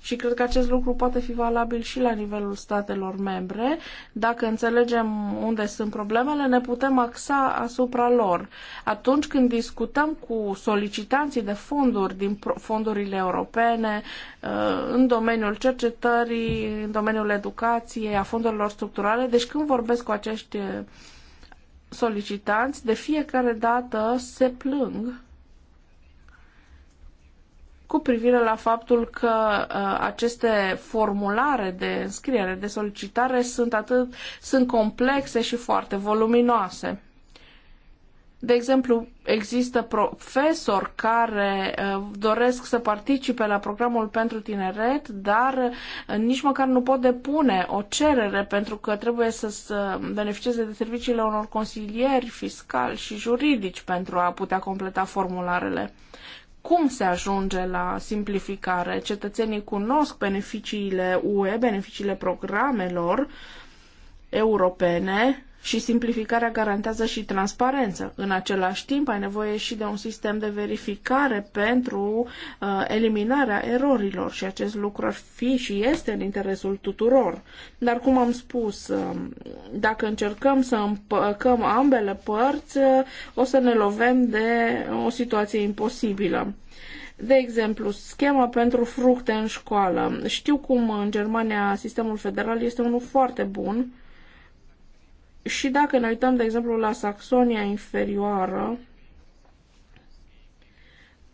și cred că acest lucru poate fi valabil și la nivelul statelor membre. Dacă înțelegem unde sunt problemele, ne putem axa asupra lor. Atunci când discutăm cu solicitanții de fonduri din fondurile europene, uh, în domeniul cercetării, în domeniul educației, a fondurilor structurale, deci când vorbesc cu acești uh, solicitanți, de fiecare dată se plâng cu privire la faptul că uh, aceste formulare de înscriere, de solicitare sunt atât sunt complexe și foarte voluminoase. De exemplu, există profesori care uh, doresc să participe la programul pentru tineret, dar uh, nici măcar nu pot depune o cerere pentru că trebuie să, să beneficieze de serviciile unor consilieri fiscali și juridici pentru a putea completa formularele cum se ajunge la simplificare. Cetățenii cunosc beneficiile UE, beneficiile programelor europene, și simplificarea garantează și transparență. În același timp, ai nevoie și de un sistem de verificare pentru uh, eliminarea erorilor și acest lucru ar fi și este în interesul tuturor. Dar, cum am spus, uh, dacă încercăm să împăcăm ambele părți, uh, o să ne lovem de o situație imposibilă. De exemplu, schema pentru fructe în școală. Știu cum în Germania sistemul federal este unul foarte bun, și dacă ne uităm, de exemplu, la Saxonia inferioară,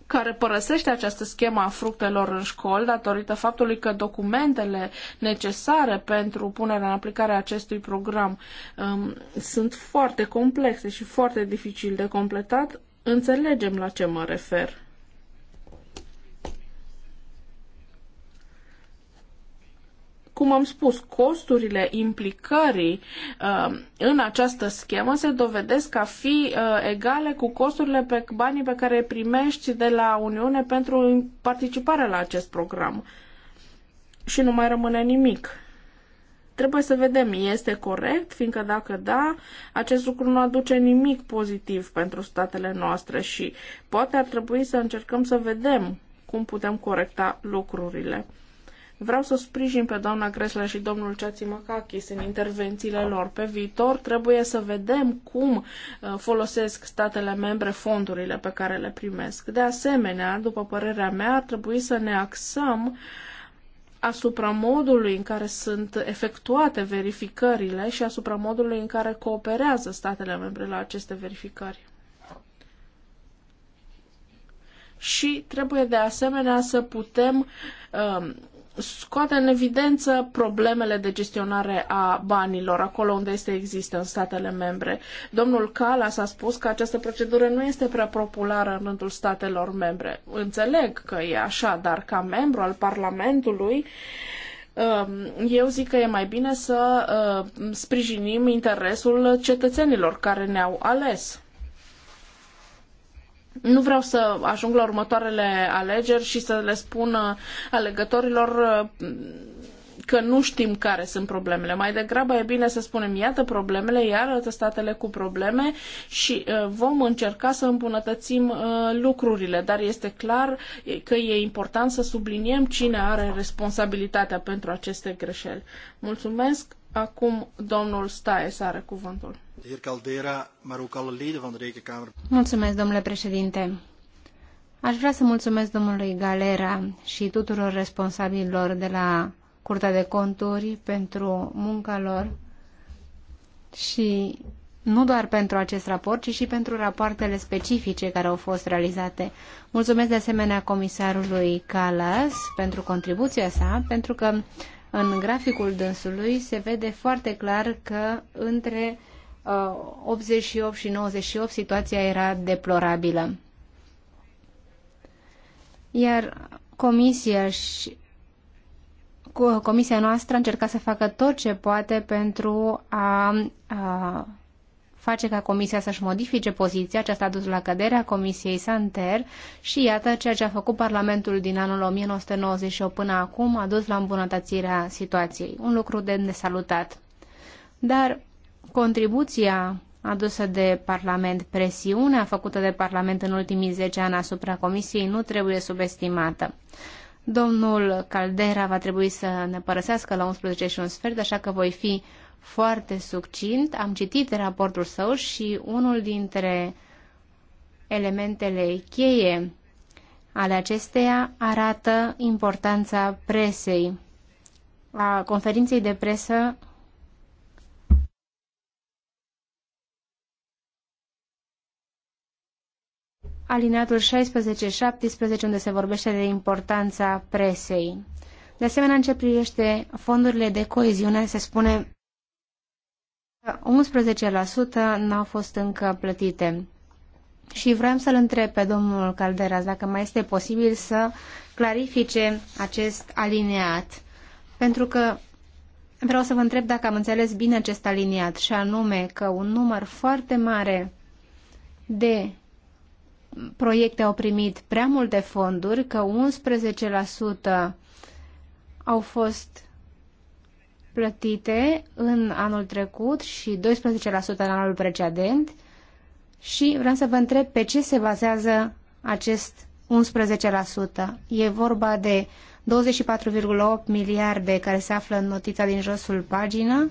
care părăsește această schemă a fructelor în școli datorită faptului că documentele necesare pentru punerea în aplicare a acestui program um, sunt foarte complexe și foarte dificil de completat, înțelegem la ce mă refer. Cum am spus, costurile implicării um, în această schemă se dovedesc a fi uh, egale cu costurile pe banii pe care îi primești de la Uniune pentru participarea la acest program. Și nu mai rămâne nimic. Trebuie să vedem, este corect, fiindcă dacă da, acest lucru nu aduce nimic pozitiv pentru statele noastre și poate ar trebui să încercăm să vedem cum putem corecta lucrurile. Vreau să sprijin pe doamna Gresla și domnul Ceațimăcachis în intervențiile lor. Pe viitor trebuie să vedem cum uh, folosesc statele membre fondurile pe care le primesc. De asemenea, după părerea mea, ar trebui să ne axăm asupra modului în care sunt efectuate verificările și asupra modului în care cooperează statele membre la aceste verificări. Și trebuie de asemenea să putem uh, scoate în evidență problemele de gestionare a banilor acolo unde este există în statele membre. Domnul Calas a spus că această procedură nu este prea populară în rândul statelor membre. Înțeleg că e așa, dar ca membru al Parlamentului um, eu zic că e mai bine să uh, sprijinim interesul cetățenilor care ne-au ales nu vreau să ajung la următoarele alegeri și să le spun uh, alegătorilor uh, că nu știm care sunt problemele. Mai degrabă e bine să spunem iată problemele, iată statele cu probleme și uh, vom încerca să îmbunătățim lucrurile, dar este clar că e important să subliniem cine are responsabilitatea pentru aceste greșeli. Mulțumesc. Acum domnul Staes are cuvântul. Mulțumesc, domnule președinte. Aș vrea să mulțumesc domnului Galera și tuturor responsabililor de la Curtea de Conturi pentru munca lor și nu doar pentru acest raport, ci și pentru rapoartele specifice care au fost realizate. Mulțumesc de asemenea comisarului Calas pentru contribuția sa, pentru că în graficul dânsului se vede foarte clar că între 88 uh, și 98 situația era deplorabilă. Iar comisia și comisia noastră a încercat să facă tot ce poate pentru a, a face ca comisia să-și modifice poziția, aceasta a dus la căderea comisiei Santer și iată ceea ce a făcut Parlamentul din anul 1998 până acum a dus la îmbunătățirea situației. Un lucru de nesalutat. Dar Contribuția adusă de Parlament, presiunea făcută de Parlament în ultimii 10 ani asupra Comisiei nu trebuie subestimată. Domnul Caldera va trebui să ne părăsească la 11 și un sfert, așa că voi fi foarte succint. Am citit raportul său și unul dintre elementele cheie ale acesteia arată importanța presei. a conferinței de presă alineatul 16-17, unde se vorbește de importanța presei. De asemenea, în ce privește fondurile de coeziune, se spune 11% n-au fost încă plătite. Și vreau să-l întreb pe domnul Calderas dacă mai este posibil să clarifice acest alineat. Pentru că vreau să vă întreb dacă am înțeles bine acest aliniat și anume că un număr foarte mare de proiecte au primit prea multe fonduri, că 11% au fost plătite în anul trecut și 12% în anul precedent și vreau să vă întreb pe ce se bazează acest 11%. E vorba de 24,8 miliarde care se află în notița din josul pagina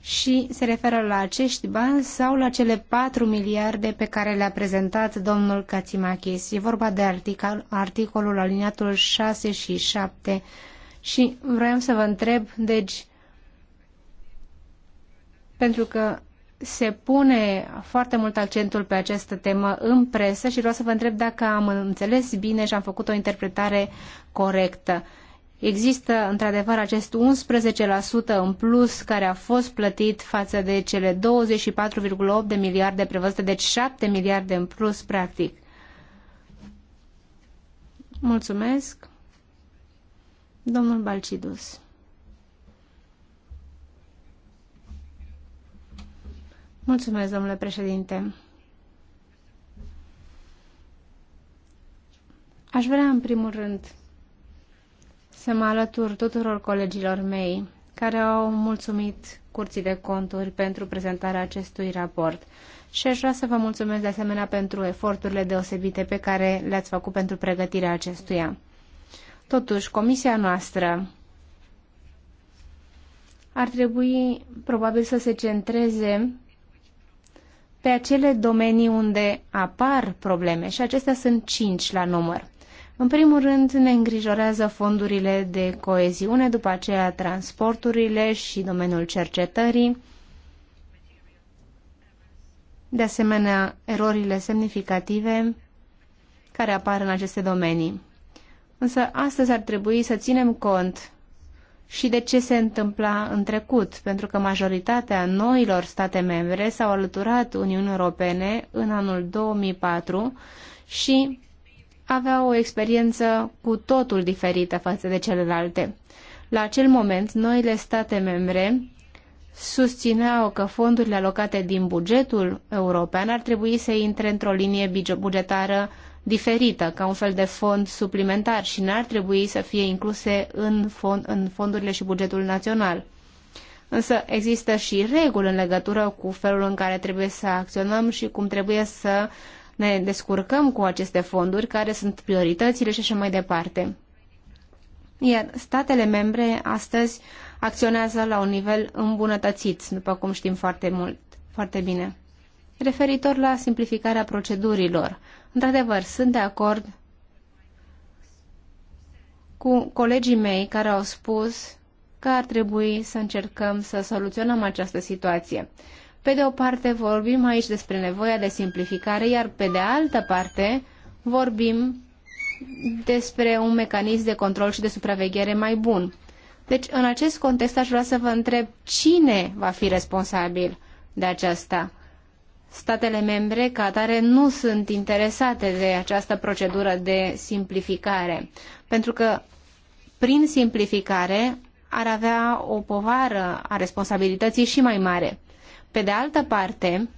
și se referă la acești bani sau la cele 4 miliarde pe care le-a prezentat domnul Katsimakis. E vorba de articol, articolul aliniatul 6 și 7 și vreau să vă întreb, deci, pentru că se pune foarte mult accentul pe această temă în presă și vreau să vă întreb dacă am înțeles bine și am făcut o interpretare corectă. Există într-adevăr acest 11% în plus care a fost plătit față de cele 24,8 de miliarde prevăzute, deci 7 miliarde în plus practic. Mulțumesc. Domnul Balcidus. Mulțumesc, domnule președinte. Aș vrea, în primul rând, să mă alătur tuturor colegilor mei care au mulțumit Curții de Conturi pentru prezentarea acestui raport. Și aș vrea să vă mulțumesc de asemenea pentru eforturile deosebite pe care le-ați făcut pentru pregătirea acestuia. Totuși, comisia noastră ar trebui probabil să se centreze pe acele domenii unde apar probleme și acestea sunt cinci la număr. În primul rând, ne îngrijorează fondurile de coeziune, după aceea transporturile și domeniul cercetării. De asemenea, erorile semnificative care apar în aceste domenii. Însă astăzi ar trebui să ținem cont și de ce se întâmpla în trecut, pentru că majoritatea noilor state membre s-au alăturat Uniunii Europene în anul 2004 și avea o experiență cu totul diferită față de celelalte. La acel moment, noile state membre susțineau că fondurile alocate din bugetul european ar trebui să intre într-o linie bugetară diferită, ca un fel de fond suplimentar și n-ar trebui să fie incluse în, fond, în fondurile și bugetul național. Însă există și reguli în legătură cu felul în care trebuie să acționăm și cum trebuie să uh, ne descurcăm cu aceste fonduri, care sunt prioritățile și așa mai departe. Iar statele membre astăzi acționează la un nivel îmbunătățit, după cum știm foarte mult, foarte bine. Referitor la simplificarea procedurilor, într-adevăr, sunt de acord cu colegii mei care au spus că ar trebui să încercăm să soluționăm această situație. Pe de o parte vorbim aici despre nevoia de simplificare, iar pe de altă parte vorbim despre un mecanism de control și de supraveghere mai bun. Deci, în acest context, aș vrea să vă întreb cine va fi responsabil de aceasta. Statele membre, ca atare, nu sunt interesate de această procedură de simplificare, pentru că prin simplificare ar avea o povară a responsabilității și mai mare. Pe de altă parte,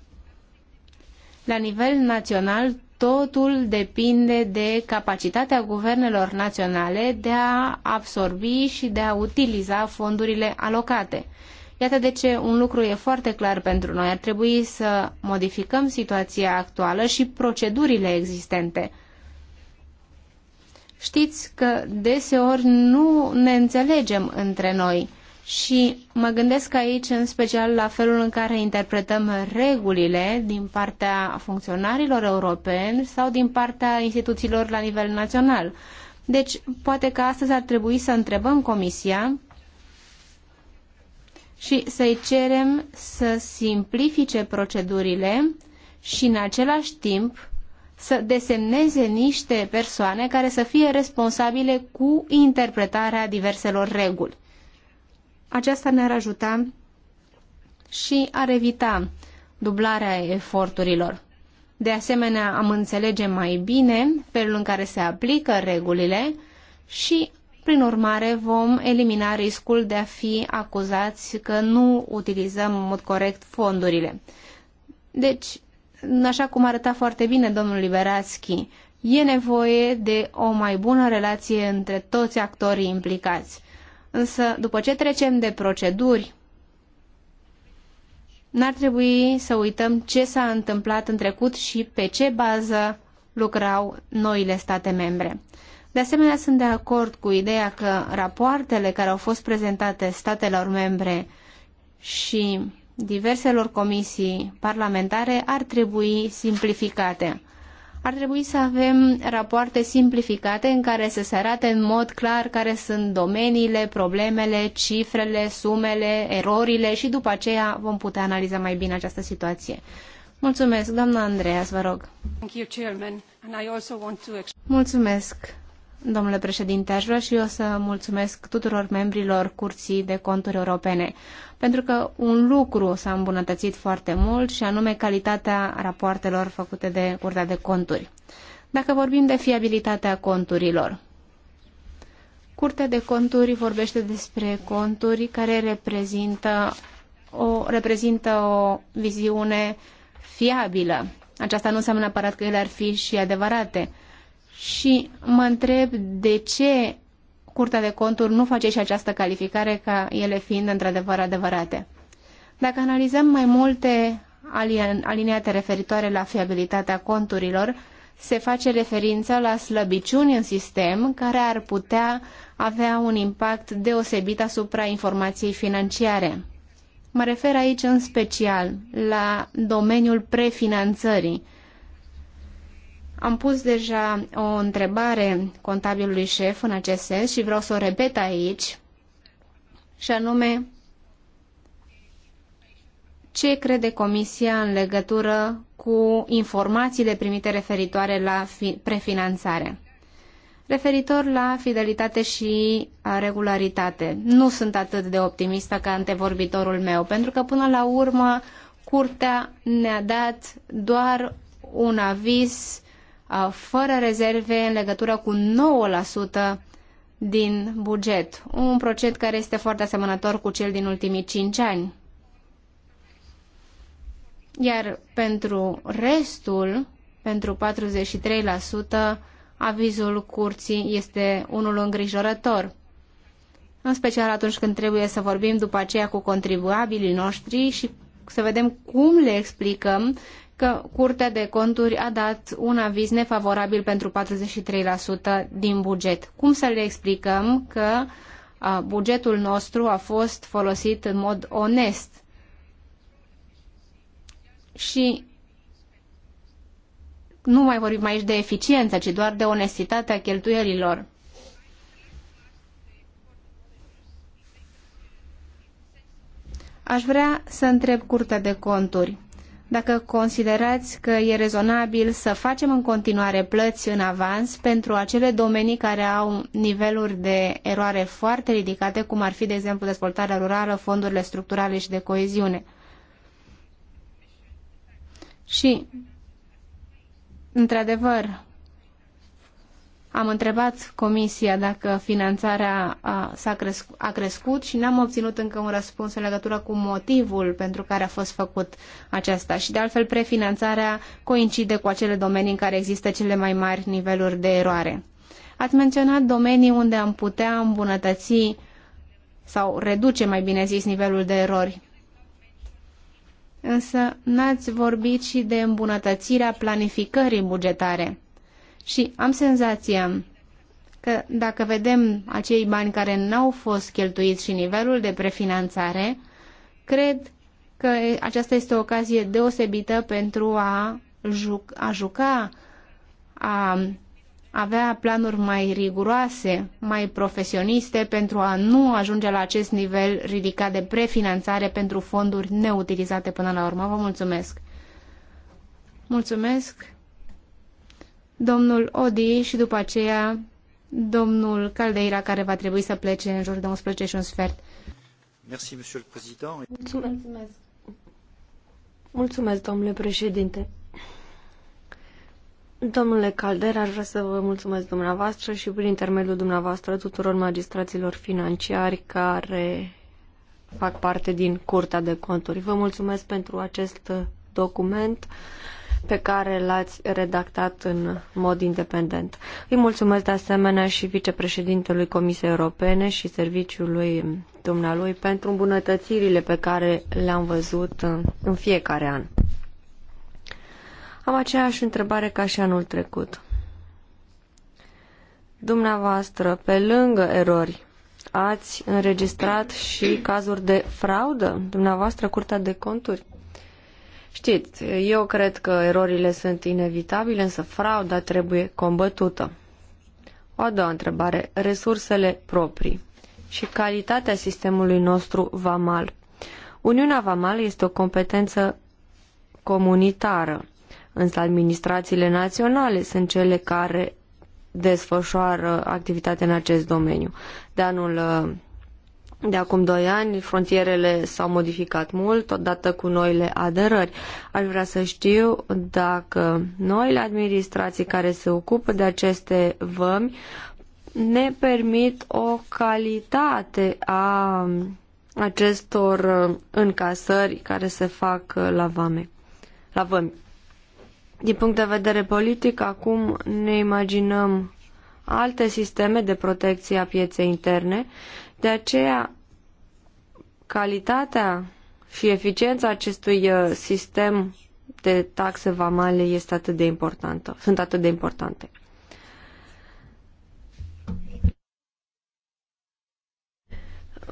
la nivel național, totul depinde de capacitatea guvernelor naționale de a absorbi și de a utiliza fondurile alocate. Iată de ce un lucru e foarte clar pentru noi. Ar trebui să modificăm situația actuală și procedurile existente. Știți că deseori nu ne înțelegem între noi și mă gândesc aici în special la felul în care interpretăm regulile din partea funcționarilor europeni sau din partea instituțiilor la nivel național. Deci, poate că astăzi ar trebui să întrebăm Comisia și să-i cerem să simplifice procedurile și în același timp să desemneze niște persoane care să fie responsabile cu interpretarea diverselor reguli. Aceasta ne-ar ajuta și ar evita dublarea eforturilor. De asemenea, am înțelege mai bine felul în care se aplică regulile și, prin urmare, vom elimina riscul de a fi acuzați că nu utilizăm în mod corect fondurile. Deci, așa cum arăta foarte bine domnul Liberaschi, e nevoie de o mai bună relație între toți actorii implicați. Însă, după ce trecem de proceduri, n-ar trebui să uităm ce s-a întâmplat în trecut și pe ce bază lucrau noile state membre. De asemenea, sunt de acord cu ideea că rapoartele care au fost prezentate statelor membre și diverselor comisii parlamentare ar trebui simplificate. Ar trebui să avem rapoarte simplificate în care să se arate în mod clar care sunt domeniile, problemele, cifrele, sumele, erorile și după aceea vom putea analiza mai bine această situație. Mulțumesc, doamna Andreas, vă rog. Mulțumesc. Domnule președinte, aș vrea și eu să mulțumesc tuturor membrilor Curții de Conturi Europene, pentru că un lucru s-a îmbunătățit foarte mult și anume calitatea rapoartelor făcute de Curtea de Conturi. Dacă vorbim de fiabilitatea conturilor, Curtea de Conturi vorbește despre conturi care reprezintă o, reprezintă o viziune fiabilă. Aceasta nu înseamnă neapărat că ele ar fi și adevărate, și mă întreb de ce Curtea de Conturi nu face și această calificare ca ele fiind într-adevăr adevărate. Dacă analizăm mai multe aliniate referitoare la fiabilitatea conturilor, se face referință la slăbiciuni în sistem care ar putea avea un impact deosebit asupra informației financiare. Mă refer aici în special la domeniul prefinanțării, am pus deja o întrebare contabilului șef în acest sens și vreau să o repet aici, și anume ce crede Comisia în legătură cu informațiile primite referitoare la prefinanțare. Referitor la fidelitate și regularitate, nu sunt atât de optimistă ca antevorbitorul meu, pentru că până la urmă Curtea ne-a dat doar un aviz fără rezerve în legătură cu 9% din buget, un procent care este foarte asemănător cu cel din ultimii 5 ani. Iar pentru restul, pentru 43%, avizul curții este unul îngrijorător în special atunci când trebuie să vorbim după aceea cu contribuabilii noștri și să vedem cum le explicăm că Curtea de Conturi a dat un aviz nefavorabil pentru 43% din buget. Cum să le explicăm că bugetul nostru a fost folosit în mod onest? Și nu mai vorbim aici de eficiență, ci doar de onestitatea cheltuielilor. Aș vrea să întreb Curtea de Conturi dacă considerați că e rezonabil să facem în continuare plăți în avans pentru acele domenii care au niveluri de eroare foarte ridicate, cum ar fi, de exemplu, dezvoltarea rurală, fondurile structurale și de coeziune. Și, într-adevăr, am întrebat comisia dacă finanțarea a, a crescut, a crescut și n-am obținut încă un răspuns în legătură cu motivul pentru care a fost făcut aceasta. Și de altfel, prefinanțarea coincide cu acele domenii în care există cele mai mari niveluri de eroare. Ați menționat domenii unde am putea îmbunătăți sau reduce, mai bine zis, nivelul de erori. Însă n-ați vorbit și de îmbunătățirea planificării bugetare – și am senzația că dacă vedem acei bani care n-au fost cheltuiți și nivelul de prefinanțare, cred că aceasta este o ocazie deosebită pentru a, ju- a juca, a avea planuri mai riguroase, mai profesioniste pentru a nu ajunge la acest nivel ridicat de prefinanțare pentru fonduri neutilizate până la urmă. Vă mulțumesc! Mulțumesc! domnul Odi și după aceea domnul Caldeira, care va trebui să plece în jur de 11 și un sfert. Merci, monsieur le président. Mulțumesc. Mulțumesc, domnule președinte. Domnule Calder, aș vrea să vă mulțumesc dumneavoastră și prin intermediul dumneavoastră tuturor magistraților financiari care fac parte din Curtea de Conturi. Vă mulțumesc pentru acest document. Uh, pe care l-ați redactat în mod independent. Îi mulțumesc de asemenea și vicepreședintelui Comisiei Europene și serviciului dumnealui pentru îmbunătățirile pe care le-am văzut în fiecare an. Am aceeași întrebare ca și anul trecut. Dumneavoastră, pe lângă erori, ați înregistrat și cazuri de fraudă? Dumneavoastră, Curtea de Conturi? Știți, eu cred că erorile sunt inevitabile, însă frauda trebuie combătută. O a doua întrebare, resursele proprii și calitatea sistemului nostru VAMAL. Uniunea VAMAL este o competență comunitară, însă administrațiile naționale sunt cele care desfășoară activitatea în acest domeniu. De anul de acum doi ani, frontierele s-au modificat mult, odată cu noile aderări. Aș vrea să știu dacă noile administrații care se ocupă de aceste vămi ne permit o calitate a acestor încasări care se fac la vame, la vămi. Din punct de vedere politic, acum ne imaginăm alte sisteme de protecție a pieței interne de aceea, calitatea și eficiența acestui uh, sistem de taxe vamale este atât de importantă, sunt atât de importante.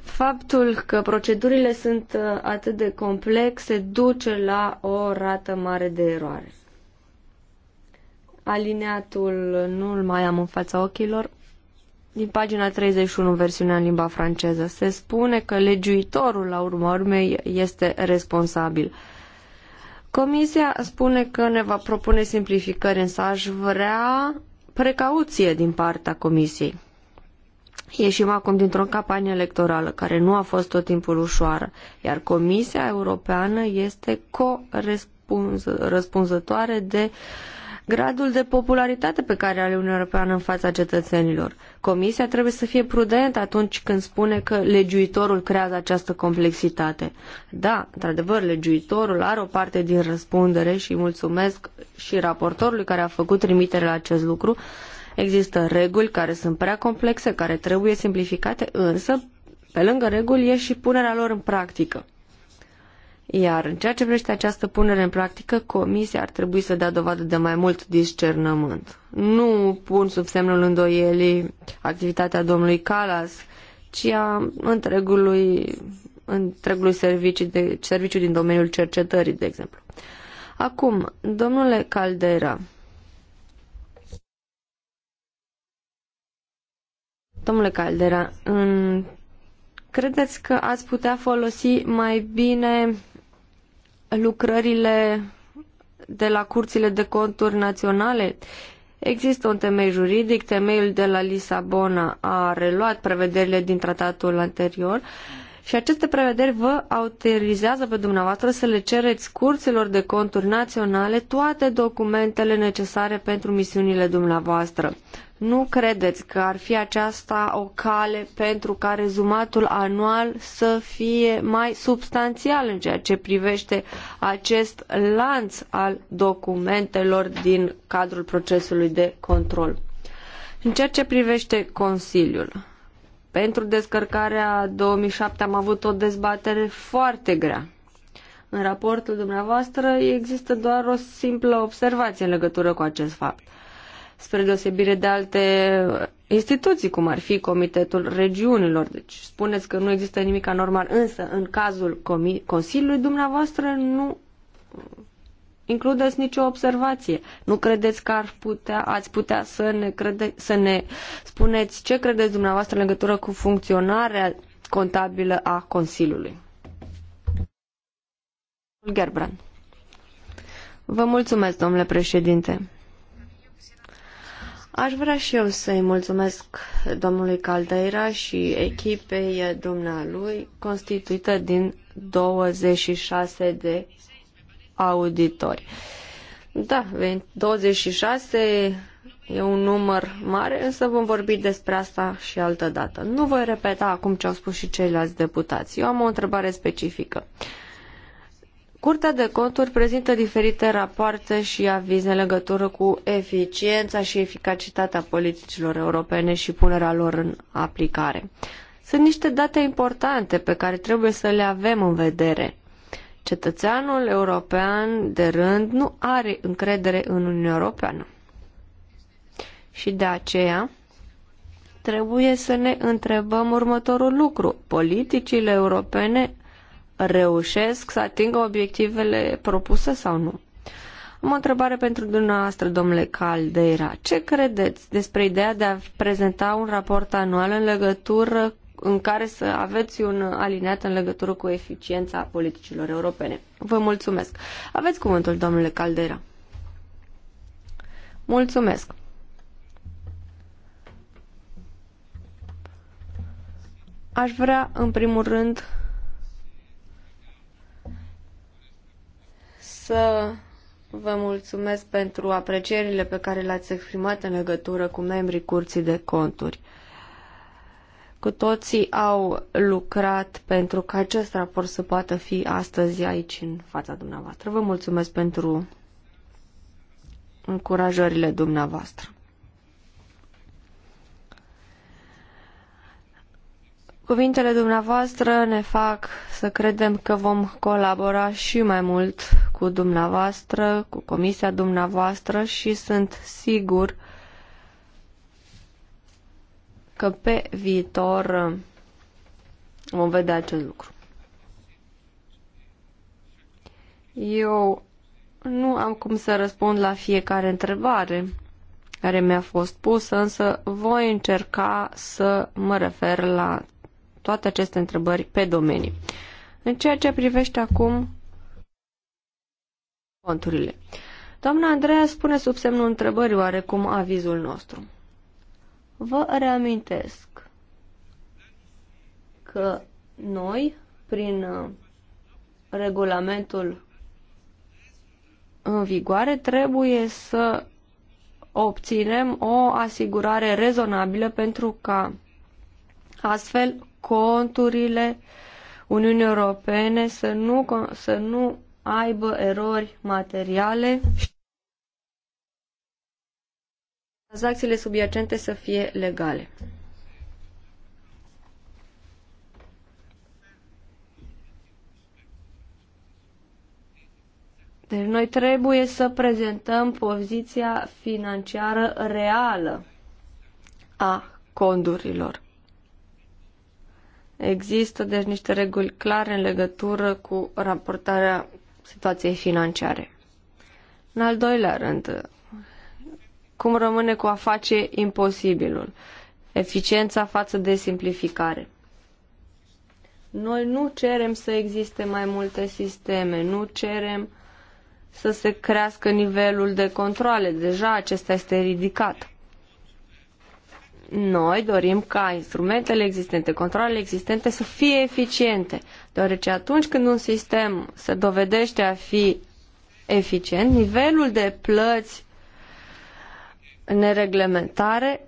Faptul că procedurile sunt uh, atât de complexe duce la o rată mare de eroare. Alineatul nu-l mai am în fața ochilor din pagina 31, versiunea în limba franceză. Se spune că legiuitorul, la urma urmei, este responsabil. Comisia spune că ne va propune simplificări, însă aș vrea precauție din partea Comisiei. Ieșim acum dintr-o campanie electorală care nu a fost tot timpul ușoară, iar Comisia Europeană este co-răspunzătoare de uh, gradul de popularitate pe care are Uniunea Europeană în fața cetățenilor. Comisia trebuie să fie prudentă atunci când spune că legiuitorul creează această complexitate. Da, într-adevăr, legiuitorul are o parte din răspundere și mulțumesc și raportorului care a făcut trimitere la acest lucru. Există reguli care sunt prea complexe, care trebuie simplificate, însă, pe lângă reguli, e și punerea lor în practică. Iar în ceea ce privește această punere în practică, comisia ar trebui să dea dovadă de mai mult discernământ. Nu pun sub semnul îndoielii activitatea domnului Calas, ci a întregului, întregului serviciu, de, serviciu din domeniul cercetării, de exemplu. Acum, domnule Caldera, Domnule Caldera, în... credeți că ați putea folosi mai bine lucrările de la curțile de conturi naționale. Există un temei juridic, temeiul de la Lisabona a reluat prevederile din tratatul anterior și aceste prevederi vă autorizează pe dumneavoastră să le cereți curților de conturi naționale toate documentele necesare pentru misiunile dumneavoastră. Nu credeți că ar fi aceasta o cale pentru ca rezumatul anual să fie mai substanțial în ceea ce privește acest lanț al documentelor din cadrul procesului de control? În ceea ce privește Consiliul, pentru descărcarea 2007 am avut o dezbatere foarte grea. În raportul dumneavoastră există doar o simplă observație în legătură cu acest fapt – spre deosebire de alte instituții, cum ar fi Comitetul Regiunilor. Deci spuneți că nu există nimic anormal, însă în cazul Consiliului dumneavoastră nu includeți nicio observație. Nu credeți că ar putea, ați putea să ne, crede, să ne spuneți ce credeți dumneavoastră în legătură cu funcționarea contabilă a Consiliului? Gerbrand. Vă mulțumesc, domnule președinte. Aș vrea și eu să-i mulțumesc domnului Caldeira și echipei dumnealui, constituită din 26 de auditori. Da, 26 e un număr mare, însă vom vorbi despre asta și altă dată. Nu voi repeta acum ce au spus și ceilalți deputați. Eu am o întrebare specifică. Uh, Curtea de conturi prezintă diferite rapoarte și avize în legătură cu eficiența și eficacitatea politicilor europene și punerea lor în aplicare. Sunt niște date importante pe care trebuie să le avem în vedere. Cetățeanul european de rând nu are încredere în Uniunea Europeană. Și de aceea trebuie să ne întrebăm următorul lucru. Politicile europene reușesc să atingă obiectivele propuse sau nu. Am o întrebare pentru dumneavoastră, domnule Caldeira. Ce credeți despre ideea de a prezenta un raport anual în legătură în care să aveți un aliniat în legătură cu eficiența politicilor europene? Vă mulțumesc. Aveți cuvântul, domnule Caldeira. Mulțumesc. Aș vrea, în primul rând, să vă mulțumesc pentru aprecierile pe care le-ați exprimat în legătură cu membrii Curții de Conturi. Cu toții au lucrat pentru ca acest raport să poată fi astăzi aici în fața dumneavoastră. Vă mulțumesc pentru încurajările dumneavoastră. Cuvintele dumneavoastră ne fac să credem că vom colabora și mai mult cu dumneavoastră, cu comisia dumneavoastră și sunt sigur că pe viitor vom vedea acest lucru. Eu nu am cum să răspund la fiecare întrebare care mi-a fost pusă, însă voi încerca să mă refer la toate aceste întrebări pe domenii. În ceea ce privește acum conturile. Doamna Andreea spune sub semnul întrebării oarecum avizul nostru. Vă reamintesc că noi, prin uh, regulamentul în vigoare, trebuie să obținem o asigurare rezonabilă pentru ca astfel conturile Uniunii Europene să nu, să nu aibă erori materiale și tranzacțiile subiacente să fie legale. Deci noi trebuie să prezentăm poziția financiară reală a condurilor. Există deci niște reguli clare în legătură cu raportarea situației financiare. În al doilea rând, cum rămâne cu a face imposibilul? Eficiența față de simplificare. Noi nu cerem să existe mai multe sisteme, nu cerem să se crească nivelul de controle. Deja acesta este ridicat. Noi dorim ca instrumentele existente, controlele existente să fie eficiente, deoarece atunci când un sistem se dovedește a fi eficient, nivelul de plăți nereglementare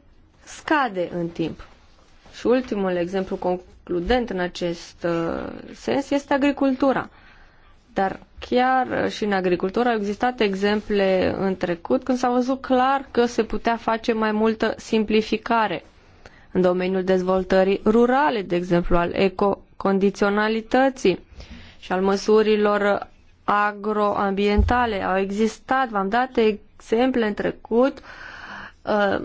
scade în timp. Și ultimul exemplu concludent în acest uh, sens este agricultura. Dar chiar și în agricultură au existat exemple în trecut când s-a văzut clar că se putea face mai multă simplificare în domeniul dezvoltării rurale, de exemplu, al ecocondiționalității și al măsurilor agroambientale. Au existat, v-am dat exemple în trecut uh,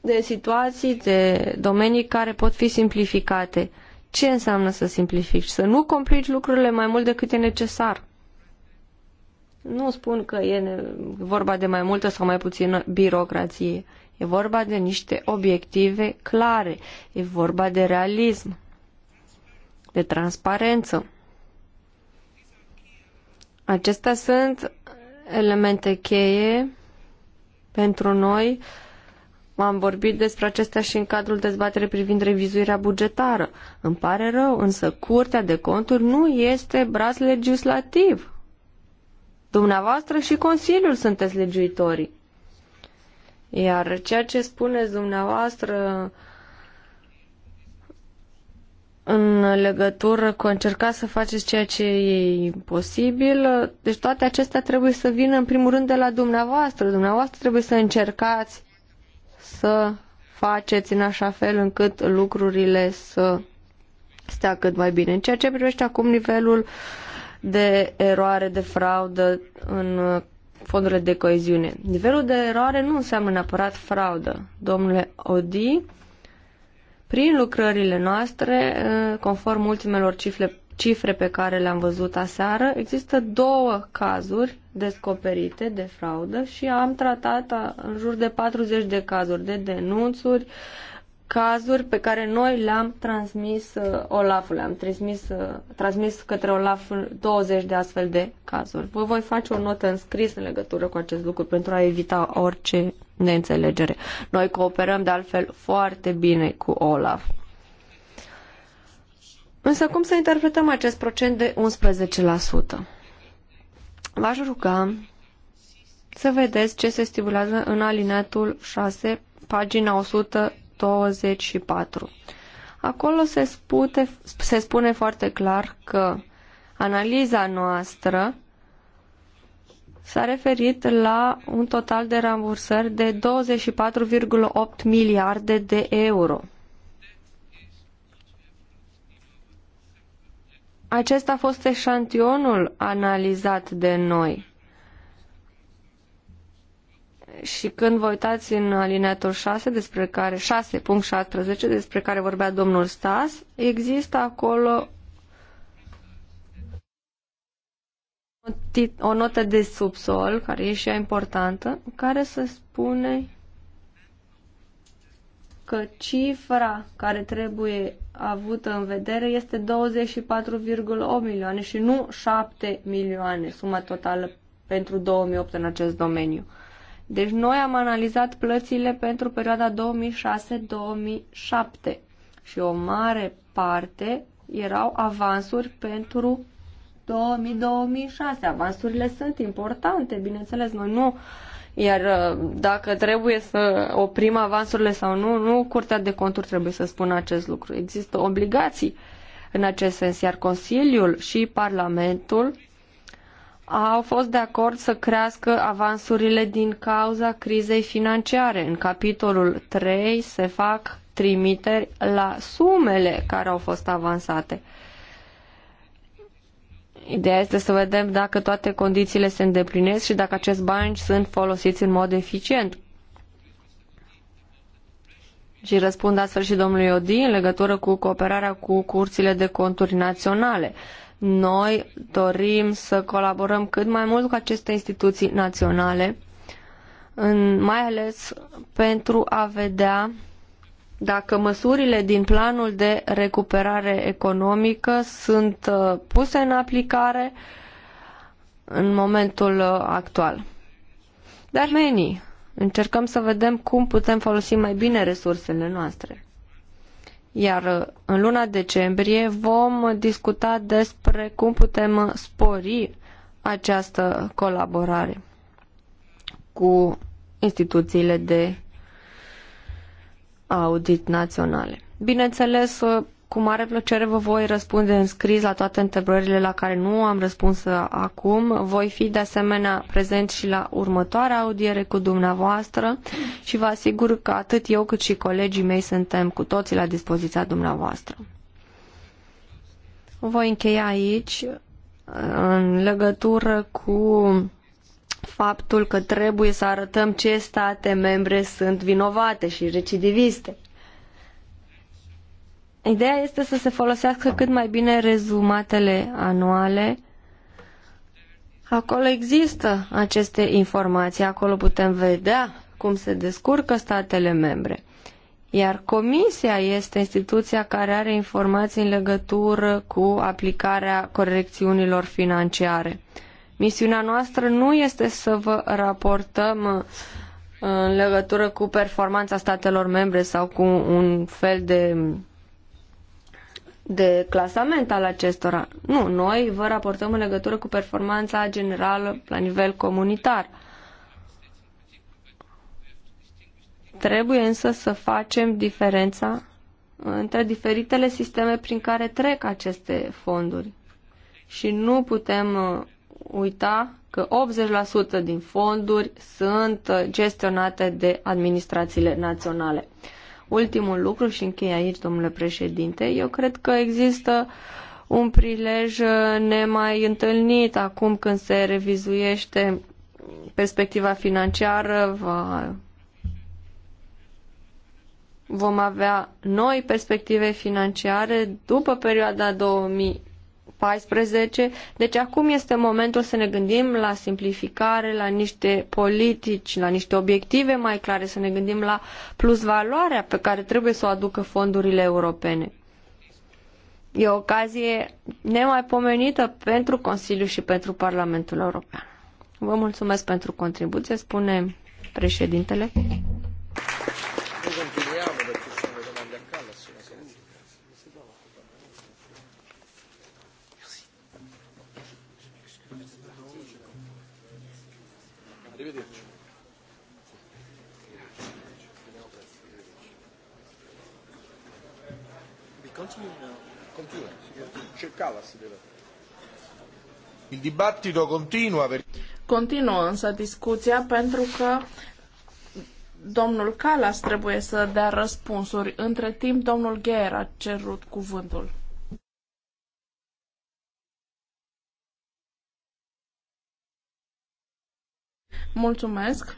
de situații, de domenii care pot fi simplificate ce înseamnă să simplifici, să nu complici lucrurile mai mult decât e necesar. Nu spun că e vorba de mai multă sau mai puțină birocrație. E vorba de niște obiective clare. E vorba de realism, de transparență. Acestea sunt elemente cheie pentru noi uh, am vorbit despre acestea și în cadrul dezbaterii privind revizuirea bugetară. Îmi pare rău, însă Curtea de Conturi nu este braț legislativ. Dumneavoastră și Consiliul sunteți legiuitorii. Iar ceea ce spuneți dumneavoastră în legătură cu încerca să faceți ceea ce e imposibil, deci toate acestea trebuie să vină în primul rând de la dumneavoastră. Dumneavoastră trebuie să încercați să faceți în așa fel încât lucrurile să stea cât mai bine. În ceea ce privește acum nivelul de eroare, de fraudă în fondurile de coeziune. Nivelul de eroare nu înseamnă neapărat fraudă. Domnule Odi, prin lucrările noastre, conform ultimelor cifre cifre pe care le-am văzut aseară, există două cazuri descoperite de fraudă și am tratat în jur de 40 de cazuri de denunțuri, cazuri pe care noi le-am transmis uh, le am transmis, uh, transmis către Olaf 20 de astfel de cazuri. Vă voi face o notă în scris în legătură cu acest lucru pentru a evita orice neînțelegere. Noi cooperăm de altfel foarte bine cu Olaf. Însă cum să interpretăm acest procent de 11%? V-aș ruga să vedeți ce se stipulează în alineatul 6, pagina 124. Acolo se, spute, se spune foarte clar că analiza noastră s-a referit la un total de rambursări de 24,8 miliarde de euro. Acesta a fost eșantionul analizat de noi. Și când vă uitați în alineatul 6, despre care, 6.16, despre care vorbea domnul Stas, există acolo o notă de subsol, care e și ea importantă, care se spune că cifra care trebuie avută în vedere este 24,8 milioane și nu 7 milioane, suma totală pentru 2008 în acest domeniu. Deci noi am analizat plățile pentru perioada 2006-2007 și o mare parte erau avansuri pentru 2006 Avansurile sunt importante, bineînțeles, noi nu uh, iar uh, dacă trebuie să oprim avansurile sau nu, nu Curtea de Conturi trebuie să spună acest lucru. Există obligații în acest sens, iar Consiliul și Parlamentul au fost de acord să crească avansurile din cauza crizei financiare. În capitolul 3 se fac trimiteri la sumele care au fost avansate. Ideea este să vedem dacă toate condițiile se îndeplinesc și dacă acești bani sunt folosiți în mod eficient. Și răspund astfel și domnului Odi în legătură cu cooperarea cu curțile de conturi naționale. Noi dorim să colaborăm cât mai mult cu aceste instituții naționale, în, mai ales pentru a vedea dacă măsurile din planul de recuperare economică sunt uh, puse în aplicare în momentul uh, actual. Dar menii, încercăm să vedem cum putem folosi mai bine resursele noastre. Iar uh, în luna decembrie vom discuta despre cum putem spori această colaborare cu instituțiile de audit naționale. Bineînțeles, uh, cu mare plăcere vă voi răspunde în scris la toate întrebările la care nu am răspuns uh, acum. Voi fi de asemenea prezent și la următoarea audiere cu dumneavoastră și vă asigur că atât eu cât și colegii mei suntem cu toții la dispoziția dumneavoastră. Voi încheia aici uh, în legătură cu faptul că trebuie să arătăm ce state membre sunt vinovate și recidiviste. Ideea este să se folosească cât mai bine rezumatele anuale. Acolo există aceste informații, acolo putem vedea cum se descurcă statele membre. Iar comisia este instituția care are informații în legătură cu aplicarea corecțiunilor financiare. Misiunea noastră nu este să vă raportăm uh, în legătură cu performanța statelor membre sau cu un fel de de clasament al acestora. Nu, noi vă raportăm în legătură cu performanța generală la nivel comunitar. Trebuie însă să facem diferența între diferitele sisteme prin care trec aceste fonduri. Și nu putem uh, uita că 80% din fonduri sunt uh, gestionate de administrațiile naționale. Ultimul lucru și închei aici, domnule președinte, eu cred că există un prilej uh, nemai întâlnit acum când se revizuiește perspectiva financiară, va... vom avea noi perspective financiare după perioada 2000 paisprezece, Deci acum este momentul să ne gândim la simplificare, la niște politici, la niște obiective mai clare, să ne gândim la plusvaloarea pe care trebuie să o aducă fondurile europene. E o ocazie nemaipomenită pentru Consiliu și pentru Parlamentul European. Vă mulțumesc pentru contribuție, spune președintele. Continuă însă discuția pentru că domnul Calas trebuie să dea răspunsuri. Între timp, domnul Gheer a cerut cuvântul. Mulțumesc.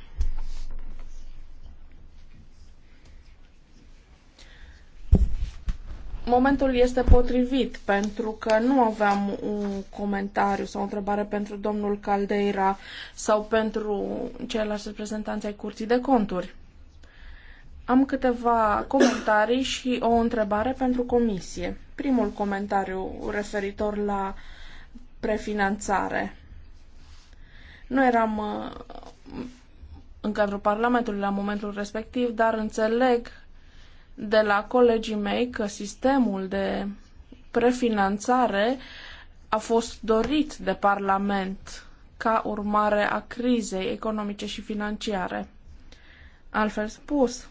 momentul este potrivit pentru că nu aveam un comentariu sau o întrebare pentru domnul Caldeira sau pentru ceilalți reprezentanți ai Curții de Conturi. Am câteva comentarii și o întrebare pentru comisie. Primul comentariu referitor la prefinanțare. Nu eram uh, în cadrul Parlamentului la momentul respectiv, dar înțeleg de la colegii mei că sistemul de prefinanțare a fost dorit de Parlament ca urmare a crizei economice și financiare. Altfel spus,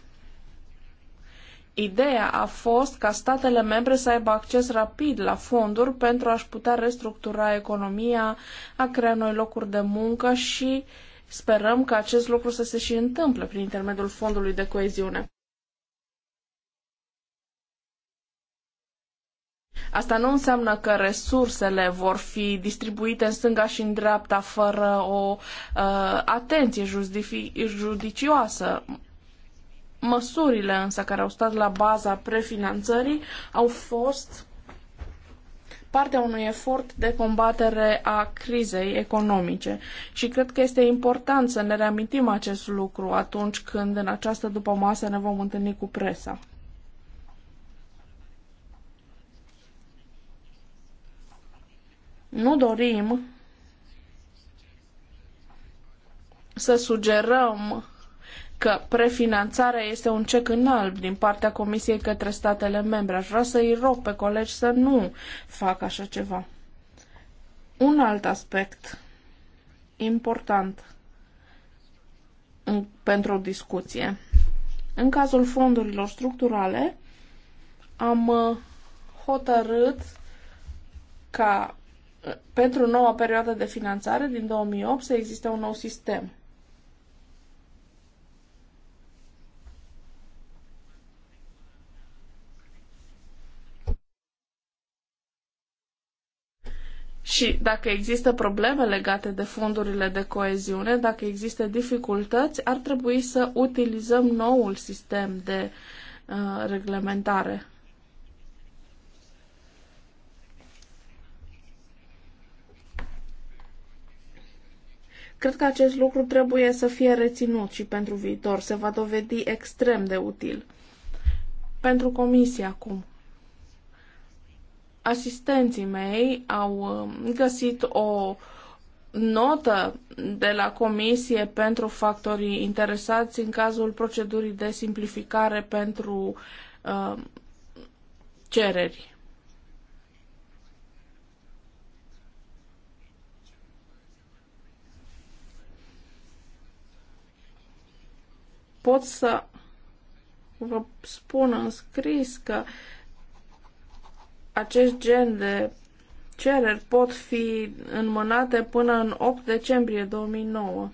ideea a fost ca statele membre să aibă acces rapid la fonduri pentru a-și putea restructura economia, a crea noi locuri de muncă și sperăm că acest lucru să se și întâmple prin intermediul fondului de coeziune. Asta nu înseamnă că resursele vor fi distribuite în stânga și în dreapta fără o uh, atenție judicioasă. Măsurile însă care au stat la baza prefinanțării au fost partea unui efort de combatere a crizei economice. Și cred că este important să ne reamintim acest lucru atunci când în această dupămasă ne vom întâlni cu presa. Nu dorim să sugerăm că prefinanțarea este un cec în alb din partea Comisiei către statele membre. Aș vrea să-i rog pe colegi să nu facă așa ceva. Un alt aspect important în, pentru o discuție. În cazul fondurilor structurale, am uh, hotărât ca pentru noua perioadă de finanțare din 2008 să existe un nou sistem. Și dacă există probleme legate de fondurile de coeziune, dacă există dificultăți, ar trebui să utilizăm noul sistem de uh, reglementare. Cred că acest lucru trebuie să fie reținut și pentru viitor. Se va dovedi extrem de util. Pentru comisie acum. Asistenții mei au um, găsit o notă de la comisie pentru factorii interesați în cazul procedurii de simplificare pentru uh, cereri. pot să vă spun în scris că acest gen de cereri pot fi înmânate până în 8 decembrie 2009.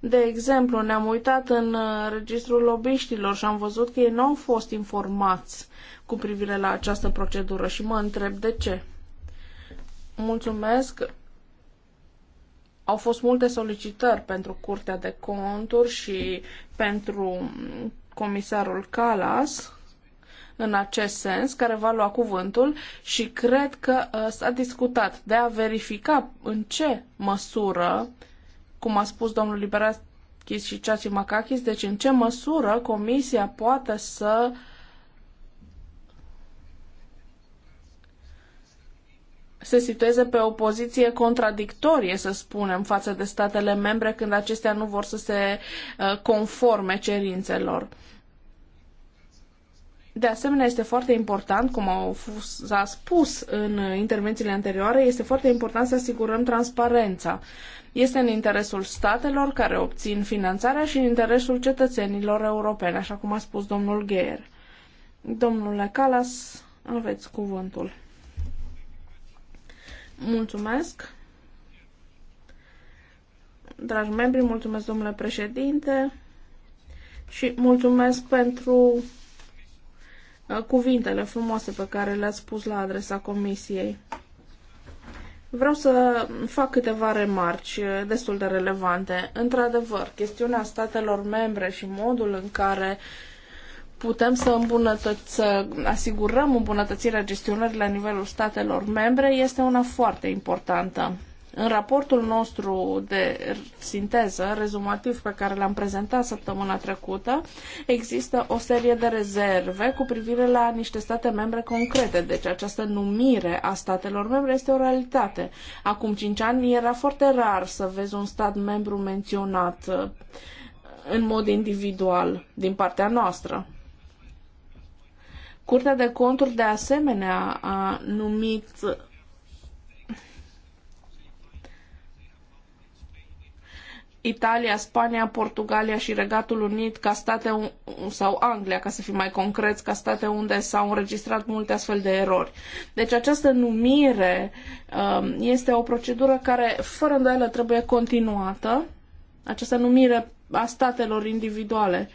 De exemplu, ne-am uitat în uh, registrul lobiștilor și am văzut că ei nu au fost informați cu privire la această procedură și mă întreb de ce. Mulțumesc. Au fost multe solicitări pentru Curtea de Conturi și pentru comisarul Calas în acest sens, care va lua cuvântul și cred că uh, s-a discutat de a verifica în ce măsură, cum a spus domnul Liberat, și Ceaci Makakis, deci în ce măsură Comisia poate să se situeze pe o poziție contradictorie, să spunem, față de statele membre când acestea nu vor să se uh, conforme cerințelor. De asemenea, este foarte important, cum au fost, s-a spus în intervențiile anterioare, este foarte important să asigurăm transparența. Este în interesul statelor care obțin finanțarea și în interesul cetățenilor europeni, așa cum a spus domnul Gheer. Domnule Calas, aveți cuvântul. Mulțumesc. Dragi membri, mulțumesc domnule președinte și mulțumesc pentru uh, cuvintele frumoase pe care le-ați spus la adresa comisiei. Vreau să fac câteva remarci uh, destul de relevante. Într-adevăr, chestiunea statelor membre și modul în care uh, putem să, îmbunătăț- să asigurăm îmbunătățirea gestionării la nivelul statelor membre este una foarte importantă. În raportul nostru de sinteză, rezumativ pe care l-am prezentat săptămâna trecută, există o serie de rezerve cu privire la niște state membre concrete. Deci această numire a statelor membre este o realitate. Acum cinci ani era foarte rar să vezi un stat membru menționat uh, în mod individual din partea noastră. Curtea de conturi, de asemenea, a numit Italia, Spania, Portugalia și Regatul Unit ca state, sau Anglia, ca să fim mai concreți, ca state unde s-au înregistrat multe astfel de erori. Deci această numire um, este o procedură care, fără îndoială, trebuie continuată, această numire a statelor individuale.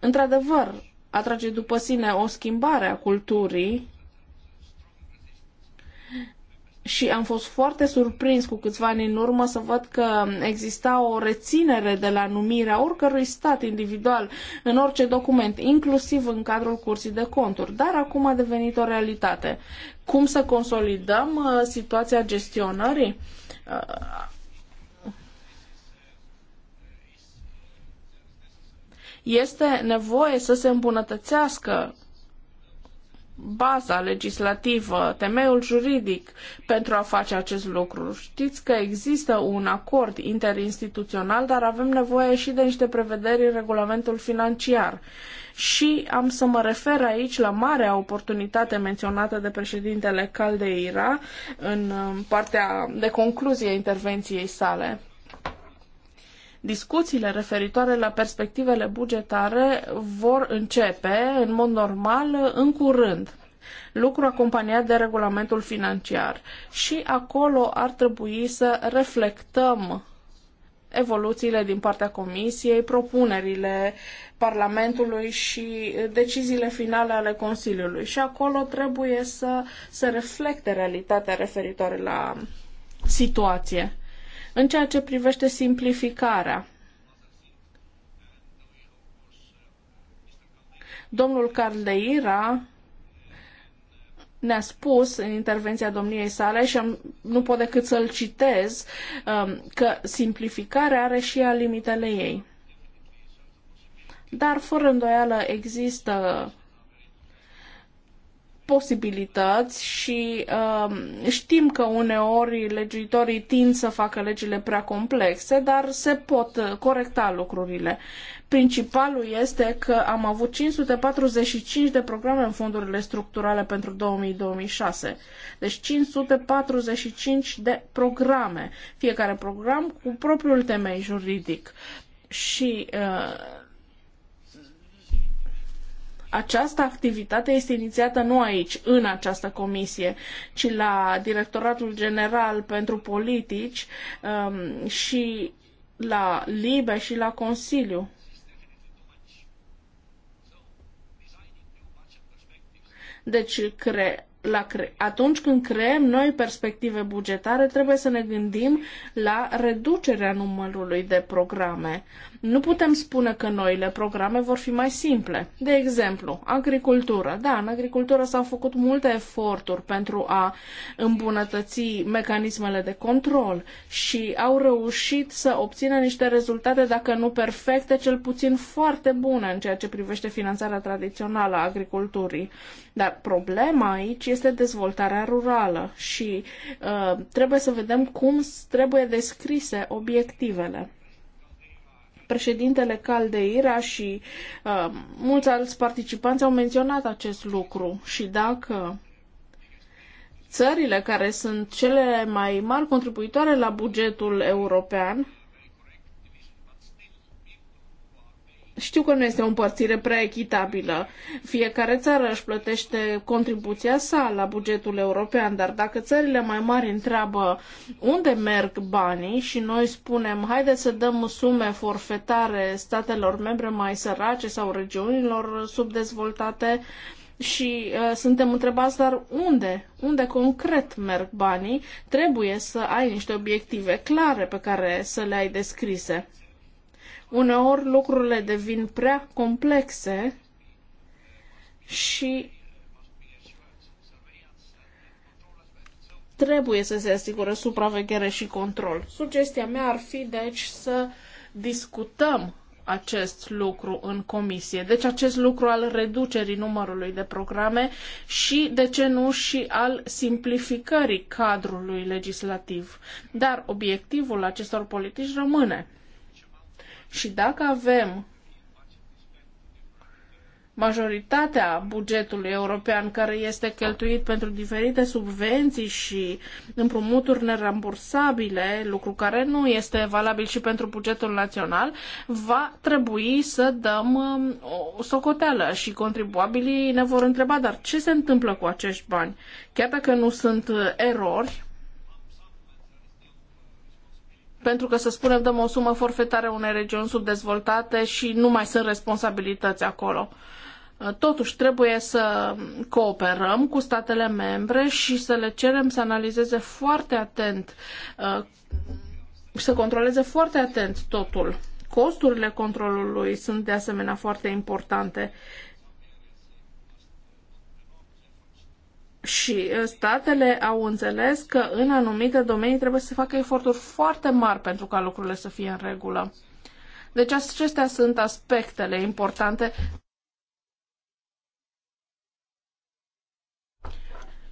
Într-adevăr, atrage după sine o schimbare a culturii și am fost foarte surprins cu câțiva ani în urmă să văd că exista o reținere de la numirea oricărui stat individual în orice document, inclusiv în cadrul curții de conturi, dar acum a devenit o realitate. Cum să consolidăm uh, situația gestionării? Uh, Este nevoie să se îmbunătățească baza legislativă, temeiul juridic pentru a face acest lucru. Știți că există un acord interinstituțional, dar avem nevoie și de niște prevederi în regulamentul financiar. Și am să mă refer aici la marea oportunitate menționată de președintele Caldeira în um, partea de concluzie a intervenției sale. Discuțiile referitoare la perspectivele bugetare vor începe, în mod normal, în curând lucru acompaniat de regulamentul financiar. Și acolo ar trebui să reflectăm evoluțiile din partea Comisiei, propunerile Parlamentului și deciziile finale ale Consiliului. Și acolo trebuie să se reflecte realitatea referitoare la situație. În ceea ce privește simplificarea, domnul Caldeira ne-a spus în intervenția domniei sale și am, nu pot decât să-l citez um, că simplificarea are și ea limitele ei. Dar fără îndoială există posibilități și uh, știm că uneori legiuitorii tind să facă legile prea complexe, dar se pot uh, corecta lucrurile. Principalul este că am avut 545 de programe în fondurile structurale pentru 2006 Deci 545 de programe, fiecare program cu propriul temei juridic. Și uh, această activitate este inițiată nu aici, în această comisie, ci la Directoratul General pentru Politici um, și la LIBE și la Consiliu. Deci, cre- la cre- atunci când creăm noi perspective bugetare, trebuie să ne gândim la reducerea numărului de programe. Uh, nu putem spune că noile programe vor fi mai simple. De exemplu, agricultură. Da, în agricultură s-au făcut multe eforturi pentru a îmbunătăți mecanismele de control și au reușit să obțină niște rezultate, dacă nu perfecte, cel puțin foarte bune în ceea ce privește finanțarea tradițională a agriculturii. Dar problema aici este dezvoltarea rurală și uh, trebuie să vedem cum trebuie descrise obiectivele. Președintele Caldeira și uh, mulți alți participanți au menționat acest lucru și dacă țările care sunt cele mai mari contribuitoare la bugetul european Știu că nu este o împărțire prea echitabilă. Fiecare țară își plătește contribuția sa la bugetul european, dar dacă țările mai mari întreabă unde merg banii și noi spunem haideți să dăm sume forfetare statelor membre mai sărace sau regiunilor subdezvoltate, și uh, suntem întrebați, dar unde, unde concret merg banii, trebuie să ai niște obiective clare pe care să le ai descrise uneori lucrurile devin prea complexe și trebuie să se asigure supraveghere și control. Sugestia mea ar fi, deci, să discutăm acest lucru în comisie. Deci acest lucru al reducerii numărului de programe și, de ce nu, și al simplificării cadrului legislativ. Dar obiectivul acestor politici rămâne și dacă avem majoritatea bugetului european care este cheltuit pentru diferite subvenții și împrumuturi nerambursabile, lucru care nu este valabil și pentru bugetul național, va trebui să dăm um, o socoteală și contribuabilii ne vor întreba, dar ce se întâmplă cu acești bani? Chiar dacă nu sunt erori, pentru că, să spunem, dăm o sumă forfetară unei regiuni subdezvoltate și nu mai sunt responsabilități acolo. Uh, totuși, trebuie să cooperăm cu statele membre și să le cerem să analizeze foarte atent, uh, să controleze foarte atent totul. Costurile controlului sunt de asemenea foarte importante și uh, statele au înțeles că în anumite domenii trebuie să facă eforturi foarte mari pentru ca lucrurile să fie în regulă. Deci acestea sunt aspectele importante.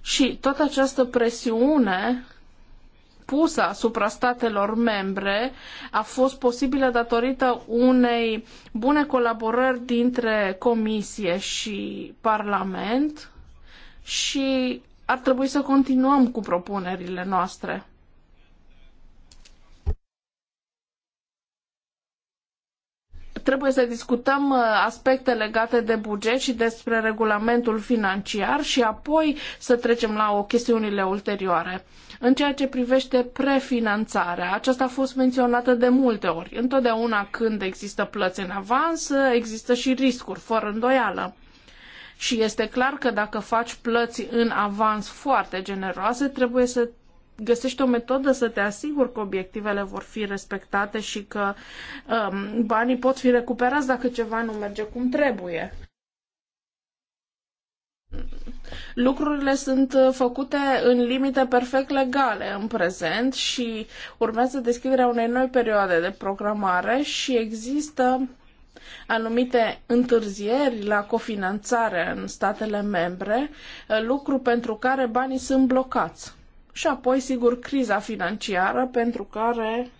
Și toată această presiune pusă asupra statelor membre a fost posibilă datorită unei bune colaborări dintre Comisie și Parlament și ar trebui să continuăm cu propunerile noastre. Trebuie să discutăm uh, aspecte legate de buget și despre regulamentul financiar și apoi să trecem la o chestiunile ulterioare. În ceea ce privește prefinanțarea, aceasta a fost menționată de multe ori. Întotdeauna când există plăți în avans, uh, există și riscuri, fără îndoială. Și este clar că dacă faci plăți în avans foarte generoase, trebuie să găsești o metodă să te asiguri că obiectivele vor fi respectate și că um, banii pot fi recuperați dacă ceva nu merge cum trebuie. Lucrurile sunt uh, făcute în limite perfect legale în prezent și urmează deschiderea unei noi perioade de programare și există anumite întârzieri la cofinanțare în statele membre, eh, lucru pentru care banii sunt blocați. Și apoi, sigur, criza financiară pentru care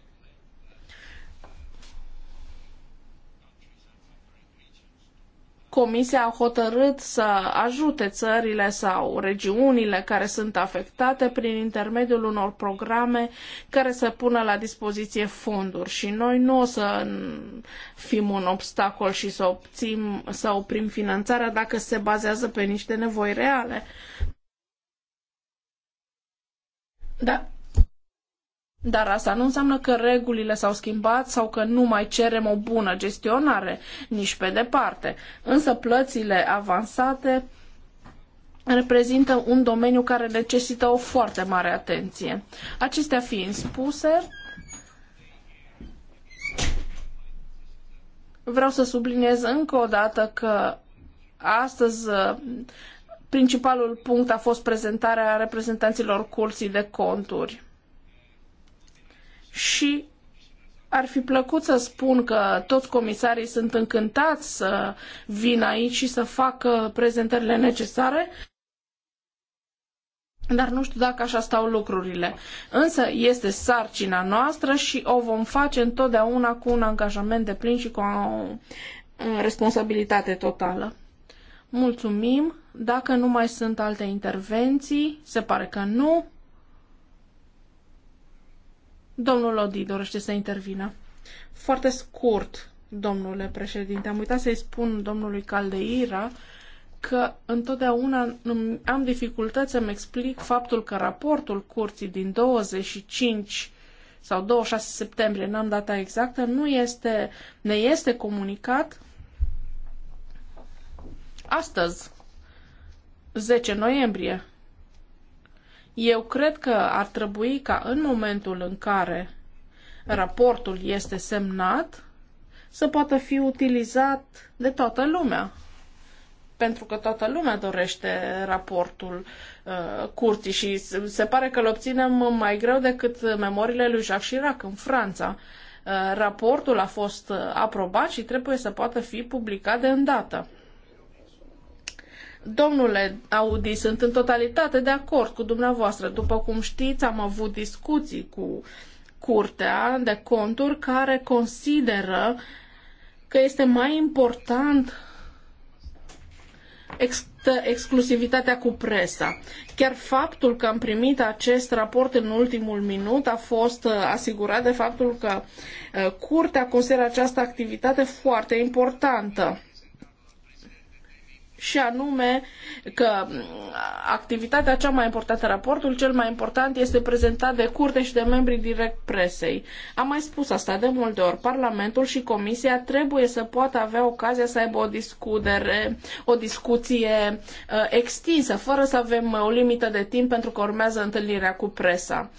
Comisia a hotărât să ajute țările sau regiunile care sunt afectate prin intermediul unor programe care să pună la dispoziție fonduri și noi nu o să fim un obstacol și să, obțim, să oprim finanțarea dacă se bazează pe niște nevoi reale. Da, dar asta nu înseamnă că regulile s-au schimbat sau că nu mai cerem o bună gestionare, nici pe departe. Însă plățile avansate reprezintă un domeniu care necesită o foarte mare atenție. Acestea fiind spuse, vreau să subliniez încă o dată că astăzi ă, principalul punct a fost prezentarea reprezentanților Curții de Conturi și ar fi plăcut să spun că toți comisarii sunt încântați să vină aici și să facă prezentările necesare, dar nu știu dacă așa stau lucrurile. Însă este sarcina noastră și o vom face întotdeauna cu un angajament de plin și cu o responsabilitate totală. Mulțumim. Dacă nu mai sunt alte intervenții, se pare că nu. Domnul Lodi dorește să intervină. Foarte scurt, domnule președinte, am uitat să-i spun domnului Caldeira că întotdeauna am dificultăți să-mi explic faptul că raportul curții din 25 sau 26 septembrie, n-am data exactă, nu este, ne este comunicat astăzi, 10 noiembrie, eu cred că ar trebui ca în momentul în care raportul este semnat să poată fi utilizat de toată lumea. Pentru că toată lumea dorește raportul uh, curții și se pare că îl obținem mai greu decât memoriile lui Jacques Chirac în Franța. Uh, raportul a fost uh, aprobat și trebuie să poată fi publicat de îndată. Domnule Audi, sunt în totalitate de acord cu dumneavoastră. După cum știți, am avut discuții cu Curtea de Conturi care consideră că este mai important ex exclusivitatea cu presa. Chiar faptul că am primit acest raport în ultimul minut a fost uh, asigurat de faptul că uh, Curtea consideră această activitate foarte importantă și anume că activitatea cea mai importantă, raportul cel mai important este prezentat de curte și de membrii direct presei. Am mai spus asta de multe ori. Parlamentul și Comisia trebuie să poată avea ocazia să aibă o discutere, o discuție uh, extinsă, fără să avem uh, o limită de timp pentru că urmează întâlnirea cu presa.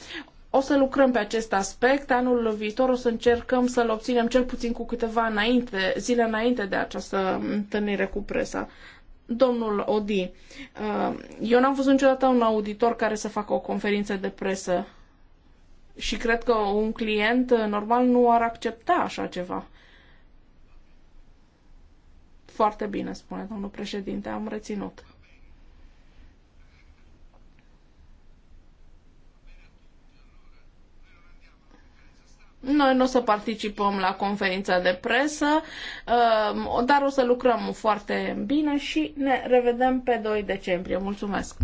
O să lucrăm pe acest aspect. Anul viitor o să încercăm să-l obținem cel puțin cu câteva înainte, zile înainte de această întâlnire cu presa domnul Odi, uh, eu n-am văzut niciodată un auditor care să facă o conferință de presă și cred că un client uh, normal nu ar accepta așa ceva. Foarte bine, spune domnul președinte, am reținut. Noi nu o să participăm la conferința de presă, uh, dar o să lucrăm foarte bine și ne revedem pe 2 decembrie. Mulțumesc!